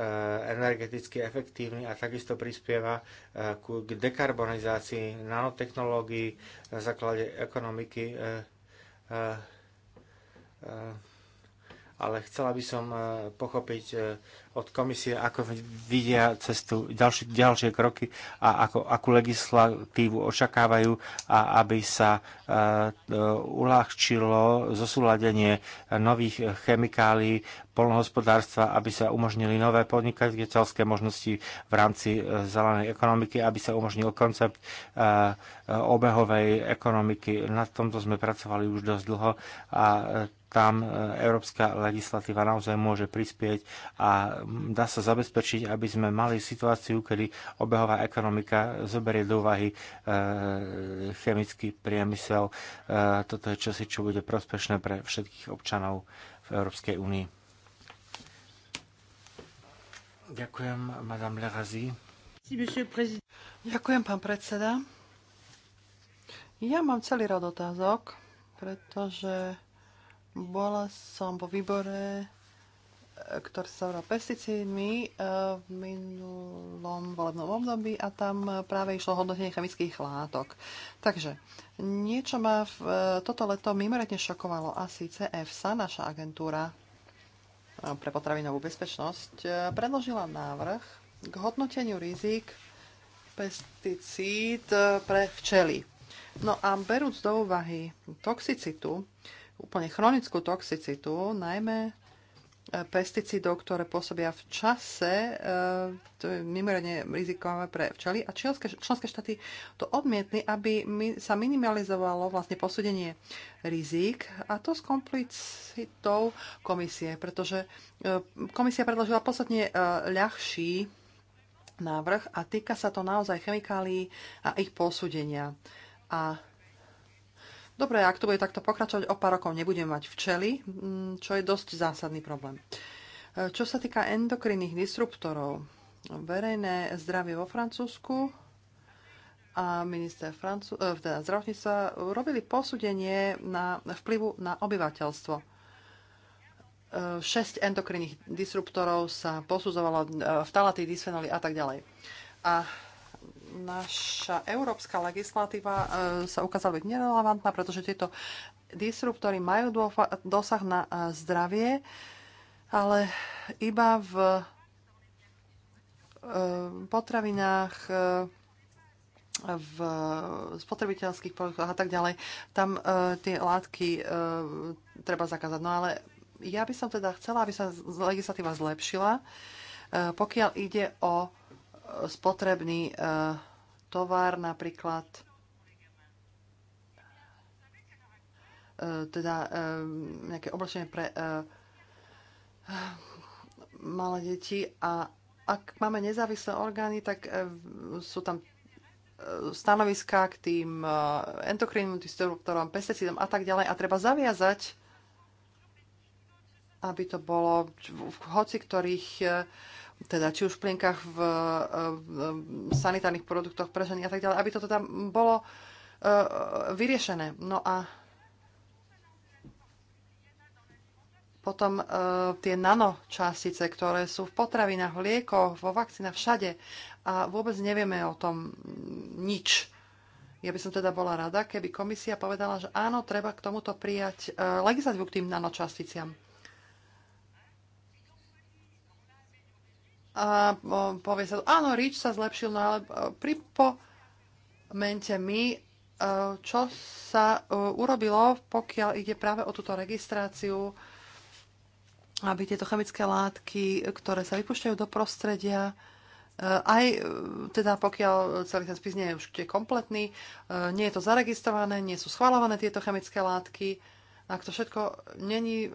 Eh, energeticky efektívny a takisto prispieva eh, k dekarbonizácii nanotechnológií na základe ekonomiky eh, ale chcela by som eh, pochopiť eh, od komisie, ako vidia cestu ďalšie, ďalšie kroky a ako, akú legislatívu očakávajú a aby sa eh, uľahčilo zosúladenie nových chemikálií polnohospodárstva, aby sa umožnili nové podnikateľské možnosti v rámci zelenej ekonomiky, aby sa umožnil koncept obehovej ekonomiky. Na tomto sme pracovali už dosť dlho a tam e, európska legislatíva naozaj môže prispieť a dá sa zabezpečiť, aby sme mali situáciu, kedy obehová ekonomika zoberie do úvahy e, chemický priemysel. E, toto je čosi, čo bude prospešné pre všetkých občanov v Európskej únii. Ďakujem, madame Lerazy. Ďakujem, pán predseda. Ja mám celý rad otázok, pretože bola som vo výbore, e, ktorý sa volá pesticídmi e, v minulom volebnom období a tam e, práve išlo hodnotenie chemických látok. Takže niečo ma v, toto leto mimoriadne šokovalo a síce EFSA, naša agentúra pre potravinovú bezpečnosť, predložila návrh k hodnoteniu rizik pesticíd pre včely. No a berúc do úvahy toxicitu, úplne chronickú toxicitu, najmä e, pesticídov, ktoré pôsobia v čase, e, to je mimoriadne rizikové pre včely a členské, členské štáty to odmietli, aby sa minimalizovalo vlastne posúdenie rizik a to s komplicitou komisie, pretože e, komisia predložila posledne ľahší návrh a týka sa to naozaj chemikálií a ich posúdenia. A Dobre, ak to bude takto pokračovať, o pár rokov nebudeme mať včely, mm, čo je dosť zásadný problém. E, čo sa týka endokrinných disruptorov, verejné zdravie vo Francúzsku a minister Francú- e, teda zdravotníctva robili posúdenie na vplyvu na obyvateľstvo. 6 e, endokrinných disruptorov sa posudzovalo, talatých dysfenoli a tak ďalej. A naša európska legislatíva e, sa ukázala byť nerelevantná, pretože tieto disruptory majú dosah na e, zdravie, ale iba v e, potravinách, v spotrebiteľských produktoch a tak ďalej. Tam tie látky treba zakázať. No ale ja by som teda chcela, aby sa legislatíva zlepšila, pokiaľ ide o spotrebný e, tovar napríklad. E, teda e, nejaké oblečenie pre malé deti a ak máme nezávislé orgány, tak sú tam stanoviská k tým endokrinným disruptorom, pesticidom a tak ďalej a treba zaviazať, aby to bolo v hoci ktorých teda či už v plienkach, v, sanitárnych produktoch pre ženy a tak ďalej, aby toto tam bolo e, vyriešené. No a potom e, tie nanočastice, ktoré sú v potravinách, v liekoch, vo vakcínach, všade. A vôbec nevieme o tom nič. Ja by som teda bola rada, keby komisia povedala, že áno, treba k tomuto prijať e, legislatívu k tým nanočasticiam. a povie sa, áno, Rich sa zlepšil, no ale pripomente mi, čo sa urobilo, pokiaľ ide práve o túto registráciu, aby tieto chemické látky, ktoré sa vypúšťajú do prostredia, e, aj e, teda pokiaľ celý ten spis nie je už kompletný, e, nie je to zaregistrované, nie sú schvalované tieto chemické látky, ak to všetko není e,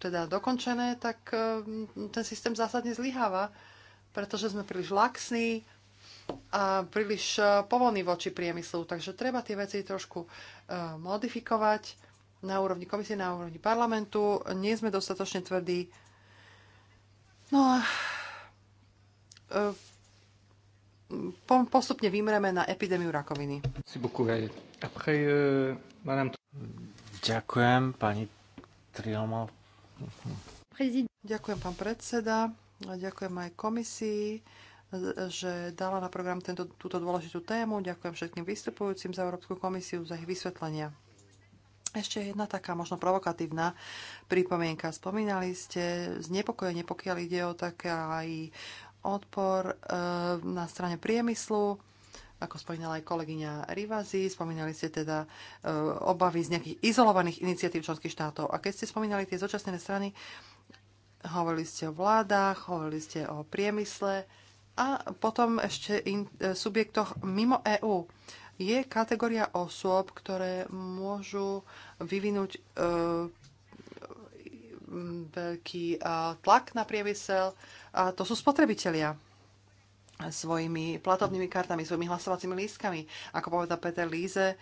teda dokončené, tak e, ten systém zásadne zlyháva, pretože sme príliš laxní a príliš e, povolní voči priemyslu. Takže treba tie veci trošku e, modifikovať na úrovni komisie, na úrovni parlamentu. Nie sme dostatočne tvrdí. No a e, postupne vymreme na epidémiu rakoviny. Ďakujem, pani Trioma. Ďakujem, pán predseda. Ďakujem aj komisii, že dala na program tento, túto dôležitú tému. Ďakujem všetkým vystupujúcim za Európsku komisiu za ich vysvetlenia. Ešte jedna taká možno provokatívna pripomienka. Spomínali ste znepokojenie, pokiaľ ide o také aj odpor eh, na strane priemyslu ako spomínala aj kolegyňa Rivazi, spomínali ste teda e, obavy z nejakých izolovaných iniciatív členských štátov. A keď ste spomínali tie zúčastnené strany, hovorili ste o vládach, hovorili ste o priemysle a potom ešte in, e, subjektoch mimo EÚ. Je kategória osôb, ktoré môžu vyvinúť e, veľký e, tlak na priemysel, a to sú spotrebitelia svojimi platobnými kartami, svojimi hlasovacími lístkami. Ako povedal Peter Líze, eh,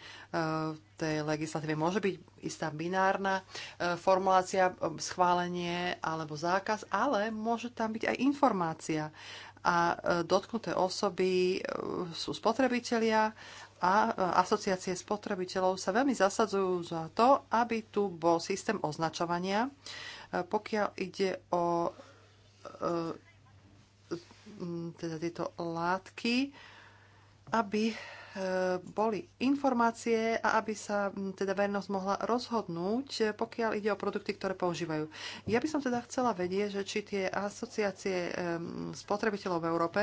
v tej legislatíve môže byť istá binárna eh, formulácia, eh, schválenie alebo zákaz, ale môže tam byť aj informácia. A dotknuté osoby sú spotrebitelia a asociácie spotrebiteľov sa veľmi zasadzujú za to, aby tu bol systém označovania, pokiaľ ide o teda tieto látky, aby e, boli informácie a aby sa teda verejnosť mohla rozhodnúť, e, pokiaľ ide o produkty, ktoré používajú. Ja by som teda chcela vedieť, že či tie asociácie e, spotrebiteľov v Európe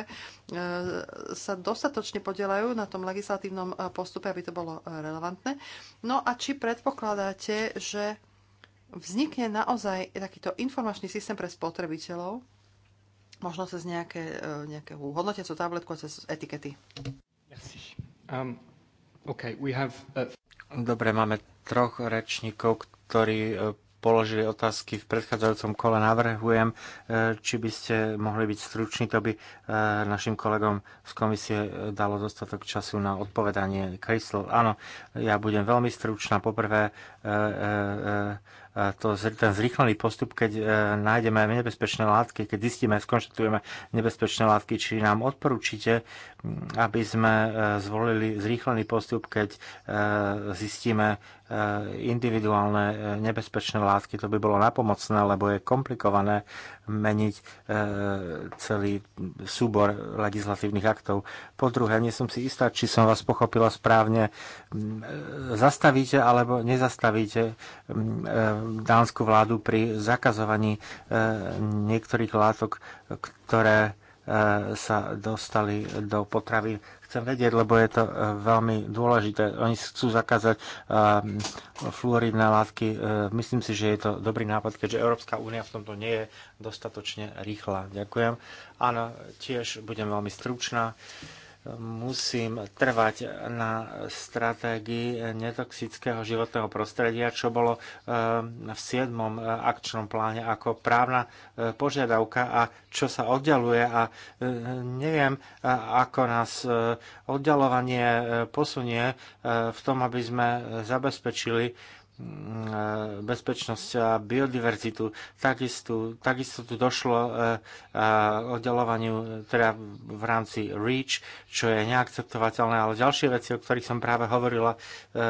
sa dostatočne podielajú na tom legislatívnom postupe, aby to bolo relevantné. No a či predpokladáte, že vznikne naozaj takýto informačný systém pre spotrebiteľov, možno cez nejaké, e, nejaké hodnotiacu tabletku a cez etikety. Um, okay, we have, uh... Dobre, máme troch rečníkov, ktorí e, položili otázky v predchádzajúcom kole. Navrhujem, e, či by ste mohli byť struční, to by našim kolegom z komisie dalo dostatok času na odpovedanie. Krysl, áno, ja budem veľmi stručná. Poprvé, E, e, e, to, ten zrýchlený postup, keď nájdeme nebezpečné látky, keď zistíme, skonštatujeme nebezpečné látky, či nám odporúčite, mm, aby sme zvolili zrýchlený postup, keď zistíme individuálne nebezpečné látky. To by bolo napomocné, lebo je komplikované meniť celý súbor legislatívnych aktov. Po druhé, nie som si istá, či som vás pochopila správne. Mm, zastavíte alebo nezastavíte zastaviť e, e, dánsku vládu pri zakazovaní e, niektorých látok, ktoré sa dostali do potravy. Chcem vedieť, lebo je to veľmi dôležité. Oni chcú zakázať fluoridné látky. Myslím si, že je to dobrý nápad, keďže Európska únia v tomto nie je dostatočne rýchla. Ďakujem. Áno, tiež budem veľmi stručná musím trvať na stratégii netoxického životného prostredia, čo bolo eh, v 7. Eh, akčnom pláne ako právna eh, požiadavka a čo sa oddialuje a neviem, ako nás oddialovanie posunie v tom, aby sme zabezpečili Mm, e, bezpečnosť a biodiverzitu. Takisto, takisto tu došlo e, oddelovaniu e, teda v rámci REACH, čo je neakceptovateľné, ale ďalšie veci, o ktorých som práve hovorila,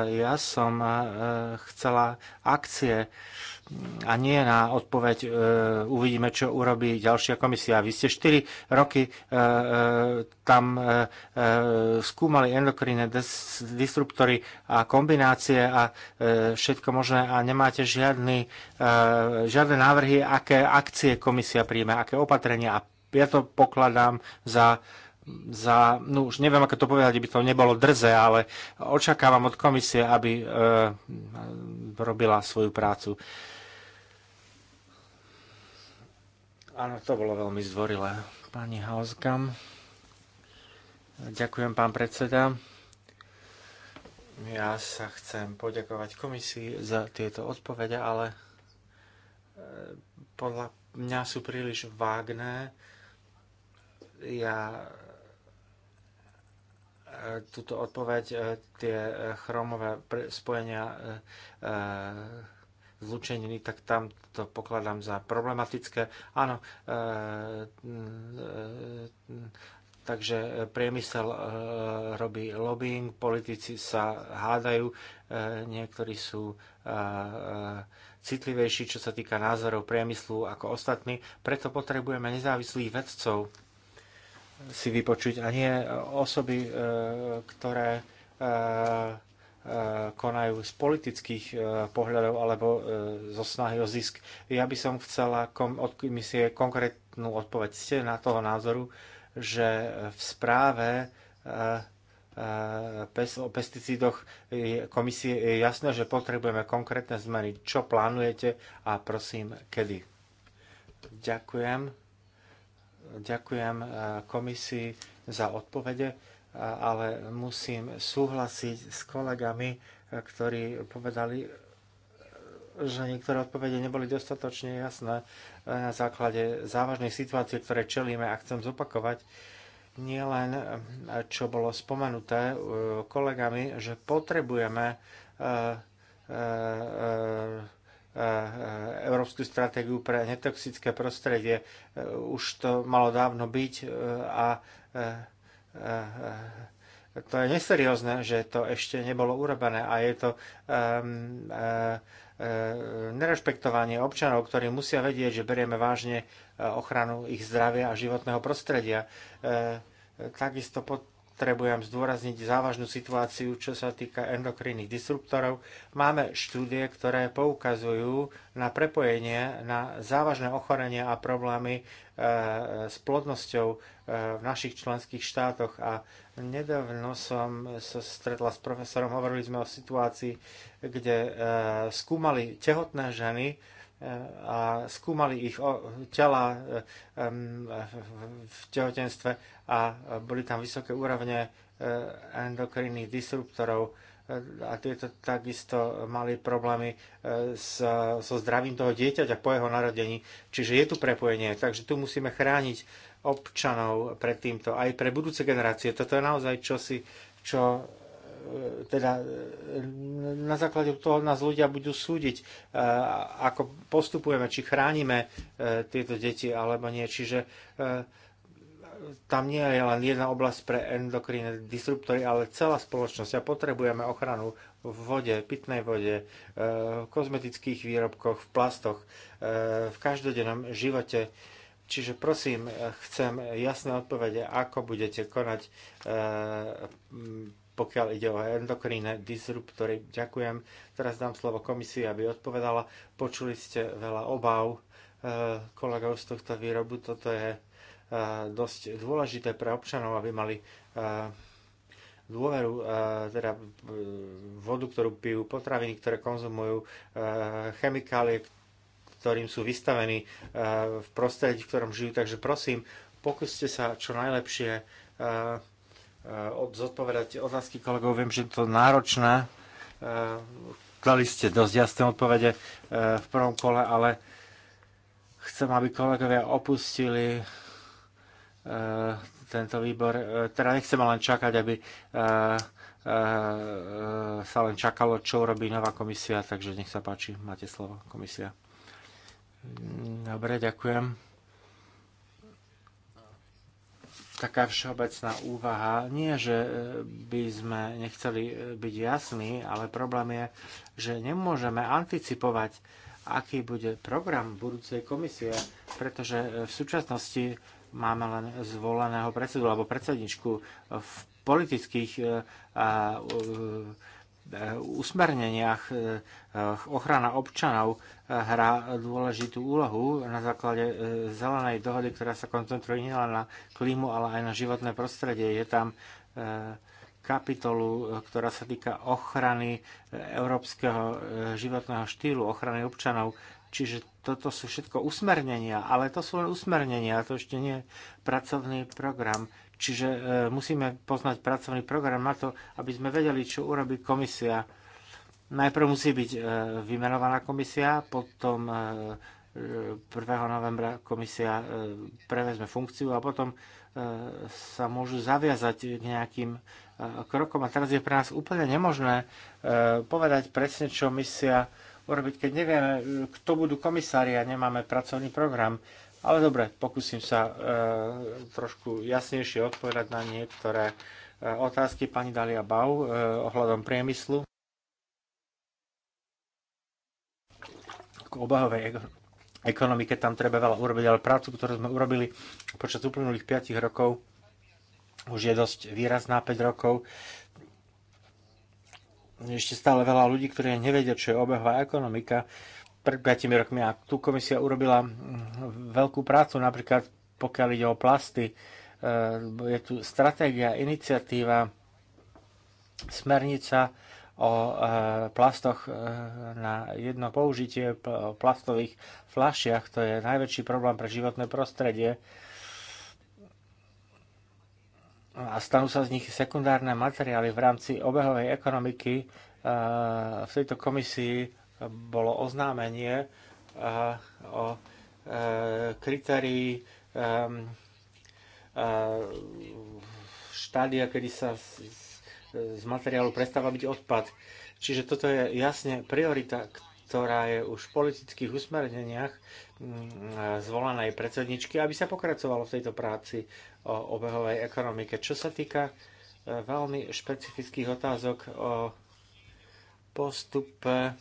ja som chcela akcie a nie na odpoveď e, uvidíme, čo urobí ďalšia komisia. Vy ste 4 roky e, e, tam skúmali endokrinné disruptory a kombinácie a všetko možné a nemáte žiadny, žiadne návrhy, aké akcie komisia príjme, aké opatrenia. A ja to pokladám za za, no už neviem, ako to povedať, aby to nebolo drze, ale očakávam od komisie, aby e, robila svoju prácu. E, Áno, to bolo veľmi zdvorilé. Pani Hauskam. Ďakujem, pán predseda. Ja sa chcem poďakovať komisii za tieto odpovede, ale e, podľa mňa sú príliš vágné. Ja e, túto odpoveď, e, tie chromové spojenia zlučeniny, tak tam to pokladám za problematické. Áno, e, e, e, takže priemysel e, robí lobbying, politici sa hádajú, e, niektorí sú e, e, citlivejší, čo sa týka názorov priemyslu ako ostatní, preto potrebujeme nezávislých vedcov si vypočuť a nie osoby, e, ktoré Eh, konajú z politických eh, pohľadov alebo eh, zo snahy o zisk. Ja by som chcela od komisie konkrétnu odpoveď. Ste na toho názoru, že v správe o pesticídoch komisie je jasné, že potrebujeme konkrétne zmeny. Čo plánujete a prosím, kedy? Ďakujem. Ďakujem komisii za odpovede ale musím súhlasiť s kolegami, e, ktorí povedali, e, že niektoré odpovede neboli dostatočne jasné e, na základe závažnej situácie, ktoré čelíme a chcem zopakovať, nielen čo bolo spomenuté kolegami, že potrebujeme európsku stratégiu pre netoxické prostredie. Už to malo dávno byť a Eh, eh, to je neseriózne, že to ešte nebolo urobené a je to um, uh, uh, nerešpektovanie občanov, ktorí musia vedieť, že berieme vážne ochranu ich zdravia a životného prostredia. Uh, takisto pod, potrebujem zdôrazniť závažnú situáciu, čo sa týka endokrinných disruptorov. Máme štúdie, ktoré poukazujú na prepojenie na závažné ochorenia a problémy e, s plodnosťou e, v našich členských štátoch. A nedávno som sa stretla s profesorom, hovorili sme o situácii, kde e, skúmali tehotné ženy, a skúmali ich tela e, v tehotenstve a boli tam vysoké úrovne e, endokrinných disruptorov e, a tieto takisto mali problémy so, so zdravím toho dieťaťa po jeho narodení. Čiže je tu prepojenie, takže tu musíme chrániť občanov pred týmto, aj pre budúce generácie. Toto je naozaj čosi, čo teda e, na základe toho nás ľudia budú súdiť, e, ako postupujeme, či chránime e, tieto deti alebo nie. Čiže tam nie je len jedna oblasť pre endokrinné disruptory, ale celá spoločnosť a potrebujeme ochranu v vode, pitnej vode, v kozmetických výrobkoch, v plastoch, v každodennom živote. Čiže prosím, chcem jasné odpovede, ako budete konať pokiaľ ide o endokrinné disruptory. Ďakujem. Teraz dám slovo komisii, aby odpovedala. Počuli ste veľa obav e, kolegov z tohto výrobu. Toto je e, dosť dôležité pre občanov, aby mali e, dôveru, teda vodu, ktorú pijú, potraviny, ktoré konzumujú, chemikálie, ktorým sú vystavení v prostredí, v ktorom žijú. Takže prosím, pokúste sa čo najlepšie Eh, zodpovedať otázky kolegov. Viem, že je to náročné. Eh, dali ste dosť jasné odpovede eh, v prvom kole, ale chcem, aby kolegovia opustili tento výbor. Teda nechcem len čakať, aby sa len čakalo, čo robí nová komisia, takže nech sa páči, máte slovo, komisia. Dobre, ďakujem. taká všeobecná úvaha. Nie, že e, by sme nechceli e, byť jasní, ale problém je, že nemôžeme anticipovať, aký bude program budúcej komisie, pretože e, v súčasnosti máme len zvoleného predsedu alebo predsedničku v politických a, usmerneniach e, e, ochrana občanov e, hrá dôležitú úlohu na základe zelenej dohody, ktorá sa koncentruje nielen na klímu, ale aj na životné prostredie. Je tam kapitolu, ktorá sa týka ochrany európskeho životného štýlu, ochrany občanov. Čiže toto sú všetko usmernenia, ale to sú len usmernenia, to ešte nie je pracovný program. Čiže e, musíme poznať pracovný program na to, aby sme vedeli, čo urobí komisia. Najprv musí byť e, vymenovaná komisia, potom 1. E, novembra komisia prevezme funkciu a potom sa môžu zaviazať k nejakým krokom. A teraz je pre nás úplne nemožné povedať presne, čo misia urobiť, keď nevieme, kto budú komisári a nemáme pracovný program. Ale dobre, pokúsim sa e, trošku jasnejšie odpovedať na niektoré e, otázky pani Dalia Bau e, ohľadom priemyslu. K obahovej ekonomike tam treba veľa urobiť, ale prácu, ktorú sme urobili počas uplynulých 5 rokov, už je dosť výrazná 5 rokov. Ešte stále veľa ľudí, ktorí nevedia, čo je obehová ekonomika, pred 5 rokmi a tu komisia urobila mm, veľkú prácu, napríklad pokiaľ ide o plasty. E, je tu stratégia, iniciatíva, smernica o e, plastoch e, na jedno použitie, o plastových fľašiach. To je najväčší problém pre životné prostredie a stanú sa z nich sekundárne materiály v rámci obehovej ekonomiky. V tejto komisii bolo oznámenie eh, o eh, kritérii eh, štádia, kedy sa z materiálu prestáva byť odpad. Čiže toto je jasne priorita, ktorá je už v politických usmerneniach mm, zvolanej predsedničky, aby sa pokračovalo v tejto práci o obehovej ekonomike. Čo sa týka veľmi špecifických otázok o postupe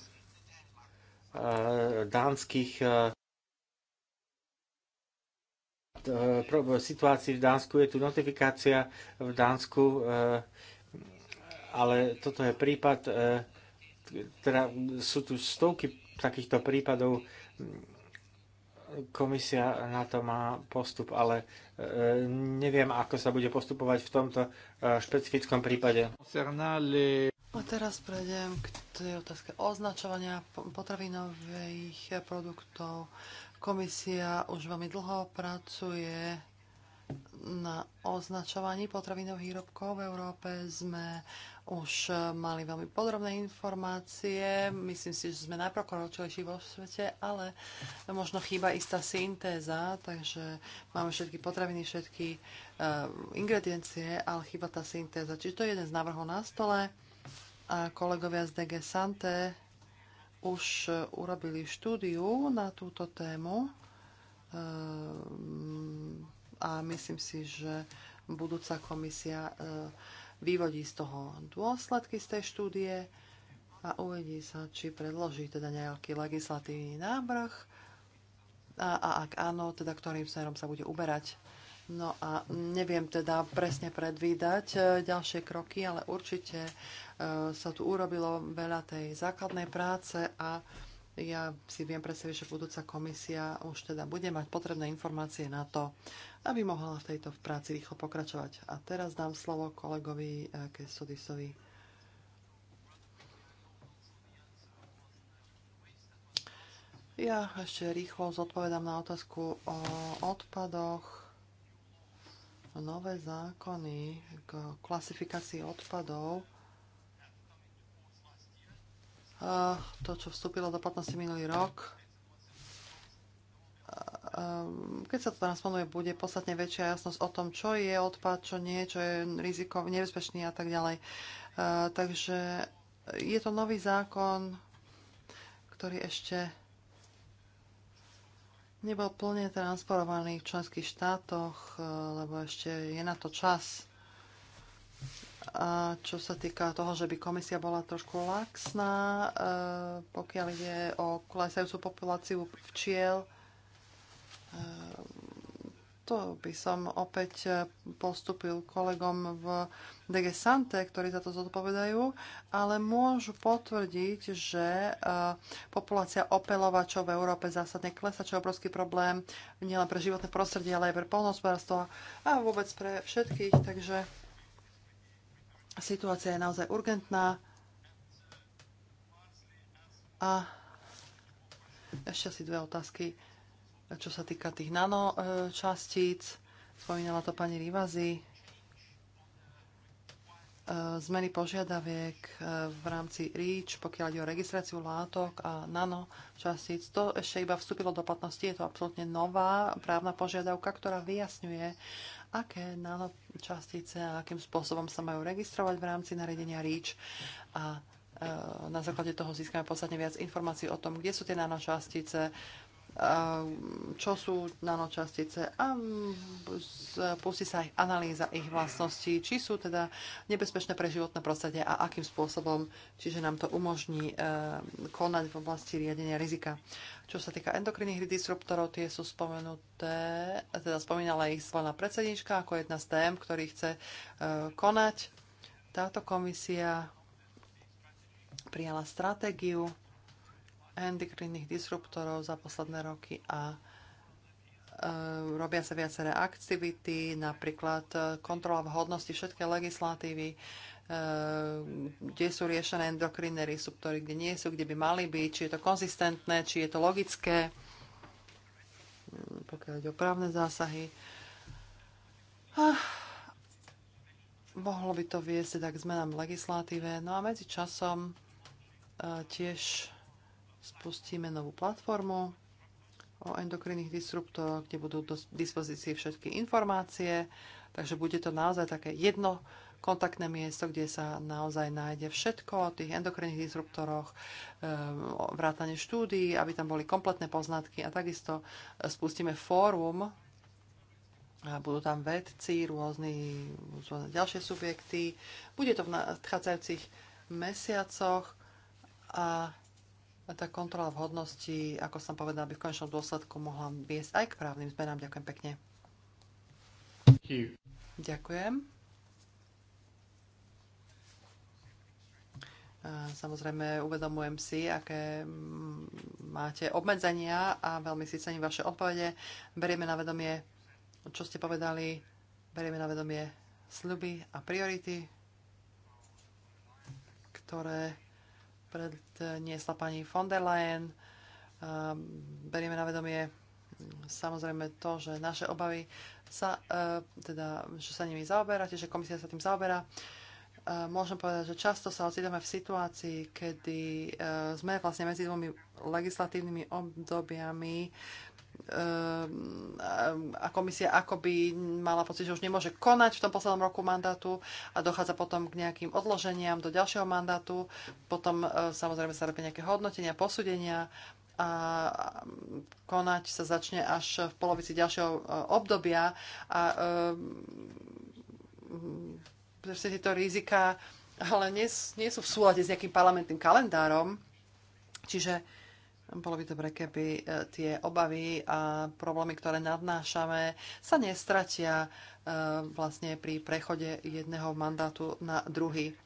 Eh, dánskych eh, situácií v Dánsku, je tu notifikácia v Dánsku, eh, ale toto je prípad, teda sú tu stovky takýchto prípadov, komisia na to má postup, ale neviem, ako sa bude postupovať v tomto špecifickom prípade. A teraz prejdem k tej otázke označovania potravinových produktov. Komisia už veľmi dlho pracuje na označovaní potravinových výrobkov v Európe. Sme už eh, mali veľmi podrobné informácie. Myslím si, že sme najprokročilejší vo svete, ale možno chýba istá syntéza, takže máme všetky potraviny, všetky uh, ingrediencie, ale chýba tá syntéza. Čiže to je jeden z návrhov na stole a kolegovia z DG Sante už e, urobili štúdiu na túto tému ehm, a myslím si, že budúca komisia e, vyvodí z toho dôsledky z tej štúdie a uvedí sa, či predloží teda nejaký legislatívny návrh a, a ak áno, teda ktorým smerom sa bude uberať. No a neviem teda presne predvídať e, ďalšie kroky, ale určite e, sa tu urobilo veľa tej základnej práce a ja si viem predstaviť, že budúca komisia už teda bude mať potrebné informácie na to, aby mohla v tejto práci rýchlo pokračovať. A teraz dám slovo kolegovi e, Kestudisovi. Ja ešte rýchlo zodpovedám na otázku o odpadoch nové zákony k klasifikácii odpadov. To, čo vstúpilo do platnosti minulý rok, keď sa to transponuje, bude podstatne väčšia jasnosť o tom, čo je odpad, čo nie, čo je riziko, nebezpečný a tak ďalej. Takže je to nový zákon, ktorý ešte nebol plne transporovaný v členských štátoch, eh, lebo ešte je na to čas. A čo sa týka toho, že by komisia bola trošku laxná, eh, pokiaľ ide o klesajúcu populáciu včiel, eh, to by som opäť e, postupil kolegom v DG Sante, ktorí za to zodpovedajú, ale môžu potvrdiť, že e, populácia opelovačov v Európe zásadne klesa, čo je obrovský problém nielen pre životné prostredie, ale aj pre polnospodárstvo a vôbec pre všetkých, takže situácia je naozaj urgentná a ešte asi dve otázky čo sa týka tých nanočastíc. E, spomínala to pani Rivazi. E, zmeny požiadaviek e, v rámci REACH, pokiaľ ide o registráciu látok a nanočastíc, to ešte iba vstúpilo do platnosti. Je to absolútne nová právna požiadavka, ktorá vyjasňuje, aké nanočastice a akým spôsobom sa majú registrovať v rámci nariadenia REACH. A na základe toho získame podstatne viac informácií o tom, kde sú tie nanočastice, čo sú nanočastice a spustí sa ich analýza ich vlastností, či sú teda nebezpečné pre životné prostredie a akým spôsobom, čiže nám to umožní e, konať v oblasti riadenia rizika. Čo sa týka endokrinných disruptorov, tie sú spomenuté, teda spomínala ich zvolená predsednička ako jedna z tém, ktorý chce e, konať. Táto komisia prijala stratégiu endokrinných disruptorov za posledné roky a e, robia sa viaceré aktivity, napríklad e, kontrola vhodnosti všetkej legislatívy, e, kde sú riešené endokrinné disruptory, kde nie sú, kde by mali byť, či je to konzistentné, či je to logické, mm, pokiaľ ide o právne zásahy. mohlo by to viesť tak k zmenám v legislatíve. No a medzi časom tiež spustíme novú platformu o endokrinných disruptoroch, kde budú do dispozícii všetky informácie, takže bude to naozaj také jedno kontaktné miesto, kde sa naozaj nájde všetko o tých endokrinných disruptoroch, ehm, vrátane štúdií, aby tam boli kompletné poznatky a takisto e, spustíme fórum a budú tam vedci, rôzne ďalšie subjekty. Bude to v nadchádzajúcich mesiacoch a tá kontrola vhodnosti, ako som povedal, by v konečnom dôsledku mohla viesť aj k právnym zmenám. Ďakujem pekne. Ďakujem. Samozrejme, uvedomujem si, aké mm, máte obmedzenia a veľmi si cením vaše odpovede. Berieme na vedomie, čo ste povedali, berieme na vedomie sľuby a priority, ktoré predniesla pani von der Leyen. Ehm, berieme na vedomie hm, samozrejme to, že naše obavy sa, ehm, teda, že sa nimi zaoberá, že komisia sa tým zaoberá. Ehm, môžem povedať, že často sa ocitáme v situácii, kedy sme vlastne medzi dvomi legislatívnymi obdobiami Ehm, a komisia akoby mala pocit, že už nemôže konať v tom poslednom roku mandátu a dochádza potom k nejakým odloženiam do ďalšieho mandátu. Potom e, samozrejme sa robí nejaké hodnotenia, posúdenia a konať sa začne až v polovici ďalšieho e, obdobia a ehm, všetky tieto rizika ale nie, nie sú v súlade s nejakým parlamentným kalendárom. Čiže uh, bolo by dobre, keby e, tie obavy a problémy, ktoré nadnášame, sa nestratia e, vlastne pri prechode jedného mandátu na druhý. E,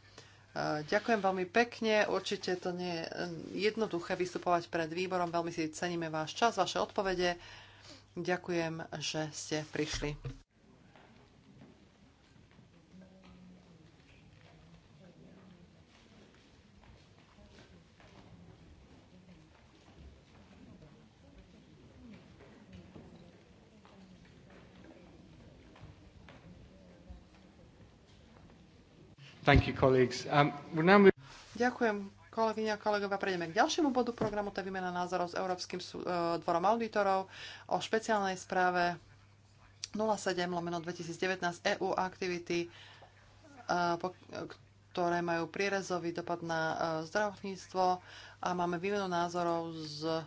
ďakujem veľmi pekne. Určite to nie je jednoduché vystupovať pred výborom. Veľmi si ceníme váš čas, vaše odpovede. Ďakujem, že ste prišli. Thank you, colleagues. Um, Ďakujem, kolegyne a kolegovia. Prejdeme k ďalšiemu bodu programu, to je výmena názorov s Európskym e, dvorom auditorov o špeciálnej správe 07 lomeno 2019 EU aktivity, e, ktoré majú prierezový dopad na e, zdravotníctvo a máme výmenu názorov s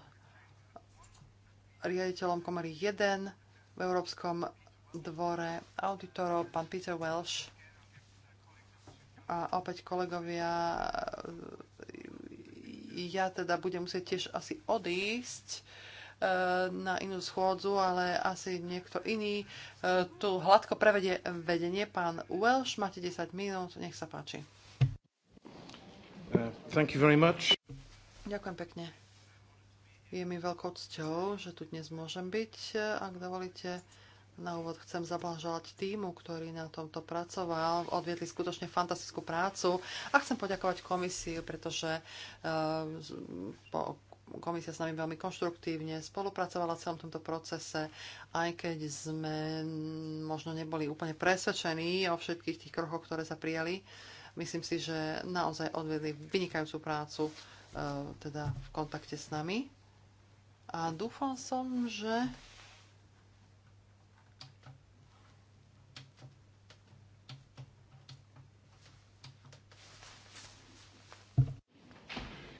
riaditeľom komory 1 v Európskom dvore auditorov, pán Peter Welsh. A opäť kolegovia, ja teda budem musieť tiež asi odísť e, na inú schôdzu, ale asi niekto iný e, tu hladko prevedie vedenie. Pán Welsh, máte 10 minút, nech sa páči. Uh, thank you very much. Ďakujem pekne. Je mi veľkou cťou, že tu dnes môžem byť. E, ak dovolíte, na úvod chcem zablažovať týmu, ktorý na tomto pracoval. Odviedli skutočne fantastickú prácu a chcem poďakovať komisii, pretože eh, komisia s nami veľmi konštruktívne spolupracovala v celom tomto procese, aj keď sme možno neboli úplne presvedčení o všetkých tých krokoch, ktoré sa prijali. Myslím si, že naozaj odvedli vynikajúcu prácu eh, teda v kontakte s nami. A dúfam som, že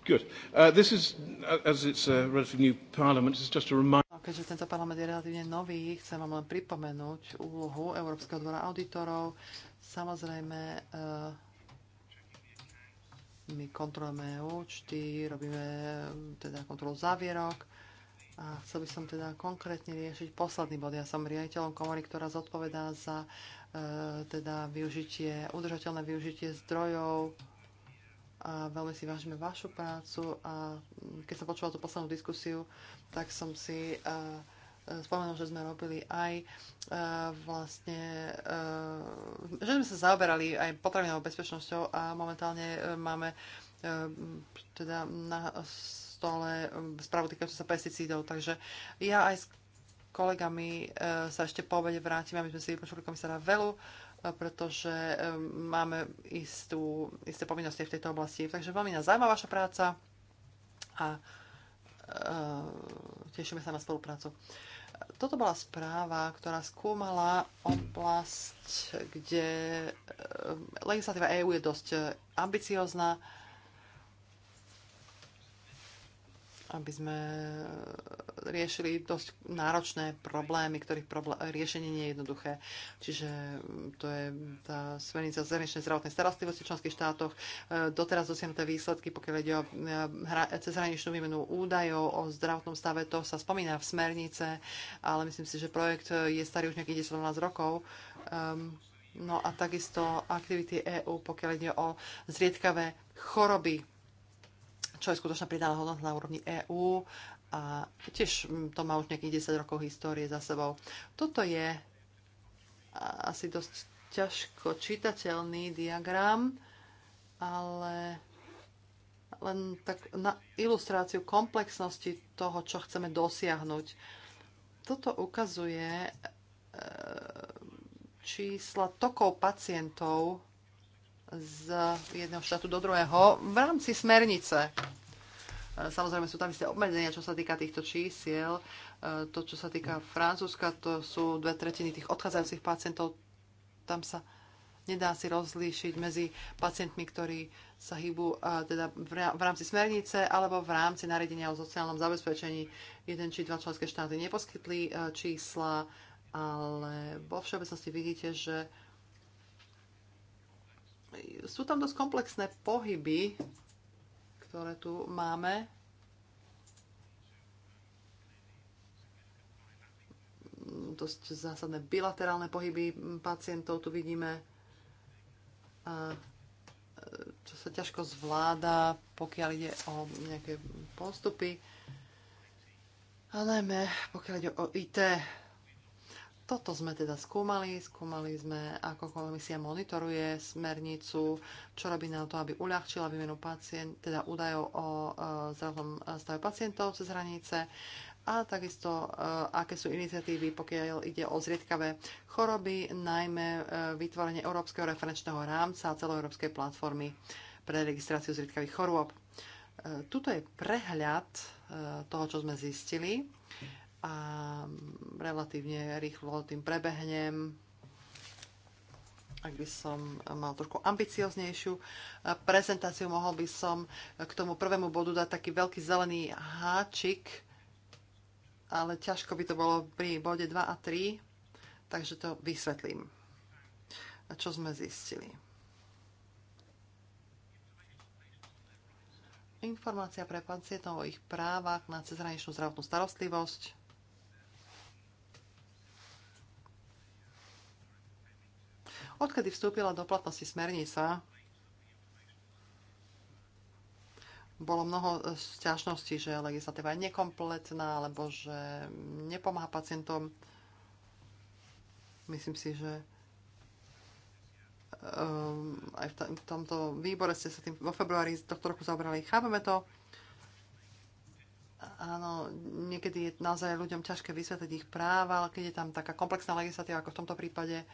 Good. Uh, this is, uh, as it's a relatively new parliament, it's just a reminder. No, keďže tento parlament je relatívne nový, chcem vám len pripomenúť úlohu Európskeho dvora auditorov. Samozrejme, uh, my kontrolujeme účty, robíme um, teda kontrolu závierok a chcel by som teda konkrétne riešiť posledný bod. Ja som riaditeľom komory, ktorá zodpovedá za uh, teda využitie, udržateľné využitie zdrojov, a veľmi si vážime vašu prácu a keď som počúval tú poslednú diskusiu, tak som si uh, eh, eh, spomenul, že sme robili aj uh, vlastne, uh, že sme sa zaoberali aj potravinovou bezpečnosťou a momentálne máme teda na stole správu týkajúcu sa pesticídov, takže ja aj s kolegami sa ešte po obede vrátim, aby sme si vypočuli komisára Velu pretože máme istú, isté povinnosti v tejto oblasti. Takže veľmi nás zaujíma vaša práca a e, tešíme sa na spoluprácu. Toto bola správa, ktorá skúmala oblasť, kde legislatíva EÚ je dosť ambiciozná aby sme e, riešili dosť náročné problémy, ktorých problé- riešenie nie je jednoduché. Čiže mm, to je tá smernica zahraničnej zdravotnej starostlivosti v členských štátoch. E, doteraz dosiahnuté výsledky, pokiaľ ide o e, cezhraničnú výmenu údajov o zdravotnom stave, to sa spomína v smernice, ale myslím si, že projekt je starý už nejakých 10-12 rokov. Um, no a takisto aktivity EÚ, pokiaľ ide o zriedkavé choroby čo je skutočná pridaná hodnota na úrovni EÚ a tiež mm, to má už nejakých 10 rokov histórie za sebou. Toto je asi dosť ťažko čitateľný diagram, ale len tak na ilustráciu komplexnosti toho, čo chceme dosiahnuť. Toto ukazuje e, čísla tokov pacientov z jedného štátu do druhého v rámci smernice. E, samozrejme sú tam isté obmedzenia, čo sa týka týchto čísiel. E, to, čo sa týka Francúzska, to sú dve tretiny tých odchádzajúcich pacientov. Tam sa nedá si rozlíšiť medzi pacientmi, ktorí sa hýbu e, teda v rámci smernice alebo v rámci nariadenia o sociálnom zabezpečení. Jeden či dva členské štáty neposkytli čísla, ale vo všeobecnosti vidíte, že sú tam dosť komplexné pohyby, ktoré tu máme. Dosť zásadné bilaterálne pohyby pacientov tu vidíme. A e, čo sa ťažko zvláda, pokiaľ ide o nejaké postupy. A najmä pokiaľ ide o IT, toto sme teda skúmali. Skúmali sme, ako komisia monitoruje smernicu, čo robí na to, aby uľahčila výmenu pacient, teda údajov o e, e, stave pacientov cez hranice a takisto, e, aké sú iniciatívy, pokiaľ ide o zriedkavé choroby, najmä e, vytvorenie Európskeho referenčného rámca a celoeurópskej platformy pre registráciu zriedkavých chorôb. E, tuto je prehľad e, toho, čo sme zistili a relatívne rýchlo tým prebehnem. Ak by som mal trošku ambicioznejšiu prezentáciu, mohol by som k tomu prvému bodu dať taký veľký zelený háčik, ale ťažko by to bolo pri bode 2 a 3, takže to vysvetlím. A čo sme zistili? Informácia pre pacientov o ich právach na cezhraničnú zdravotnú starostlivosť odkedy vstúpila do platnosti smernica, bolo mnoho e, sťažností, že legislatíva je nekompletná alebo že nepomáha pacientom. Myslím si, že um, aj v, v tomto výbore ste sa tým vo februári tohto roku zaobrali. Chápeme to. Áno, niekedy je naozaj ľuďom ťažké vysvetliť ich práva, ale keď je tam taká komplexná legislatíva, ako v tomto prípade, uh,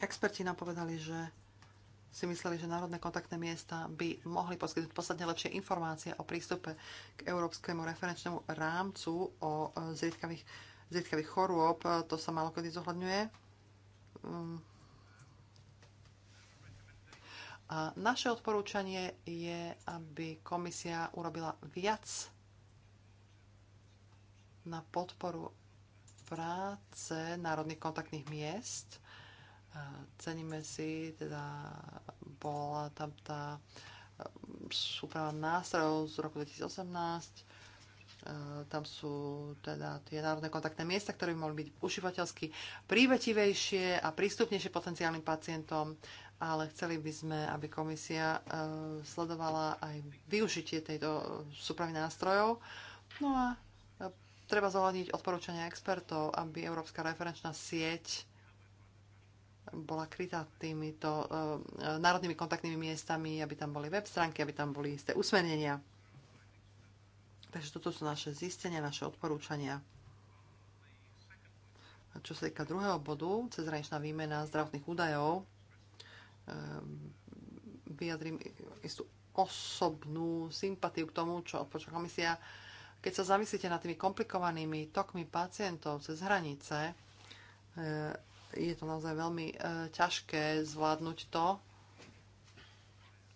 Experti nám povedali, že si mysleli, že národné kontaktné miesta by mohli poskytnúť posledne lepšie informácie o prístupe k európskemu referenčnému rámcu o e, zriedkavých, zriedkavých chorôb. E, to sa malo kedy zohľadňuje. Mm. A naše odporúčanie je, aby komisia urobila viac na podporu práce národných kontaktných miest Ceníme si, teda bola tam tá súprava nástrojov z roku 2018, e, tam sú teda tie národné kontaktné miesta, ktoré by mohli byť užívateľsky prívetivejšie a prístupnejšie potenciálnym pacientom, ale chceli by sme, aby komisia e, sledovala aj využitie tejto súpravy nástrojov. No a e, treba zohľadniť odporúčania expertov, aby Európska referenčná sieť bola krytá týmito eh, národnými kontaktnými miestami, aby tam boli web stránky, aby tam boli isté usmernenia. Takže toto sú naše zistenia, naše odporúčania. A čo sa týka druhého bodu, cezhraničná výmena zdravotných údajov, eh, vyjadrím istú osobnú sympatiu k tomu, čo odporúča komisia. Keď sa zamyslíte nad tými komplikovanými tokmi pacientov cez hranice, eh, je to naozaj veľmi e, ťažké zvládnuť to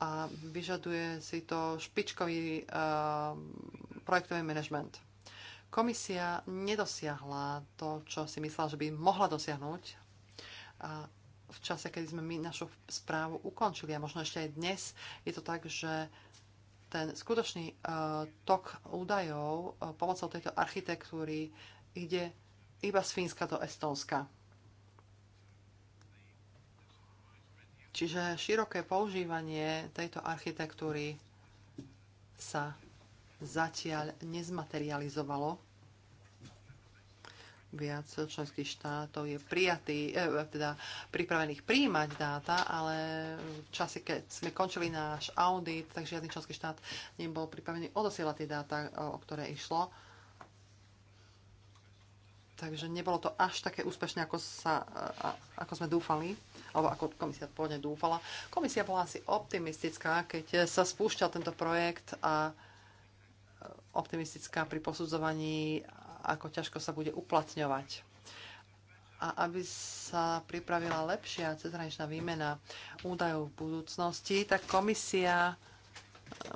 a vyžaduje si to špičkový e, projektový manažment. Komisia nedosiahla to, čo si myslela, že by mohla dosiahnuť a v čase, kedy sme my našu správu ukončili a možno ešte aj dnes, je to tak, že ten skutočný e, tok údajov e, pomocou tejto architektúry ide iba z Fínska do Estónska. Čiže široké používanie tejto architektúry sa zatiaľ nezmaterializovalo. Viac členských štátov je prijatý, eh, teda pripravených príjmať dáta, ale v čase, keď sme končili náš audit, tak žiadny členský štát nebol pripravený odosielať tie dáta, o ktoré išlo. Takže nebolo to až také úspešné, ako, sa, ako sme dúfali, alebo ako komisia pôvodne dúfala. Komisia bola asi optimistická, keď sa spúšťal tento projekt a e, optimistická pri posudzovaní, ako ťažko sa bude uplatňovať. A aby sa pripravila lepšia cezhraničná výmena údajov v budúcnosti, tak komisia e,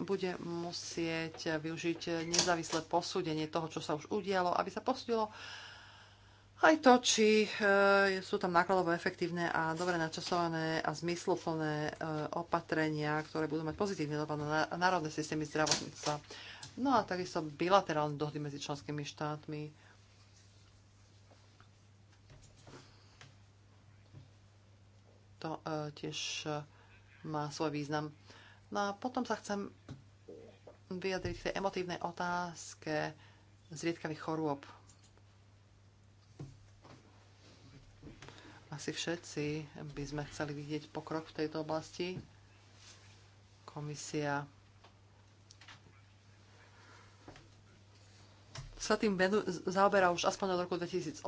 bude musieť využiť nezávislé posúdenie toho, čo sa už udialo, aby sa posúdilo, aj to, či e, sú tam nákladovo efektívne a dobre načasované a zmysluplné e, opatrenia, ktoré budú mať pozitívny dopad na národné systémy zdravotníctva. No a takisto bilaterálne dohody medzi členskými štátmi. To e, tiež má svoj význam. No a potom sa chcem vyjadriť k tej emotívnej otázke zriedkavých chorôb Asi všetci by sme chceli vidieť pokrok v tejto oblasti. Komisia sa tým zaoberá už aspoň od roku 2008.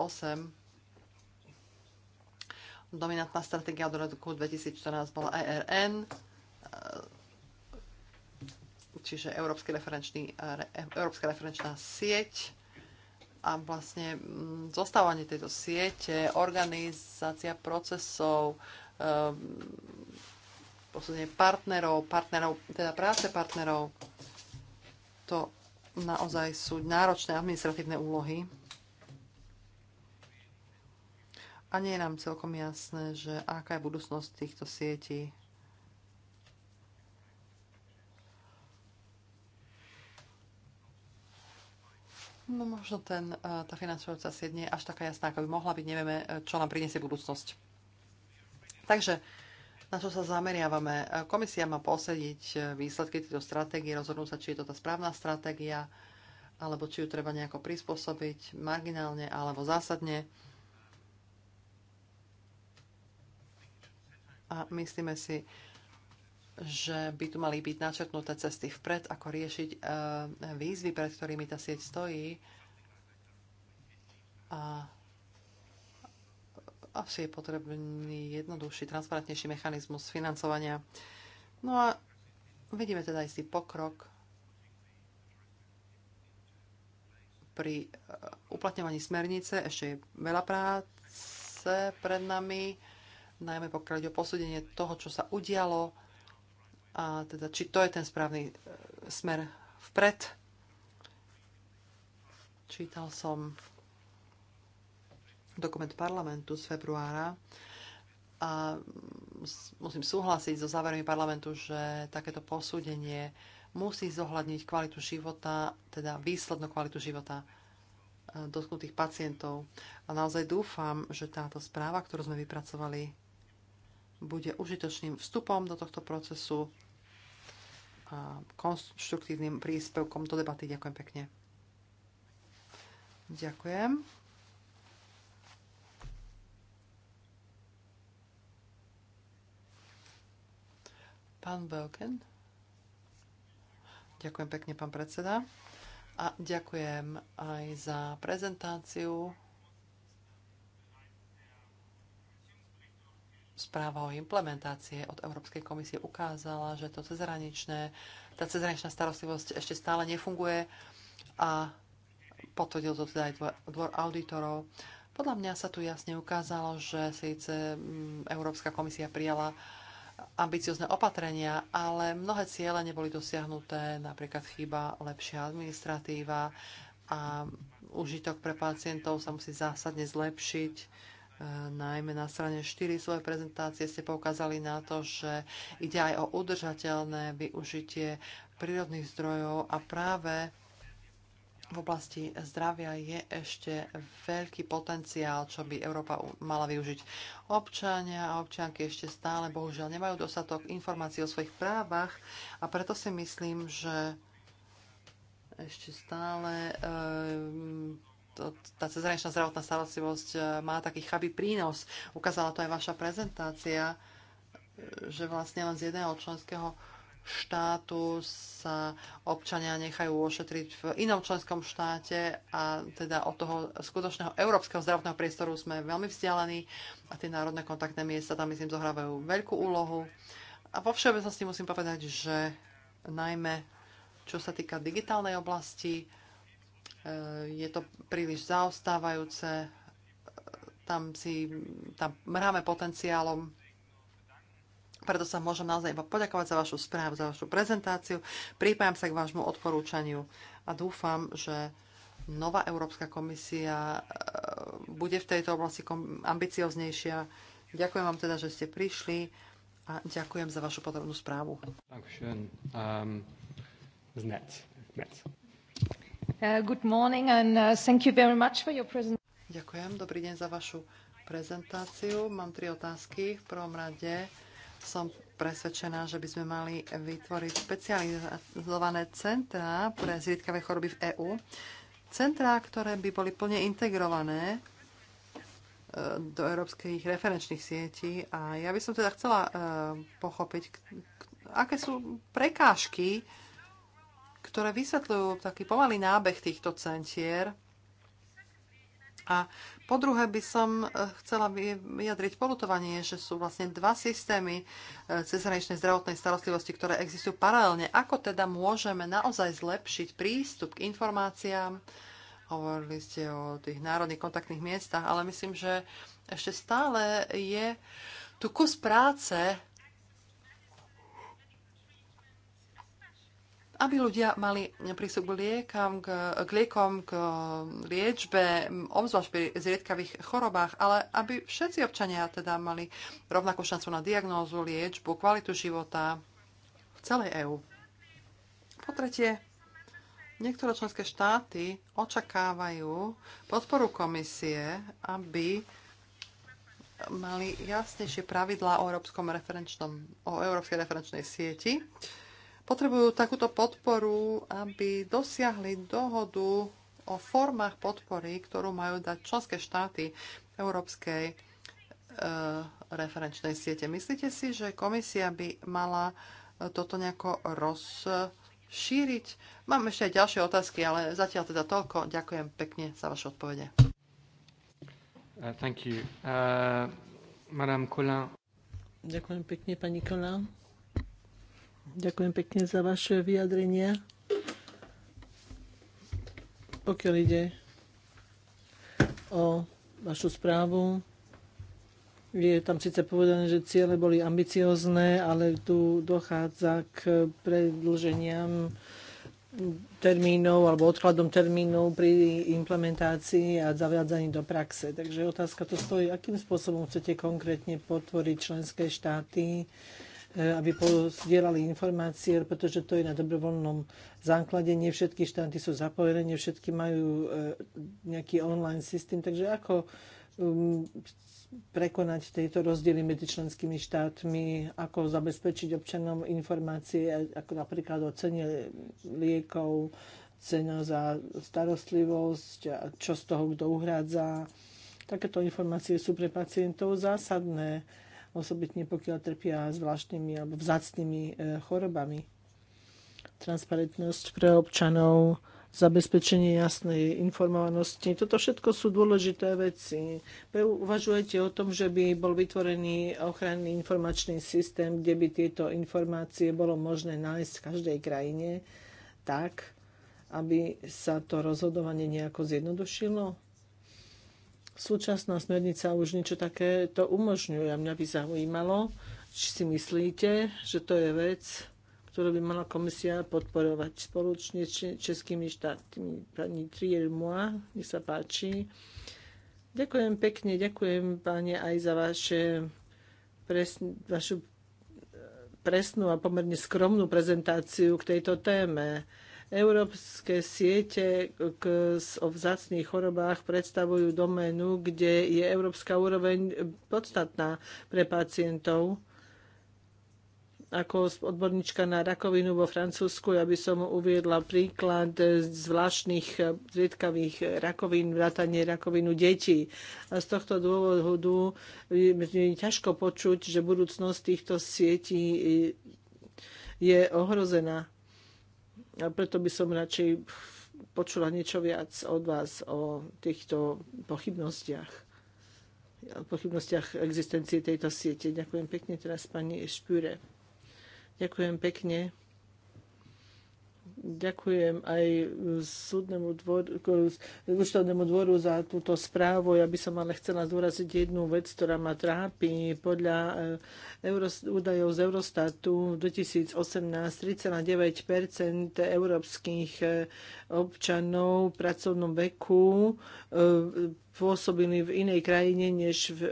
Dominantná stratégia od roku 2014 bola ERN, čiže Európsky referenčný, Európska referenčná sieť a vlastne mm, zostávanie tejto siete, organizácia procesov, ehm, posúdenie partnerov, partnerov, teda práce partnerov, to naozaj sú náročné administratívne úlohy. A nie je nám celkom jasné, že aká je budúcnosť týchto sietí. No možno ten, e, tá finančujúca sa nie je až taká jasná, ako by mohla byť. Nevieme, e, čo nám priniesie budúcnosť. Takže na čo sa zameriavame? E, komisia má posediť výsledky týchto stratégie, rozhodnúť sa, či je to tá správna stratégia, alebo či ju treba nejako prispôsobiť marginálne alebo zásadne. A myslíme si, že by tu mali byť načrtnuté cesty vpred, ako riešiť e, výzvy, pred ktorými tá sieť stojí. A asi je potrebný jednoduchší, transparentnejší mechanizmus financovania. No a vidíme teda istý pokrok pri e, uplatňovaní smernice. Ešte je veľa práce pred nami, najmä pokiaľ ide o posúdenie toho, čo sa udialo a teda či to je ten správny e, smer vpred. Čítal som dokument parlamentu z februára a musím súhlasiť so záverom parlamentu, že takéto posúdenie musí zohľadniť kvalitu života, teda výslednú kvalitu života e, dotknutých pacientov. A naozaj dúfam, že táto správa, ktorú sme vypracovali, bude užitočným vstupom do tohto procesu a konštruktívnym príspevkom do debaty. Ďakujem pekne. Ďakujem. Pán Belken. Ďakujem pekne, pán predseda. A ďakujem aj za prezentáciu správa o implementácie od Európskej komisie ukázala, že to cezhraničné, tá cezhraničná starostlivosť ešte stále nefunguje a potvrdil to teda aj dvor auditorov. Podľa mňa sa tu jasne ukázalo, že síce mm, Európska komisia prijala ambiciozne opatrenia, ale mnohé ciele neboli dosiahnuté, napríklad chyba, lepšia administratíva a užitok pre pacientov sa musí zásadne zlepšiť najmä na strane 4 svojej prezentácie ste poukázali na to, že ide aj o udržateľné využitie prírodných zdrojov a práve v oblasti zdravia je ešte veľký potenciál, čo by Európa mala využiť. Občania a občianky ešte stále bohužiaľ nemajú dostatok informácií o svojich právach a preto si myslím, že ešte stále ehm, tá cezhraničná zdravotná starostlivosť e, má taký chabý prínos. Ukázala to aj vaša prezentácia, e, že vlastne len z jedného členského štátu sa občania nechajú ošetriť v inom členskom štáte a teda od toho skutočného európskeho zdravotného priestoru sme veľmi vzdialení a tie národné kontaktné miesta tam myslím zohrávajú veľkú úlohu. A vo všeobecnosti musím povedať, že najmä čo sa týka digitálnej oblasti, Eh, je to príliš zaostávajúce, tam si tam mráme potenciálom. Preto sa môžem naozaj iba poďakovať za vašu správu, za vašu prezentáciu. Prípájam sa k vášmu odporúčaniu a dúfam, že nová Európska komisia eh, bude v tejto oblasti ambicioznejšia. Ďakujem vám teda, že ste prišli a ďakujem za vašu podrobnú správu. Dankeschön. Um, Uh, uh, Ďakujem, dobrý deň za vašu prezentáciu. Mám tri otázky. V prvom rade som presvedčená, že by sme mali vytvoriť špecializované centrá pre zriedkavé choroby v EÚ. Centrá, ktoré by boli plne integrované uh, do európskych referenčných sietí. A ja by som teda chcela pochopiť, aké sú prekážky, ktoré vysvetľujú taký pomalý nábeh týchto centier. A po druhé by som eh, chcela vyjadriť polutovanie, že sú vlastne dva systémy eh, cezhraničnej zdravotnej starostlivosti, ktoré existujú paralelne. Ako teda môžeme naozaj zlepšiť prístup k informáciám? Hovorili ste o tých národných kontaktných miestach, ale myslím, že ešte stále je tu kus práce aby ľudia mali prístup k liekom, k, k liekom, k liečbe, obzvlášť pri zriedkavých chorobách, ale aby všetci občania teda mali rovnakú šancu na diagnózu, liečbu, kvalitu života v celej EÚ. Po tretie, niektoré členské štáty očakávajú podporu komisie, aby mali jasnejšie pravidlá o, o európskej referenčnej sieti potrebujú takúto podporu, aby dosiahli dohodu o formách podpory, ktorú majú dať členské štáty Európskej e, referenčnej siete. Myslíte si, že komisia by mala e, toto nejako rozšíriť? Mám ešte aj ďalšie otázky, ale zatiaľ teda toľko. Ďakujem pekne za vaše odpovede. Uh, thank you. Uh, Madame Collin. Ďakujem pekne, pani Collin. Ďakujem pekne za vaše vyjadrenia. Pokiaľ ide o vašu správu, je tam síce povedané, že ciele boli ambiciozne, ale tu dochádza k predlženiam termínov alebo odkladom termínov pri implementácii a zavádzaní do praxe. Takže otázka to stojí, akým spôsobom chcete konkrétne potvoriť členské štáty Eh, aby pozdielali informácie, pretože to je na dobrovoľnom základe. Nie všetky štáty sú zapojené, nie všetky majú eh, nejaký online systém. Takže ako um, prekonať tieto rozdiely medzi členskými štátmi, ako zabezpečiť občanom informácie, eh, ako napríklad o cene liekov, cena za starostlivosť, a čo z toho kto uhrádza. Takéto informácie sú pre pacientov zásadné osobitne pokiaľ trpia zvláštnymi alebo vzácnými e, chorobami. Transparentnosť pre občanov, zabezpečenie jasnej informovanosti. Toto všetko sú dôležité veci. Uvažujete o tom, že by bol vytvorený ochranný informačný systém, kde by tieto informácie bolo možné nájsť v každej krajine tak, aby sa to rozhodovanie nejako zjednodušilo? súčasná smernica už niečo také to umožňuje. A mňa by zaujímalo, či si myslíte, že to je vec, ktorú by mala komisia podporovať spoločne s českými štátmi. Pani Trier Moa, nech sa páči. Ďakujem pekne, ďakujem páne aj za vaše presn- vašu eh, presnú a pomerne skromnú prezentáciu k tejto téme. Európske siete k, o vzácných chorobách predstavujú doménu, kde je európska úroveň podstatná pre pacientov ako odborníčka na rakovinu vo Francúzsku, by som uviedla príklad zvláštnych zriedkavých rakovín, vrátanie rakovinu detí. A z tohto dôvodu je ťažko počuť, že budúcnosť týchto sietí je ohrozená. A preto by som radšej počula niečo viac od vás o týchto pochybnostiach o pochybnostiach existencie tejto siete. Ďakujem pekne teraz pani Špúre. Ďakujem pekne. Ďakujem aj súdnemu dvoru, účtovnému dvoru za túto správu. Ja by som ale chcela zdôraziť jednu vec, ktorá ma trápi. Podľa eh, údajov z Eurostatu v 2018 3,9 európskych eh, občanov v pracovnom veku eh, pôsobili v inej krajine než v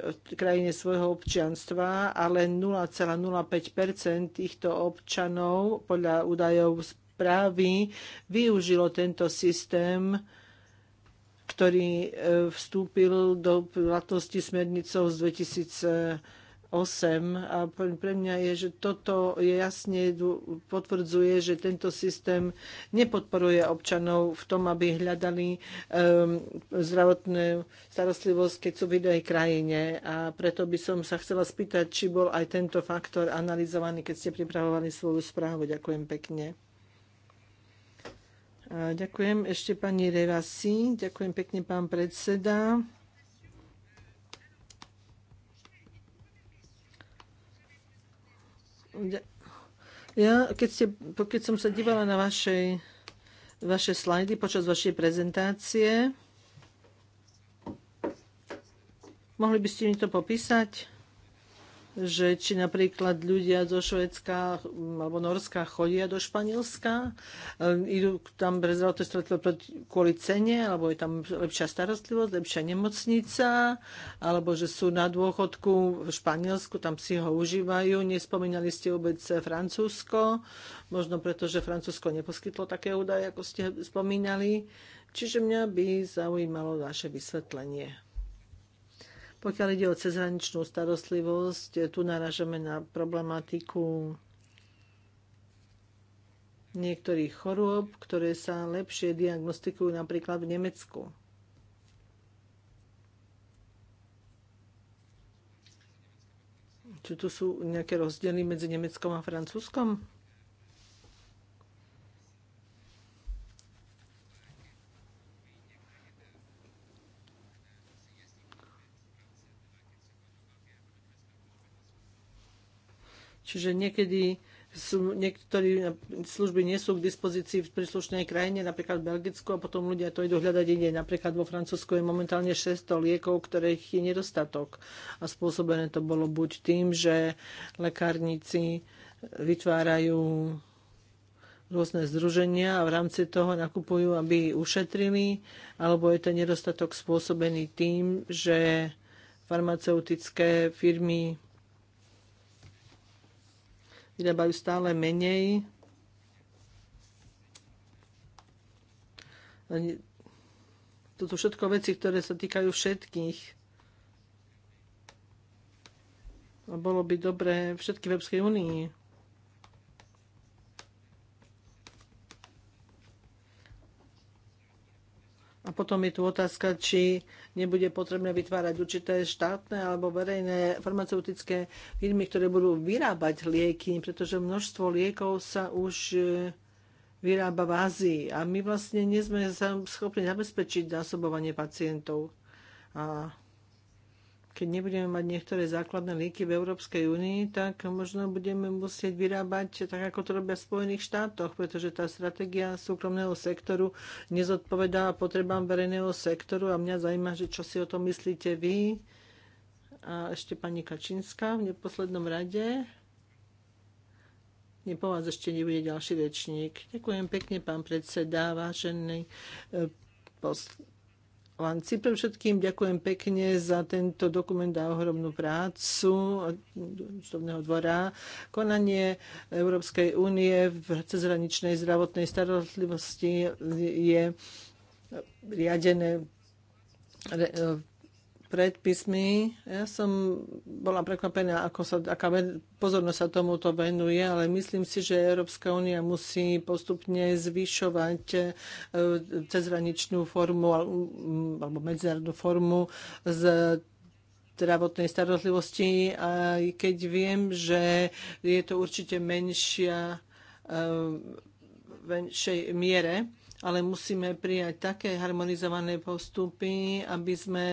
krajine svojho občianstva, ale 0,05 týchto občanov podľa údajov z správy využilo tento systém, ktorý e, vstúpil do platnosti smernicou z 2008. a pre mňa je, že toto jasne potvrdzuje, že tento systém nepodporuje občanov v tom, aby hľadali zdravotné starostlivosť, keď sú v inej krajine. A preto by som sa chcela spýtať, či bol aj tento faktor analyzovaný, keď ste pripravovali svoju správu. Ďakujem pekne. Ďakujem ešte pani Revasi. Ďakujem pekne pán predseda. Ja, keď, ste, keď som sa dívala na vašej, vaše slajdy počas vašej prezentácie, mohli by ste mi to popísať? že či napríklad ľudia zo Švedska alebo Norska chodia do Španielska, e, idú tam pre zdravotné stretlo kvôli cene, alebo je tam lepšia starostlivosť, lepšia nemocnica, alebo že sú na dôchodku v Španielsku, tam si ho užívajú. Nespomínali ste vôbec Francúzsko, možno preto, že Francúzsko neposkytlo také údaje, ako ste spomínali. Čiže mňa by zaujímalo vaše vysvetlenie. Pokiaľ ide o cezhraničnú starostlivosť, eh, tu naražame na problematiku niektorých chorôb, ktoré sa lepšie diagnostikujú napríklad v Nemecku. Či tu sú nejaké rozdiely medzi Nemeckom a Francúzskom? Čiže niekedy sú, niektorí služby nie sú k dispozícii v príslušnej krajine, napríklad v Belgicku, a potom ľudia to idú hľadať inde. Napríklad vo Francúzsku je momentálne 600 liekov, ktorých je nedostatok. A spôsobené to bolo buď tým, že lekárnici vytvárajú rôzne združenia a v rámci toho nakupujú, aby ušetrili, alebo je to nedostatok spôsobený tým, že farmaceutické firmy vyrábajú stále menej. To sú všetko veci, ktoré sa týkajú všetkých. A bolo by dobré všetky v Európskej únii potom je tu otázka, či nebude potrebné vytvárať určité štátne alebo verejné farmaceutické firmy, ktoré budú vyrábať lieky, pretože množstvo liekov sa už e, vyrába v Ázii a my vlastne nie sme schopní zabezpečiť zásobovanie pacientov. A keď nebudeme mať niektoré základné lieky v Európskej únii, tak možno budeme musieť vyrábať tak, ako to robia v Spojených štátoch, pretože tá stratégia súkromného sektoru nezodpovedá potrebám verejného sektoru a mňa zaujíma, že čo si o tom myslíte vy a ešte pani Kačínska v neposlednom rade. Nie, po vás ešte nebude ďalší rečník. Ďakujem pekne, pán predseda, vážený eh, Lanci. Pre všetkým ďakujem pekne za tento dokument a ohromnú prácu Ústavného dvora. Konanie Európskej únie v cezhraničnej zdravotnej starostlivosti je riadené predpismi. Ja som bola prekvapená, ako sa, aká pozornosť sa tomuto venuje, ale myslím si, že Európska únia musí postupne zvyšovať e, cezhraničnú formu alebo medzinárodnú formu z zdravotnej starostlivosti, aj keď viem, že je to určite menšia e, v menšej miere ale musíme prijať také harmonizované postupy, aby sme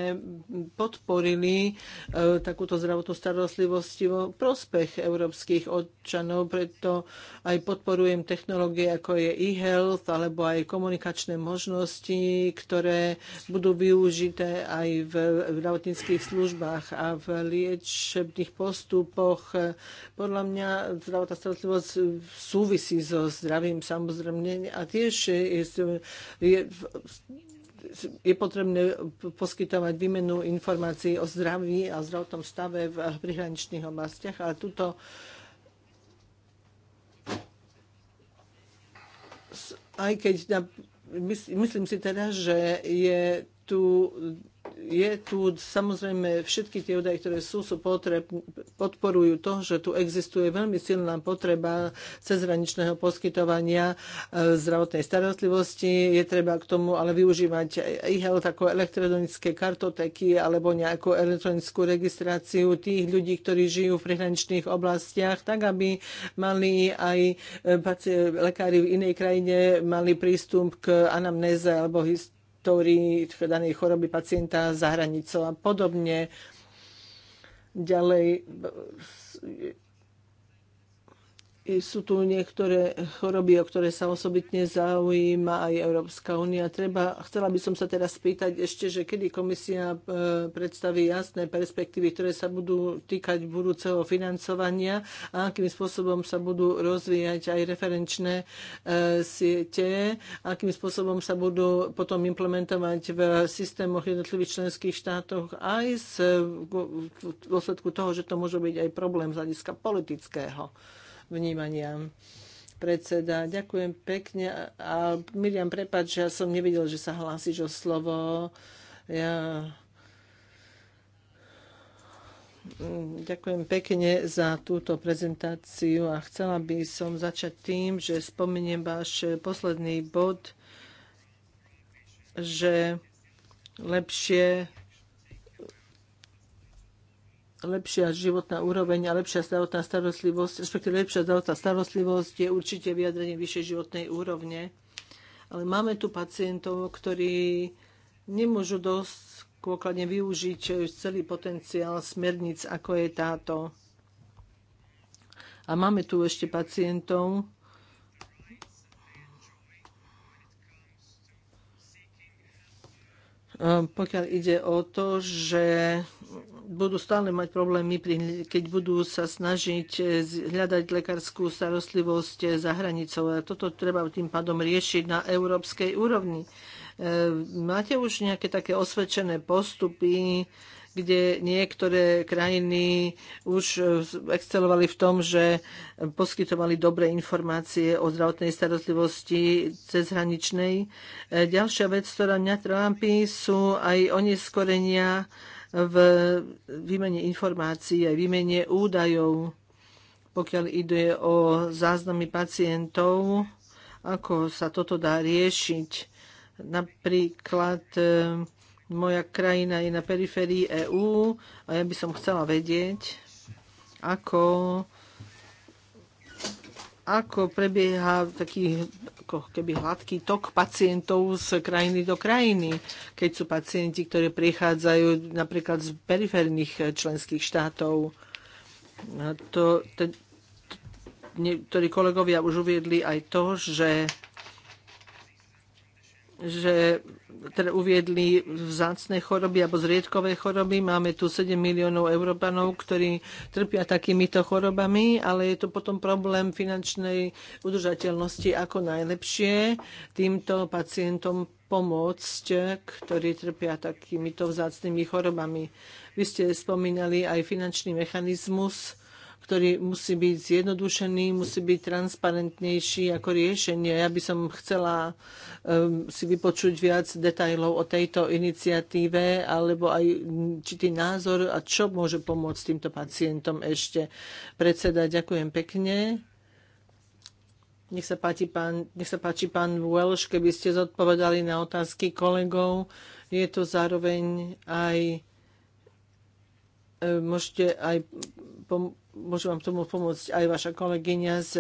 podporili e, takúto zdravotnú starostlivosť vo prospech európskych občanov. Preto aj podporujem technológie, ako je e-health alebo aj komunikačné možnosti, ktoré budú využité aj v zdravotníckých službách a v liečebných postupoch. Podľa mňa zdravotná starostlivosť súvisí so zdravím samozrejme a tiež je je, je potrebné poskytovať výmenu informácií o zdraví a zdravotnom stave v prihraničných oblastiach, ale tuto aj keď na, myslím si teda, že je tu je tu samozrejme všetky tie údaje, ktoré sú, sú potreb, podporujú to, že tu existuje veľmi silná potreba cezhraničného poskytovania e, zdravotnej starostlivosti. Je treba k tomu ale využívať e ako elektronické kartoteky alebo nejakú elektronickú registráciu tých ľudí, ktorí žijú v prihraničných oblastiach, tak aby mali aj e, lekári v inej krajine mali prístup k anamnéze alebo histórii ktorý teda danej choroby pacienta za hranicou a podobne. Ďalej sú tu niektoré choroby, o ktoré sa osobitne zaujíma aj Európska únia. Treba, chcela by som sa teraz spýtať ešte, že kedy komisia e, predstaví jasné perspektívy, ktoré sa budú týkať budúceho financovania a akým spôsobom sa budú rozvíjať aj referenčné e, siete, akým spôsobom sa budú potom implementovať v systémoch jednotlivých členských štátoch aj z, v dôsledku toho, že to môže byť aj problém z hľadiska politického vnímania predseda. Ďakujem pekne. A Miriam, prepáč, ja som nevidel, že sa hlásiš o slovo. Ja... Ďakujem pekne za túto prezentáciu a chcela by som začať tým, že spomeniem váš posledný bod, že lepšie lepšia životná úroveň a lepšia zdravotná starostlivosť, respektíve lepšia zdravotná starostlivosť je určite vyjadrenie vyššej životnej úrovne. Ale máme tu pacientov, ktorí nemôžu dosť kôkladne využiť celý potenciál smerníc, ako je táto. A máme tu ešte pacientov, ehm, pokiaľ ide o to, že budú stále mať problémy, keď budú sa snažiť eh, hľadať lekárskú starostlivosť eh, za hranicou. A toto treba tým pádom riešiť na európskej úrovni. Eh, máte už nejaké také osvedčené postupy, kde niektoré krajiny už excelovali v tom, že poskytovali dobré informácie o zdravotnej starostlivosti cezhraničnej. Ďalšia vec, ktorá mňa trápi, sú aj oneskorenia v výmene informácií a výmene údajov, pokiaľ ide o záznamy pacientov, ako sa toto dá riešiť. Napríklad e, moja krajina je na periférii EÚ a ja by som chcela vedieť, ako ako prebieha taký ako keby hladký tok pacientov z krajiny do krajiny, keď sú pacienti, ktorí prichádzajú napríklad z periférnych eh, členských štátov. To, niektorí kolegovia už uviedli aj to, že že teda uviedli vzácne choroby alebo zriedkové choroby. Máme tu 7 miliónov Európanov, ktorí trpia takýmito chorobami, ale je to potom problém finančnej udržateľnosti, ako najlepšie týmto pacientom pomôcť, ktorí trpia takýmito vzácnými chorobami. Vy ste spomínali aj finančný mechanizmus, ktorý musí byť zjednodušený, musí byť transparentnejší ako riešenie. Ja by som chcela um, si vypočuť viac detajlov o tejto iniciatíve, alebo aj určitý názor a čo môže pomôcť týmto pacientom ešte. Predseda, ďakujem pekne. Nech sa, páči pán, nech sa páči pán Welsh, keby ste zodpovedali na otázky kolegov. Je to zároveň aj e, môžete aj môže vám tomu pomôcť aj vaša kolegyňa z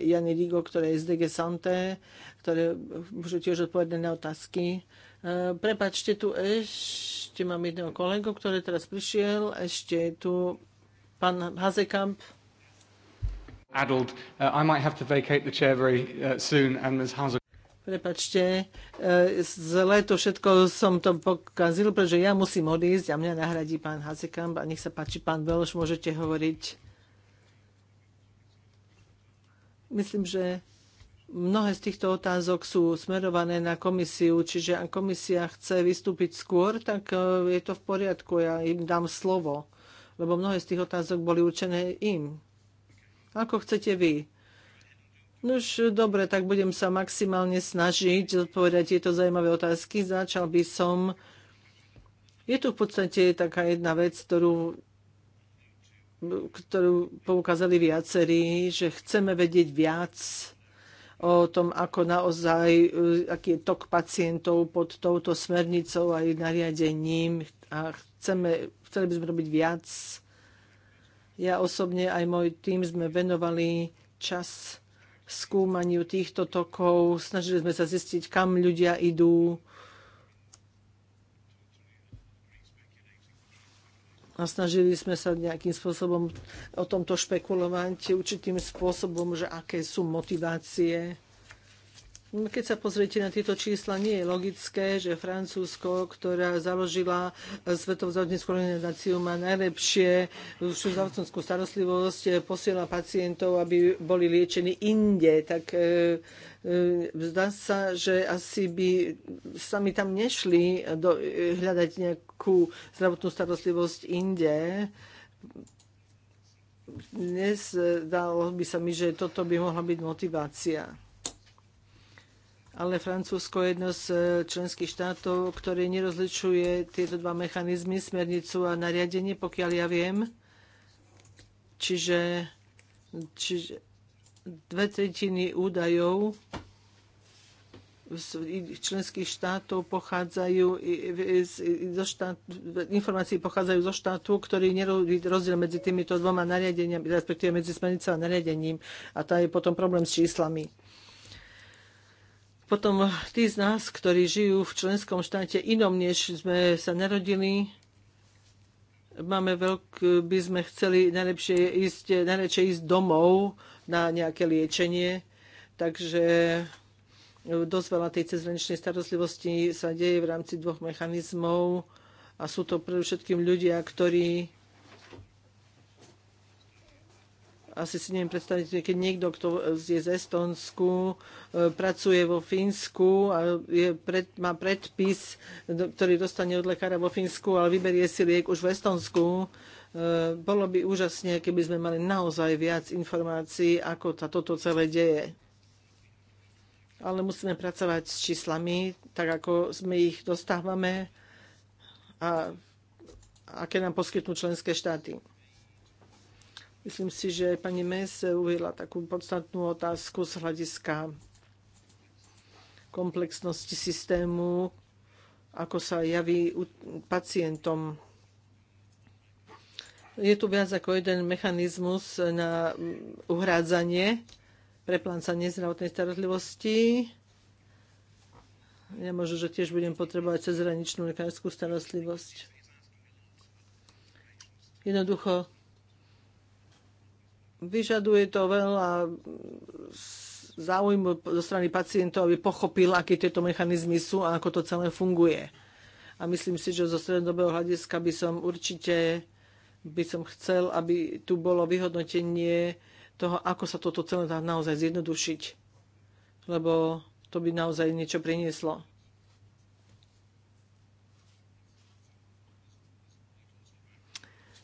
Jany Rigo, ktorá je z DG Santé, ktoré môže tiež odpovedať na otázky. E, prepačte, tu ešte mám jedného kolegu, ktorý teraz prišiel. Ešte tu pán Hazekamp. Adult, uh, I might have to vacate the chair very uh, soon, and Ms. Hazekamp prepačte, e, zle to všetko som to pokazil, pretože ja musím odísť a mňa nahradí pán Hazekamp a nech sa páči, pán Veloš, môžete hovoriť. Myslím, že mnohé z týchto otázok sú smerované na komisiu, čiže ak komisia chce vystúpiť skôr, tak e, je to v poriadku, ja im dám slovo, lebo mnohé z tých otázok boli určené im. Ako chcete vy? No už e, dobre, tak budem sa maximálne snažiť odpovedať tieto zaujímavé otázky. Začal by som. Je tu v podstate taká jedna vec, ktorú, ktorú poukázali viacerí, že chceme vedieť viac o tom, ako naozaj, e, aký je tok pacientov pod touto smernicou aj nariadením a chceme, chceli by sme robiť viac. Ja osobne aj môj tým sme venovali čas skúmaniu týchto tokov. Snažili sme sa zistiť, kam ľudia idú. A snažili sme sa nejakým spôsobom o tomto špekulovať, určitým spôsobom, že aké sú motivácie. Keď sa pozriete na tieto čísla, nie je logické, že Francúzsko, ktorá založila Svetovú zdravotníckú organizáciu, má najlepšie zdravotníckú starostlivosť, posiela pacientov, aby boli liečení inde. Tak e, e, zdá sa, že asi by sami tam nešli do, e, hľadať nejakú zdravotnú starostlivosť inde dnes dalo by sa mi, že toto by mohla byť motivácia ale Francúzsko je jedno z e, členských štátov, ktorý nerozličuje tieto dva mechanizmy, smernicu a nariadenie, pokiaľ ja viem. Čiže, čiže dve tretiny údajov z členských štátov pochádzajú zo štát, informácií pochádzajú zo štátu, ktorý nerobí rozdiel medzi týmito dvoma nariadeniami, respektíve medzi smernicou a nariadením. A tá je potom problém s číslami. Potom tí z nás, ktorí žijú v členskom štáte inom, než sme sa narodili, máme veľk, by sme chceli najlepšie ísť, najlepšie ísť domov na nejaké liečenie. Takže dosť veľa tej cezhraničnej starostlivosti sa deje v rámci dvoch mechanizmov a sú to predovšetkým ľudia, ktorí asi si neviem predstaviť, keď niekto, kto je z Estonsku, e, pracuje vo Fínsku a je pred, má predpis, ktorý dostane od lekára vo Fínsku, ale vyberie si liek už v Estonsku, e, bolo by úžasne, keby sme mali naozaj viac informácií, ako sa toto celé deje. Ale musíme pracovať s číslami, tak ako sme ich dostávame a aké nám poskytnú členské štáty. Myslím si, že pani Mes uvedla takú podstatnú otázku z hľadiska komplexnosti systému, ako sa javí pacientom. Je tu viac ako jeden mechanizmus na uhrádzanie, preplácanie zdravotnej starostlivosti. Ja možno, že tiež budem potrebovať cezhraničnú lekárskú starostlivosť. Jednoducho Vyžaduje to veľa záujmu zo strany pacientov, aby pochopil, aké tieto mechanizmy sú a ako to celé funguje. A myslím si, že zo strednodobého hľadiska by som určite by som chcel, aby tu bolo vyhodnotenie toho, ako sa toto celé dá naozaj zjednodušiť. Lebo to by naozaj niečo prinieslo.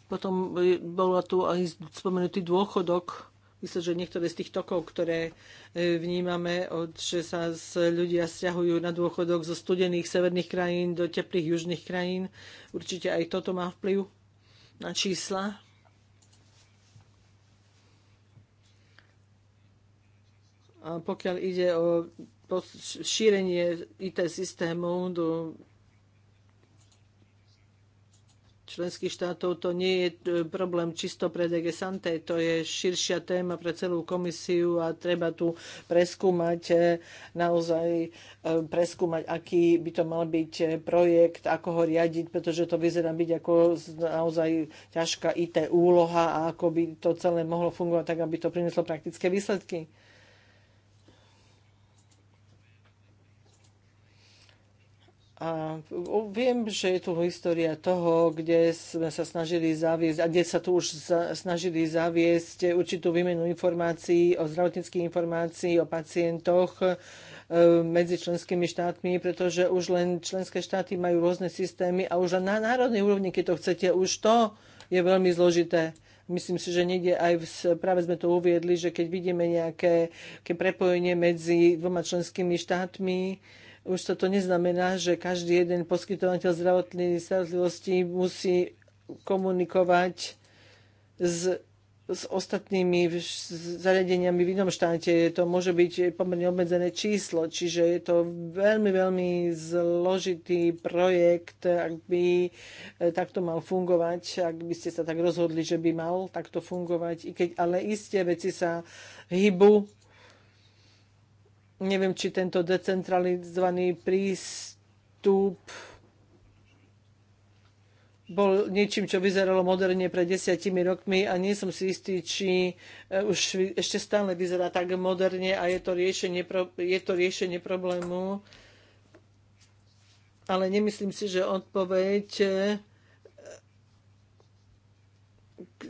Potom e, bolo tu aj spomenutý dôchodok. Myslím, že niektoré z tých tokov, ktoré e, vnímame, od, že sa ľudia stiahujú na dôchodok zo studených severných krajín do teplých južných krajín, určite aj toto má vplyv na čísla. A pokiaľ ide o šírenie IT systému do členských štátov, to nie je e, problém čisto pre DG Sante, to je širšia téma pre celú komisiu a treba tu preskúmať, e, naozaj e, preskúmať, aký by to mal byť projekt, ako ho riadiť, pretože to vyzerá byť ako naozaj ťažká IT úloha a ako by to celé mohlo fungovať tak, aby to prineslo praktické výsledky. A viem, že je tu história toho, kde sme sa snažili zaviesť, a kde sa tu už snažili zaviesť určitú výmenu informácií o zdravotníckých informácií, o pacientoch e, medzi členskými štátmi, pretože už len členské štáty majú rôzne systémy a už na národnej úrovni, keď to chcete, už to je veľmi zložité myslím si, že niekde aj v, práve sme to uviedli, že keď vidíme nejaké prepojenie medzi dvoma členskými štátmi, už toto neznamená, že každý jeden poskytovateľ zdravotnej starostlivosti musí komunikovať s s ostatnými zariadeniami v inom štáte. To môže byť pomerne obmedzené číslo, čiže je to veľmi, veľmi zložitý projekt, ak by e, takto mal fungovať, ak by ste sa tak rozhodli, že by mal takto fungovať. I keď, ale isté veci sa hýbu Neviem, či tento decentralizovaný prístup bol niečím, čo vyzeralo moderne pred desiatimi rokmi a nie som si istý, či e, už ešte stále vyzerá tak moderne a je to riešenie, je to riešenie problému. Ale nemyslím si, že odpoveď e,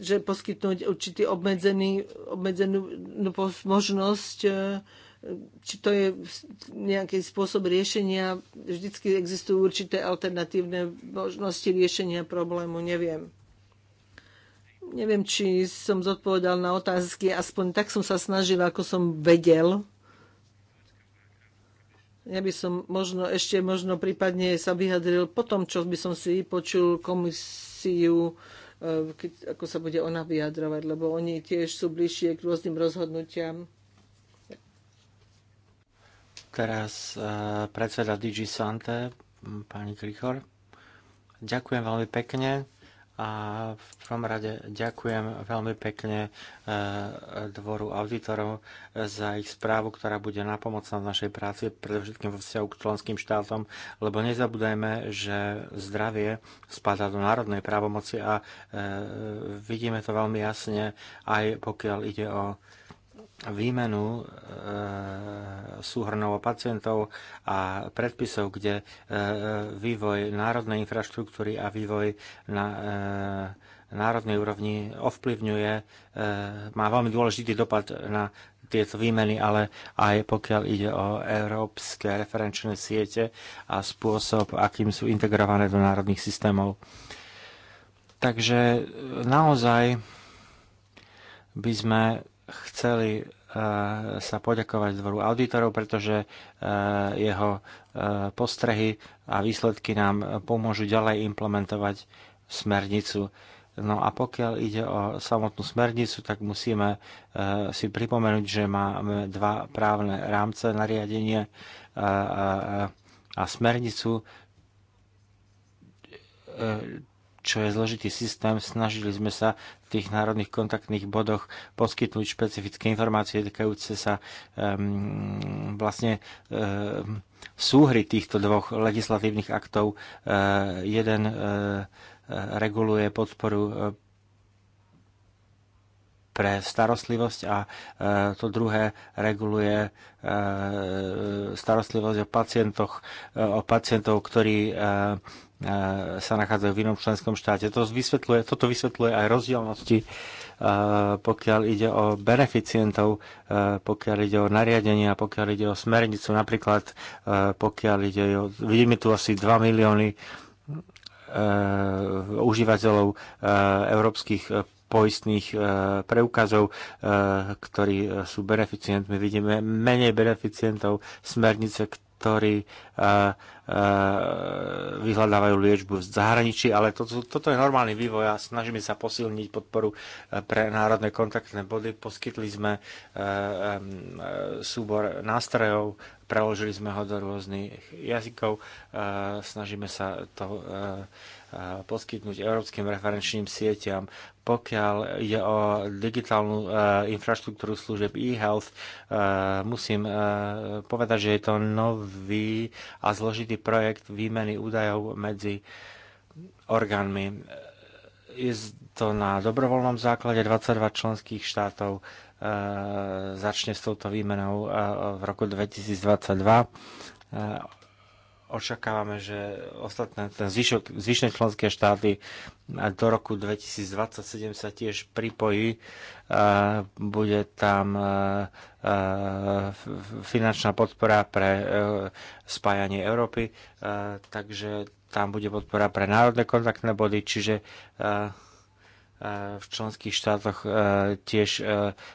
že poskytnúť určitý obmedzený, obmedzenú no, možnosť e, či to je nejaký spôsob riešenia. Vždycky existujú určité alternatívne možnosti riešenia problému, neviem. Neviem, či som zodpovedal na otázky, aspoň tak som sa snažil, ako som vedel. Ja by som možno ešte možno prípadne sa vyhadril po tom, čo by som si počul komisiu, eh, keď, ako sa bude ona vyjadrovať, lebo oni tiež sú bližšie k rôznym rozhodnutiam. Teraz e, predseda DG Sante, pani Krichor. Ďakujem veľmi pekne a v prvom rade ďakujem veľmi pekne e, dvoru auditorov za ich správu, ktorá bude napomocná v našej práci, predovšetkým vo vzťahu k členským štátom, lebo nezabudajme, že zdravie spadá do národnej právomoci a e, vidíme to veľmi jasne, aj pokiaľ ide o výmenu e, súhrnov pacientov a predpisov, kde e, vývoj národnej infraštruktúry a vývoj na e, národnej úrovni ovplyvňuje, e, má veľmi dôležitý dopad na tieto výmeny, ale aj pokiaľ ide o európske referenčné siete a spôsob, akým sú integrované do národných systémov. Takže e, naozaj by sme chceli eh, sa poďakovať dvoru auditorov, pretože eh, jeho eh, postrehy a výsledky nám pomôžu ďalej implementovať smernicu. No a pokiaľ ide o samotnú smernicu, tak musíme si pripomenúť, že máme dva právne rámce, nariadenie a smernicu čo je zložitý systém, snažili sme sa v tých národných kontaktných bodoch poskytnúť špecifické informácie týkajúce sa um, vlastne um, súhry týchto dvoch legislatívnych aktov. Uh, jeden uh, reguluje podporu pre starostlivosť a e, to druhé reguluje e, starostlivosť o pacientoch, e, o pacientov, ktorí sa nachádzajú v inom členskom štáte. To vysvetľuje, toto vysvetľuje aj rozdielnosti, pokiaľ ide o beneficientov, pokiaľ ide o nariadenia, pokiaľ ide o smernicu, napríklad pokiaľ ide o... Vidíme tu asi 2 milióny užívateľov európskych poistných e, preukazov, e, ktorí e, sú beneficientmi. Vidíme menej beneficientov smernice, ktorí vyhľadávajú liečbu v zahraničí, ale to, toto je normálny vývoj a snažíme sa posilniť podporu pre národné kontaktné body. Poskytli sme súbor nástrojov, preložili sme ho do rôznych jazykov, snažíme sa to poskytnúť európskym referenčným sieťam. Pokiaľ je o digitálnu e, infraštruktúru služieb e-health, e, musím e, povedať, že je to nový a zložitý projekt výmeny údajov medzi orgánmi. Je to na dobrovoľnom základe 22 členských štátov začne s touto výmenou v roku 2022 očakávame, že ostatné, ten zvyšok, zvyšné členské štáty do roku 2027 sa tiež pripojí. Bude tam finančná podpora pre e, spájanie Európy, takže tam bude podpora pre národné kontaktné body, čiže v členských štátoch e, tiež e,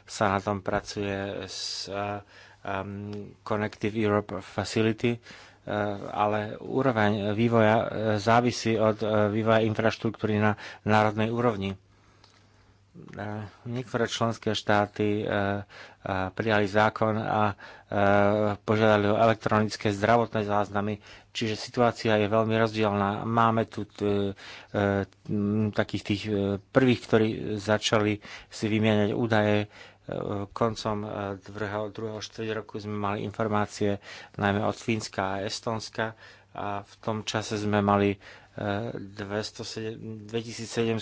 sa na tom pracuje s um, Connective Europe Facility, Eh, ale úroveň vývoja eh, závisí od eh, vývoja infraštruktúry na národnej úrovni. Niektoré členské štáty prijali zákon a požiadali o elektronické zdravotné záznamy, čiže situácia je veľmi rozdielna. Máme tu takých tých prvých, ktorí začali si vymieňať údaje Eh, koncom eh, druhého, druhého štvrť roku sme mali informácie najmä od Fínska a Estónska a v tom čase sme mali 2700 eh, ehm,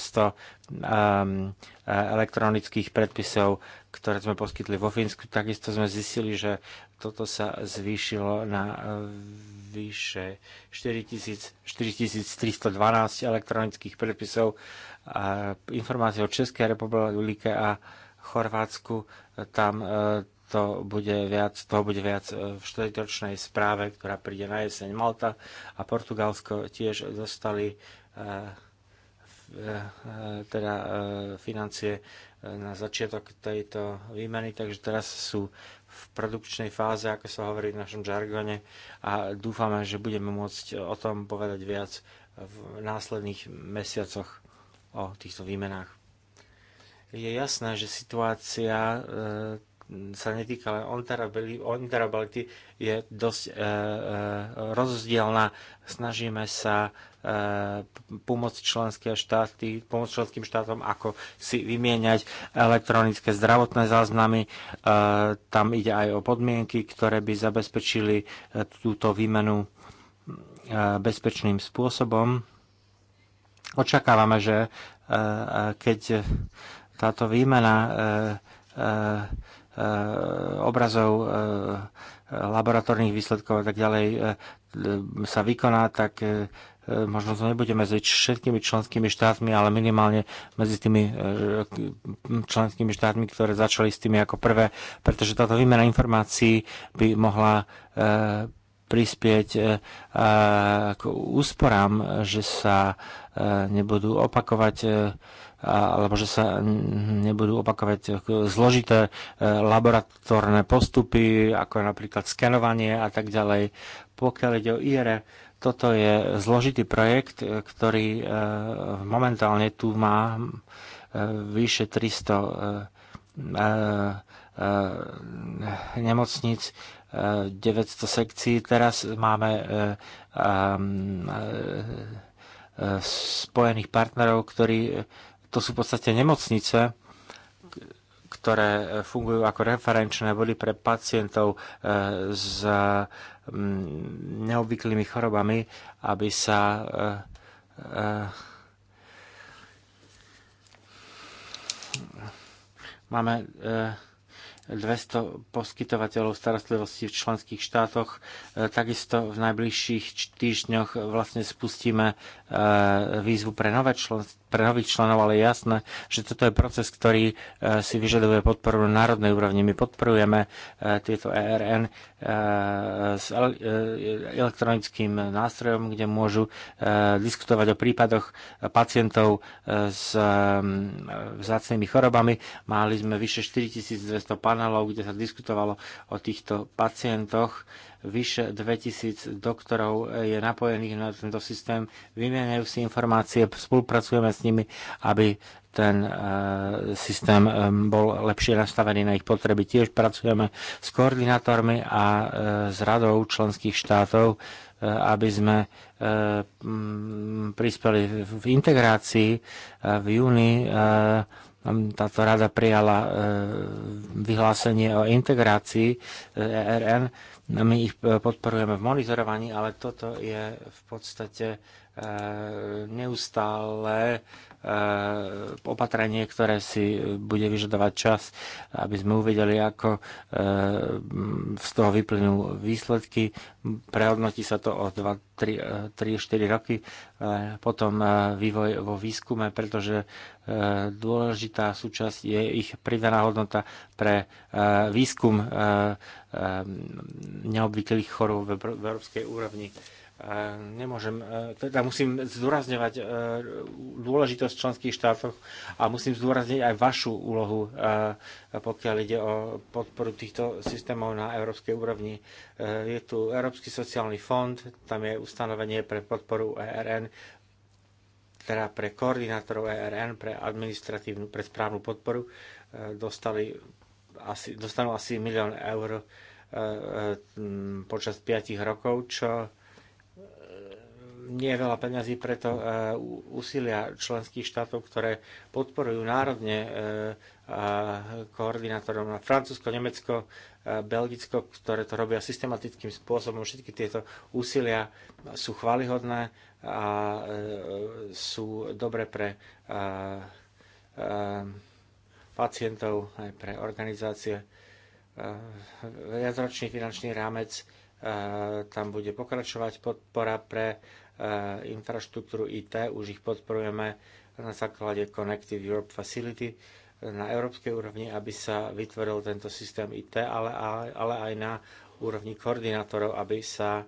elektronických predpisov, ktoré sme poskytli vo Fínsku. Takisto sme zistili, že toto sa zvýšilo na vyše 4312 elektronických predpisov. Informácie o Českej republike a Chorvátsku. Tam e, to bude viac, toho bude viac e, v štvrťročnej správe, ktorá príde na jeseň. Malta a Portugalsko tiež dostali e, teda financie na začiatok tejto výmeny, takže teraz sú v produkčnej fáze, ako sa hovorí v našom žargone a dúfame, že budeme môcť o tom povedať viac v následných mesiacoch o týchto výmenách je jasné, že situácia e, sa netýka len Ontarability, je dosť e, e, rozdielna. Snažíme sa pomôcť členské štáty, pomôcť členským štátom, ako si vymieňať elektronické zdravotné záznamy. Tam ide aj o podmienky, ktoré by zabezpečili túto výmenu bezpečným spôsobom. Očakávame, že keď táto výmena e, e, e, obrazov, laboratórnych výsledkov a tak ďalej sa vykoná, tak možno to nebude medzi všetkými členskými štátmi, ale minimálne medzi tými členskými štátmi, ktoré začali s tými ako prvé, pretože táto výmena informácií by mohla prispieť e, k úsporám, že sa e, nebudú opakovať e, alebo že sa nebudú opakovať zložité laboratórne postupy, ako je napríklad skenovanie a tak ďalej. Pokiaľ ide o IRE, toto je zložitý projekt, ktorý momentálne tu má vyše 300 nemocníc 900 sekcií. Teraz máme e, e, e, spojených partnerov, ktorí, to sú v podstate nemocnice, ktoré fungujú ako referenčné body pre pacientov s neobvyklými chorobami, aby sa máme 200 poskytovateľov starostlivosti v členských štátoch. E, takisto v najbližších týždňoch vlastne spustíme e, výzvu pre nové členské pre nových členov, ale je jasné, že toto je proces, ktorý e, si vyžaduje podporu na národnej úrovni. My podporujeme e, tieto ERN e, s elektronickým nástrojom, kde môžu diskutovať o prípadoch pacientov s vzácnými chorobami. Mali sme vyše 4200 panelov, kde sa diskutovalo o týchto pacientoch Vyše 2000 doktorov je napojených na tento systém, vymieňajú si informácie, spolupracujeme s nimi, aby ten e, systém e, bol lepšie nastavený na ich potreby. Tiež pracujeme s koordinátormi a e, s radou členských štátov, aby sme prispeli v integrácii. V júni táto rada prijala vyhlásenie o integrácii ERN No, my ich e, podporujeme v monitorovaní, ale toto je v podstate neustále eh, opatrenie, ktoré si bude vyžadovať čas, aby sme uvedeli, ako eh, z toho vyplynú výsledky. Prehodnotí sa to o 3-4 roky, eh, potom vývoj vo výskume, pretože dôležitá súčasť je ich pridaná hodnota pre výskum neobvyklých chorôb v európskej úrovni nemôžem, e, teda musím zdôrazňovať e, dôležitosť členských štátov a musím zdôrazniť aj vašu úlohu, e, pokiaľ ide o podporu týchto systémov na európskej úrovni. Je tu Európsky sociálny fond, tam je ustanovenie pre podporu ERN, teda pre koordinátorov ERN, pre administratívnu, pre správnu podporu, dostali asi, dostanú asi milión eur počas 5 rokov, čo nie je veľa peňazí, preto e, úsilia členských štátov, ktoré podporujú národne e, koordinátorom na Francúzsko, Nemecko, e, Belgicko, ktoré to robia systematickým spôsobom. Všetky tieto úsilia sú chválihodné a sú dobre pre pacientov aj pre organizácie. Viacročný finančný rámec tam bude pokračovať podpora pre Eh, infraštruktúru IT, už ich podporujeme na základe Connective Europe Facility na európskej úrovni, aby sa vytvoril tento systém IT, ale, ale aj na úrovni koordinátorov, aby sa eh,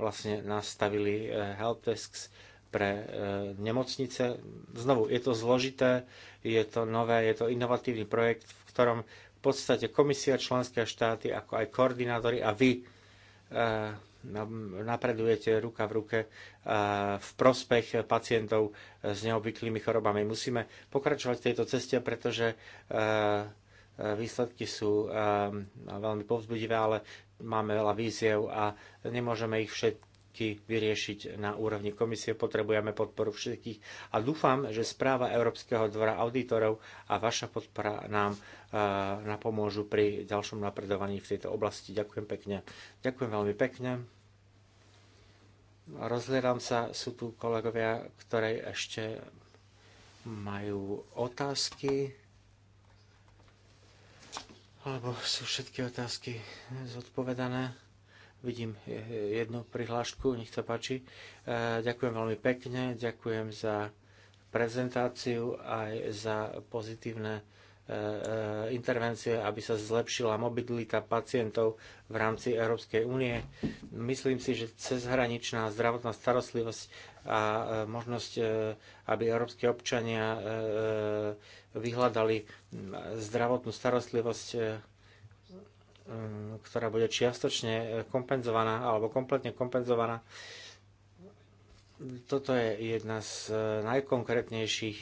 vlastne nastavili eh, helpdesks pre nemocnice. Znovu, je to zložité, je to nové, je to inovatívny projekt, v ktorom v podstate komisia, členské štáty, ako aj koordinátori a vy napredujete ruka v ruke v prospech pacientov s neobvyklými chorobami. Musíme pokračovať v tejto ceste, pretože výsledky sú veľmi povzbudivé, ale máme veľa víziev a nemôžeme ich všetky vyriešiť na úrovni komisie. Potrebujeme podporu všetkých a dúfam, že správa Európskeho dvora auditorov a vaša podpora nám napomôžu pri ďalšom napredovaní v tejto oblasti. Ďakujem pekne. Ďakujem veľmi pekne. Rozhľadám sa, sú tu kolegovia, ktorí ešte majú otázky. Alebo sú všetky otázky zodpovedané. Vidím jednu prihlášku, nech sa páči. E, ďakujem veľmi pekne, ďakujem za prezentáciu aj za pozitívne E, e, intervencie, aby sa zlepšila mobilita pacientov v rámci Európskej únie. Myslím si, že cezhraničná zdravotná starostlivosť a e, možnosť, aby európske občania vyhľadali zdravotnú starostlivosť, ktorá bude čiastočne kompenzovaná alebo kompletne kompenzovaná. Toto je jedna z najkonkrétnejších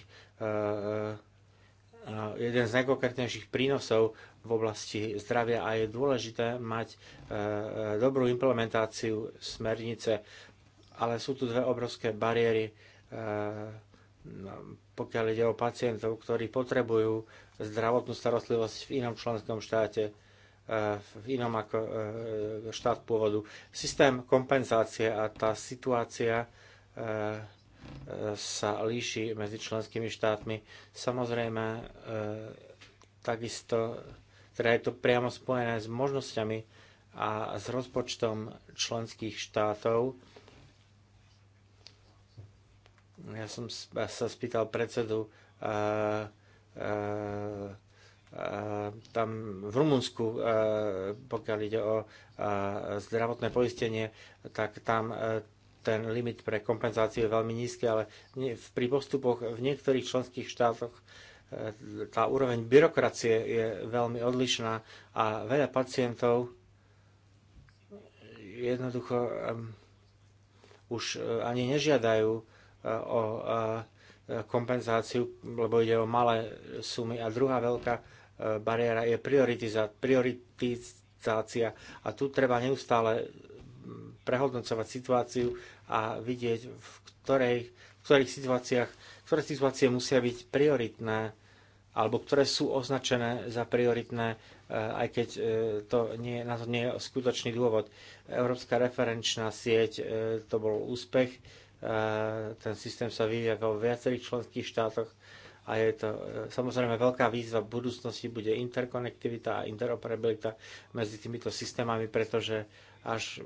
jeden z najkonkrétnejších prínosov v oblasti zdravia a je dôležité mať e, e, dobrú implementáciu smernice, ale sú tu dve obrovské bariéry, e, no, pokiaľ ide o pacientov, ktorí potrebujú zdravotnú starostlivosť v inom členskom štáte, v inom ako štát pôvodu. Systém kompenzácie a tá situácia sa líši medzi členskými štátmi. Samozrejme, e, takisto teda je to priamo spojené s možnosťami a s rozpočtom členských štátov. Ja som sa spýtal predsedu uh, uh, tam v Rumunsku, pokiaľ ide o zdravotné poistenie, tak tam ten limit pre kompenzáciu je veľmi nízky, ale pri postupoch v niektorých členských štátoch e, tá úroveň byrokracie je veľmi odlišná a veľa pacientov jednoducho už e, ani nežiadajú e, o kompenzáciu, lebo ide o malé sumy. A druhá veľká bariéra je prioritizácia. A tu treba neustále prehodnocovať situáciu a vidieť, v, ktorej, v ktorých situáciách, ktoré situácie musia byť prioritné alebo ktoré sú označené za prioritné, e, aj keď e, to nie, na to nie je skutočný dôvod. Európska referenčná sieť, e, to bol úspech, ten systém sa vyvíja vo viacerých členských štátoch a je to samozrejme veľká výzva v budúcnosti, bude interkonektivita a interoperabilita medzi týmito systémami, pretože až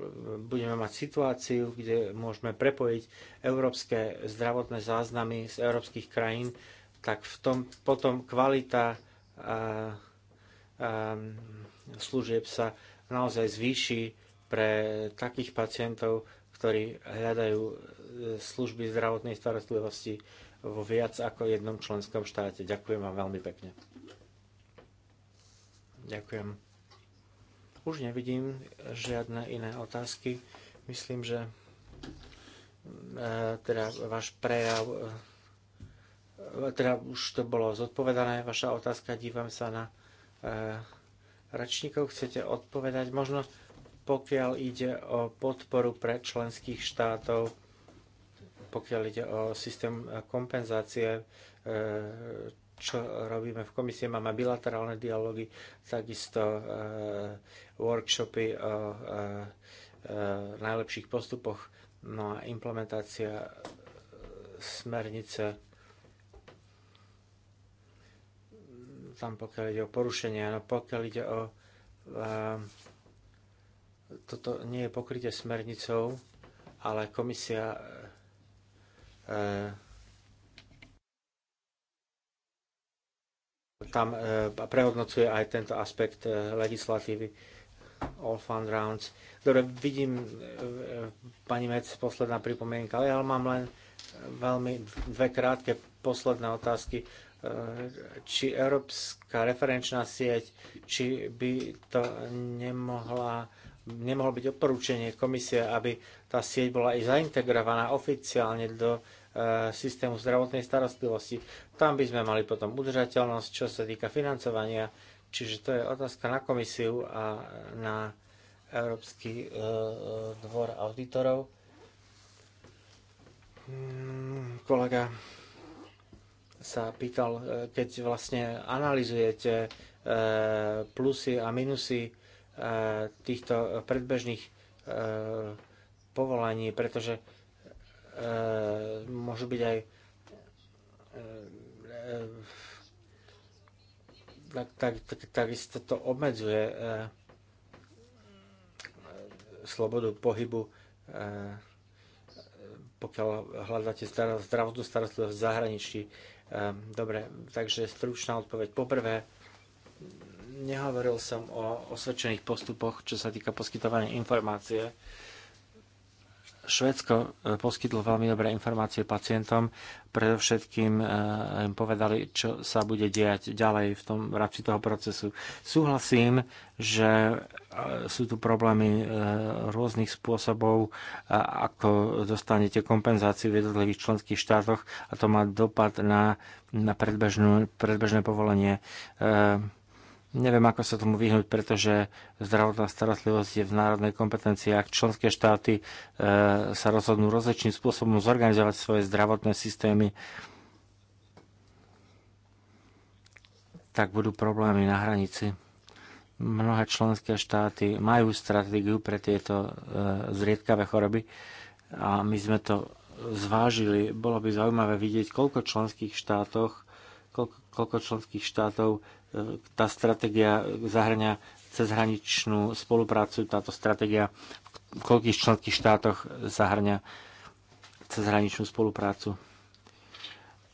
budeme mať situáciu, kde môžeme prepojiť európske zdravotné záznamy z európskych krajín, tak v tom potom kvalita a, a, služieb sa naozaj zvýši pre takých pacientov, ktorí hľadajú e, služby zdravotnej starostlivosti vo viac ako jednom členskom štáte. Ďakujem vám veľmi pekne. Ďakujem. Už nevidím žiadne iné otázky. Myslím, že e, teda váš prejav, e, teda už to bolo zodpovedané, vaša otázka, dívam sa na e, račníkov, chcete odpovedať, možno pokiaľ ide o podporu pre členských štátov, pokiaľ ide o systém kompenzácie čo robíme v komisie. Máme bilaterálne dialógy, takisto e, workshopy o e, e, najlepších postupoch, no a implementácia smernice tam pokiaľ ide o porušenie, no pokiaľ ide o toto nie je pokrytie smernicou, ale komisia tam e, prehodnocuje aj tento aspekt e, legislatívy all fund rounds. Dobre, vidím, e, pani Mec, posledná pripomienka, ale ja mám len veľmi dve krátke posledné otázky. Či Európska referenčná sieť, či by to nemohla nemohlo byť odporúčanie komisie, aby tá sieť bola i zaintegrovaná oficiálne do E, systému zdravotnej starostlivosti. Tam by sme mali potom udržateľnosť, čo sa týka financovania, čiže to je otázka na komisiu a na Európsky e, e, dvor auditorov. Mm, kolega sa pýtal, keď vlastne analizujete plusy a minusy týchto predbežných povolaní, pretože E, môžu byť aj tak, e, e, tak, tak, takisto to obmedzuje slobodu pohybu, pokiaľ hľadáte zdravotnú starostlivosť v zahraničí. Dobre, takže stručná odpoveď. Poprvé, nehovoril som o osvedčených postupoch, čo sa týka poskytovania informácie Švedsko e, poskytlo veľmi dobré informácie pacientom, predovšetkým e, im povedali, čo sa bude diať ďalej v tom v rámci toho procesu. Súhlasím, že e, sú tu problémy rôznych spôsobov, ako dostanete kompenzáciu v jednotlivých členských štátoch a to má dopad na, na predbežné povolenie. E, Neviem, ako sa tomu vyhnúť, pretože zdravotná starostlivosť je v národnej kompetencii. Ak členské štáty e, sa rozhodnú rozličným spôsobom zorganizovať svoje zdravotné systémy, tak budú problémy na hranici. Mnohé členské štáty majú stratégiu pre tieto e, zriedkavé choroby a my sme to zvážili. Bolo by zaujímavé vidieť, koľko členských štátoch koľko, koľko členských štátov tá stratégia zahrania cezhraničnú spoluprácu, táto stratégia v koľkých členských štátoch zahrania cezhraničnú spoluprácu.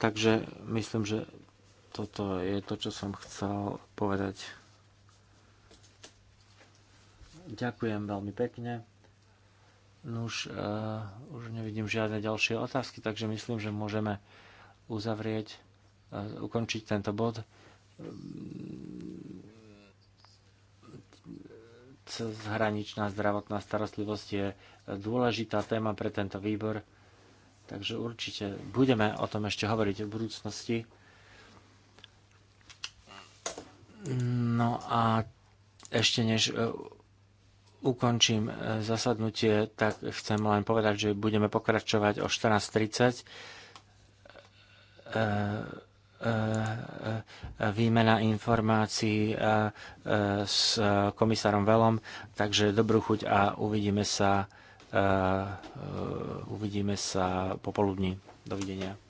Takže myslím, že toto je to, čo som chcel povedať. Ďakujem veľmi pekne. No už, uh, už nevidím žiadne ďalšie otázky, takže myslím, že môžeme uzavrieť, uh, ukončiť tento bod cezhraničná zdravotná starostlivosť je dôležitá téma pre tento výbor, takže určite budeme o tom ešte hovoriť v budúcnosti. No a ešte než e, ukončím e, zasadnutie, tak chcem len povedať, že budeme pokračovať o 14.30 Eh, výmena informácií eh, eh, s komisárom Velom. Takže dobrú chuť a uvidíme sa, uvidíme sa popoludní. Dovidenia.